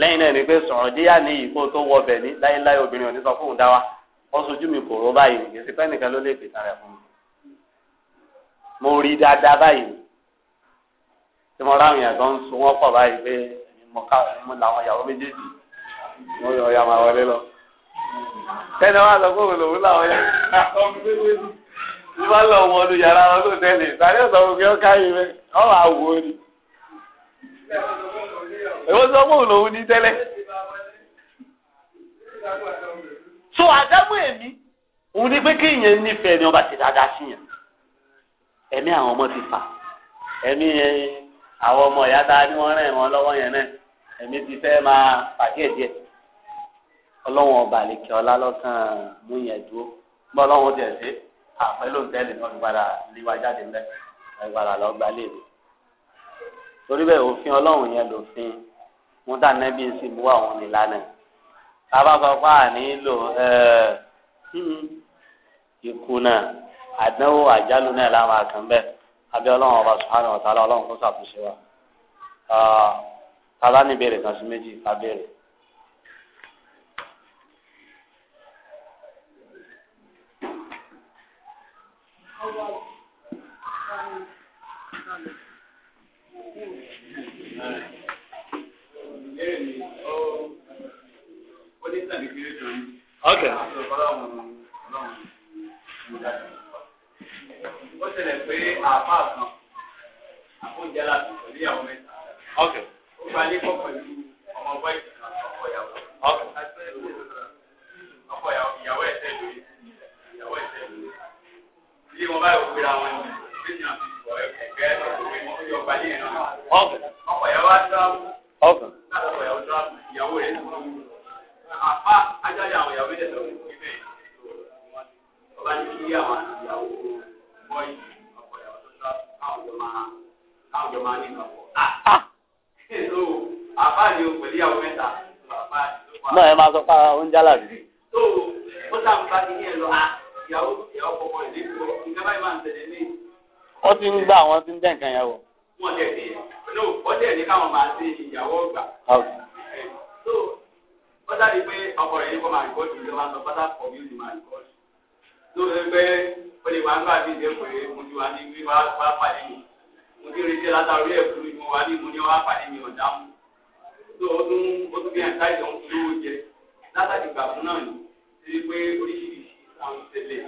lẹ́yìn náà ni pé sọ̀rọ̀ díyà ní ìkó tó wọ bẹ̀ ní láéláé obìnrin ò ní sọ fóun dá wa wọ́n sojú mi kò ró báyìí kì í ṣe pé nìkan ló lè pè tán rẹ̀ fún mi mo rí dáadáa báyìí tí mo ráwọn yàtọ̀ ń sun wọ́n pọ̀ báyìí pé mo ká mo làwọn ìyàwó méjèèjì mo yọ ọ̀yà máa wọlé lọ ẹni wá sọ pé òun lòun yẹn wọ́n lọ wọ ọdún yàrá wọn ló tẹ̀lé ìtàlẹ́ sọ fún mi ó káyé rẹ ọ wà ni èwo sọ pé òun lòun ní tẹ́lẹ̀ so àdámù èmi òun ni pé kéèyàn nífẹ̀ẹ́ ni ọba ti dáadáa sí yẹn ẹ̀mí àwọn ọmọ ti fà ẹ̀mí àwọn ọmọ ìyá ta ni wọ́n rẹ̀ wọ́n lọ́wọ́ yẹn náà ẹ̀mí ti fẹ́ máa pàdé ẹ̀ díẹ̀ ọlọ́wọ́n ọba àlekẹ́ ọlá lọ́kàn múyẹn dúró bọ́ ọlọ́wọ́n tẹ̀ sí àpẹlú ntẹ́lẹ̀ náà gbára líwá jáde ńlẹ̀ gbára lọ gba léèrè torí bẹ́ẹ̀ òfin ọlọ́run yẹn lòfin wọn dà nẹ́bí ń sìn búwá òun nílànà abáfọ́fá nílò ìkùnà àdánwò àjálù náà láwọn àkàn bẹ́ẹ̀ abẹ́ ọlọ́run ọba subhanahu wa ta'ala ọlọ́run kó ṣàtúnṣe wa. tábà ní ìbéèrè kan sí méjì ká béèrè. Okay. Ó ṣẹlẹ̀ ọkọ Okay. tí wọ́n bá yọ wíra wọn ní bísí àti ìwọ̀ ẹ̀kẹ́ ọ̀gbìn ọ̀gbà ní ẹ̀rọ. ọkọ̀ yà wá dáàbò. ọkàn. ọkọ̀ yà wá dáàbò ìyàwó rẹ̀ tó ń lò. àpá ajáde àwọn ìyàwó rẹ̀ lọ́wọ́ ìgbẹ́ ọba ní kí àwọn ìyàwó bọ́ọ̀lì ọkọ̀ yà wá dáàbò káwọn jọ máa ní ìgbàpọ̀. àpá ni o pẹ̀lú ìyàwó mẹ́ta. náà ẹ máa sọ pé oúnjẹ àlàbí. tó o ó sàmúfà kí ní ìyàwó ìyàwó kọkọ ìdí tó nǹkan báyìí máa ń tẹ̀lé ní. wọ́n ti ń gbà wọ́n ti ń dẹ̀ nǹkan yẹn wò. wọ́n dẹ̀ ní no wọ́n dẹ̀ ní káwọn máa ṣe ìyàwó ọgbà. so wọ́n dàbí pé ọkọ rẹ̀ ní kó máa rìkọ́ọ̀dù ìjọba sọ pátá kọ̀ mí ní máa rìkọ́ọ̀dù. tó ṣe pé ó lè wá ń gbà bí mo ti wá ní bí wá pàdé mi mo ti rí iṣẹ́ látàrí ẹ̀ fún mi mo wá ní mo ní wá pàdé mi ọ̀dà mu. tó o tún o tún bí táwọn tẹ̀lé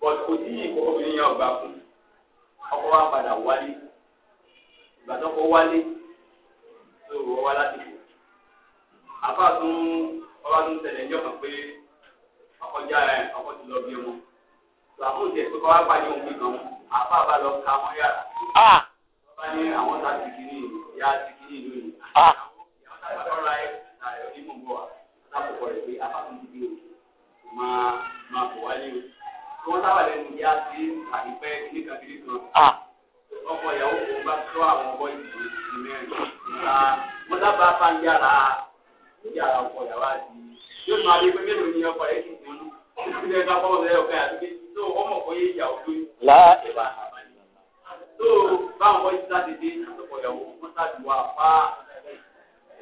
but kò tí yìí kókó obìnrin yẹn ọgbà fún ọkọ wa padà wálé ìgbà tó kọ wálé tó wọ wá láti kù àbá tún ọba tún tẹ̀lé ẹjọ́ kan pé ọkọ já ẹ ọkọ ti lọ bí ọmọ tó àbúrò tẹ̀ pé kọ́ wá pàdé òun gbígbọ́n àbá bá lọ ka wọn yàrá ah! ọba ní àwọn tá a ti kiri ìyá ti kiri ìlú yìí ìyá tá a bá lọ ra ẹ ọ̀rọ̀ ayé ọ̀rọ̀ ìmọ̀ bọ̀ wá látàkùkọ̀ rẹ̀ pé àbá tún ti di òun máa máa bọ̀ wálé o. tí wọ́n sábà lẹ́nu ìyá sí àdìpẹ́ kíníkan kíníkan. ọkọ ìyàwó kò bá tó àwọn ọkọ ìdìbò ìdìbò mẹ́rin. wọ́n sábà bá ń yára yàrá ọkọ ìyàwó àti yóò máa rí pé mélòó ni ọkọ rẹ̀ kìí fún un. ìpínlẹ̀ ẹ̀ka fọwọ́ sẹ́yọ̀ ọ̀kẹ́ àti tó ọmọ kò yé ìyàwó lóyún. tó báwọn ọkọ yìí sáà dédé ọkọ ìyàwó wọ́n sáà ti pa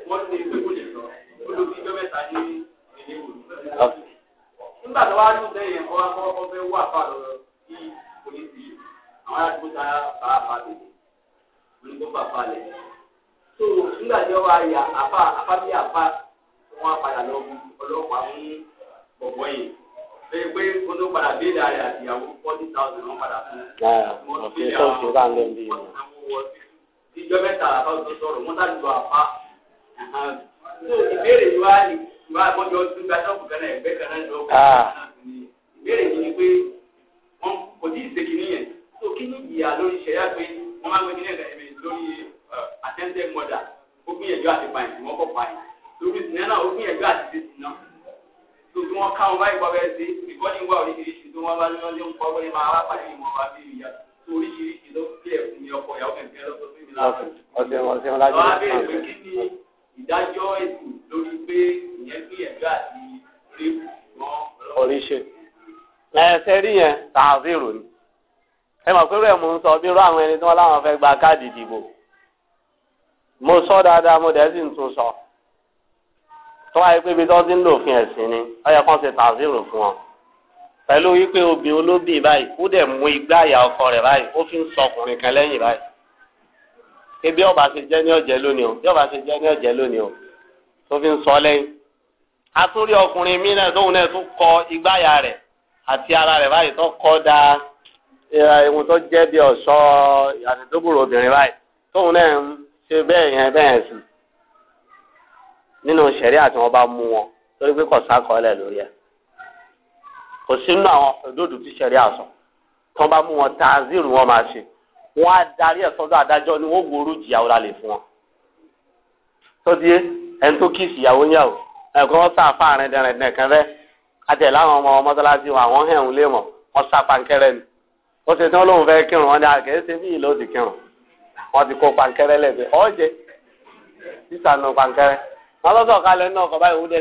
wọ́n ti pé kò lè sọ olùdíjọ́ nígbà tó wá ní ìgbẹ́ yẹn ọwọ́ akọ́kọ́ fẹ́ wú àfa lọ sí polisi yìí àwọn aládùúgbò ta bá àfa tètè òní tó fà falẹ̀ tó nígbà tí wọ́n ayà àfa àfa bí àfa wọn padà lọ bu ọlọ́pàá mú bọ̀bọ̀ yìí bẹ́ẹ̀ pé wọ́n tó padà bí ìlà rẹ̀ forty thousand wọ́n padà fún un wọ́n fi àwọn wọ́n sanwó wọ́n sí ìjọ mẹ́ta àfa tó sọ̀rọ̀ wọ́n sá ìwà àkọ́jọ tún gba ṣọ́ọ̀bù kan náà ẹgbẹ́ kan náà lọ́wọ́ ìbéèrè yìí ni pé wọn kò tí ì ṣe kìíní yẹn tó kí ni ìyá lórí ṣẹ̀yà pé wọ́n máa ń gbé nílẹ̀ ẹ̀mí lórí attempted murder ó gbìyànjú àti pààyàn wọ́n kọ̀ pààyàn lórí ìsìnà náà ó gbìyànjú àti ṣe ìsìnà tó tí wọ́n káwọn báyìí kọ́ bẹ́ẹ̀ sí ìkọ́ni wà oríṣiríṣi tó wọ́n bá ní wọ́n ìdájọ́ ẹ̀sìn lórí pé ìyẹn gbìyànjú àti rébù mọ́ ọlọ́run. oríṣi rí yẹn tààzírò ni ẹ mọ̀ pé rẹ̀ mò ń sọ bí irú àwọn ẹni tí wọ́n láwọn fẹ́ gba káàdì ìdìbò mo sọ dáadáa mo dẹ̀ tún sọ tó wáyé pé ibi tó ti ń lò fún ẹ̀sìn ni ó yẹ ṣe tààzírò fún ọ pẹ̀lú wípé obìnrin olóbìn báyìí ó dẹ̀ mú igbá àyà ọkọ rẹ̀ báyìí ó fi ń sọkùnrin kan lẹ́yìn báyìí ebi ọba ṣe jẹ ní ọjẹ lónìí o bí ọba ṣe jẹ ní ọjẹ lónìí o tó fi ń sọ lẹ́yìn atúrí ọkùnrin mi náà tóun náà tún kọ igbáyà rẹ̀ àti ara rẹ̀ báyìí tó kọ da ìhun tó jẹ bí ọ̀ṣọ́ àtẹtóbùrò obìnrin báyìí tóun náà ń ṣe bẹ́ẹ̀ yẹn bẹ́ẹ̀ sùn nínú sẹrí àti wọn bá mú wọn torí pé kò sákọọlẹ lórí ẹ̀ kò sínú àwọn òdòdó tí sẹrí àsọ tó bá mú wọn tààzírù wọn máa ṣe. wọ́n á darí ẹ̀ adájọ́ ni wọ́n gbòòrò jìyàwó la lè fún wọn. sọ́dí ẹni tó kí ìsìyàwó yàwó ẹ̀kọ́ wọn sàfà rẹ̀ndẹ̀rẹ̀ndẹ̀ kan rẹ̀ àti ẹ̀ ọmọ mọ́sálásí wọn àwọn ni ṣe tí kírun wọn ni ṣe bí ìlú òdì kírun ti kó sísànù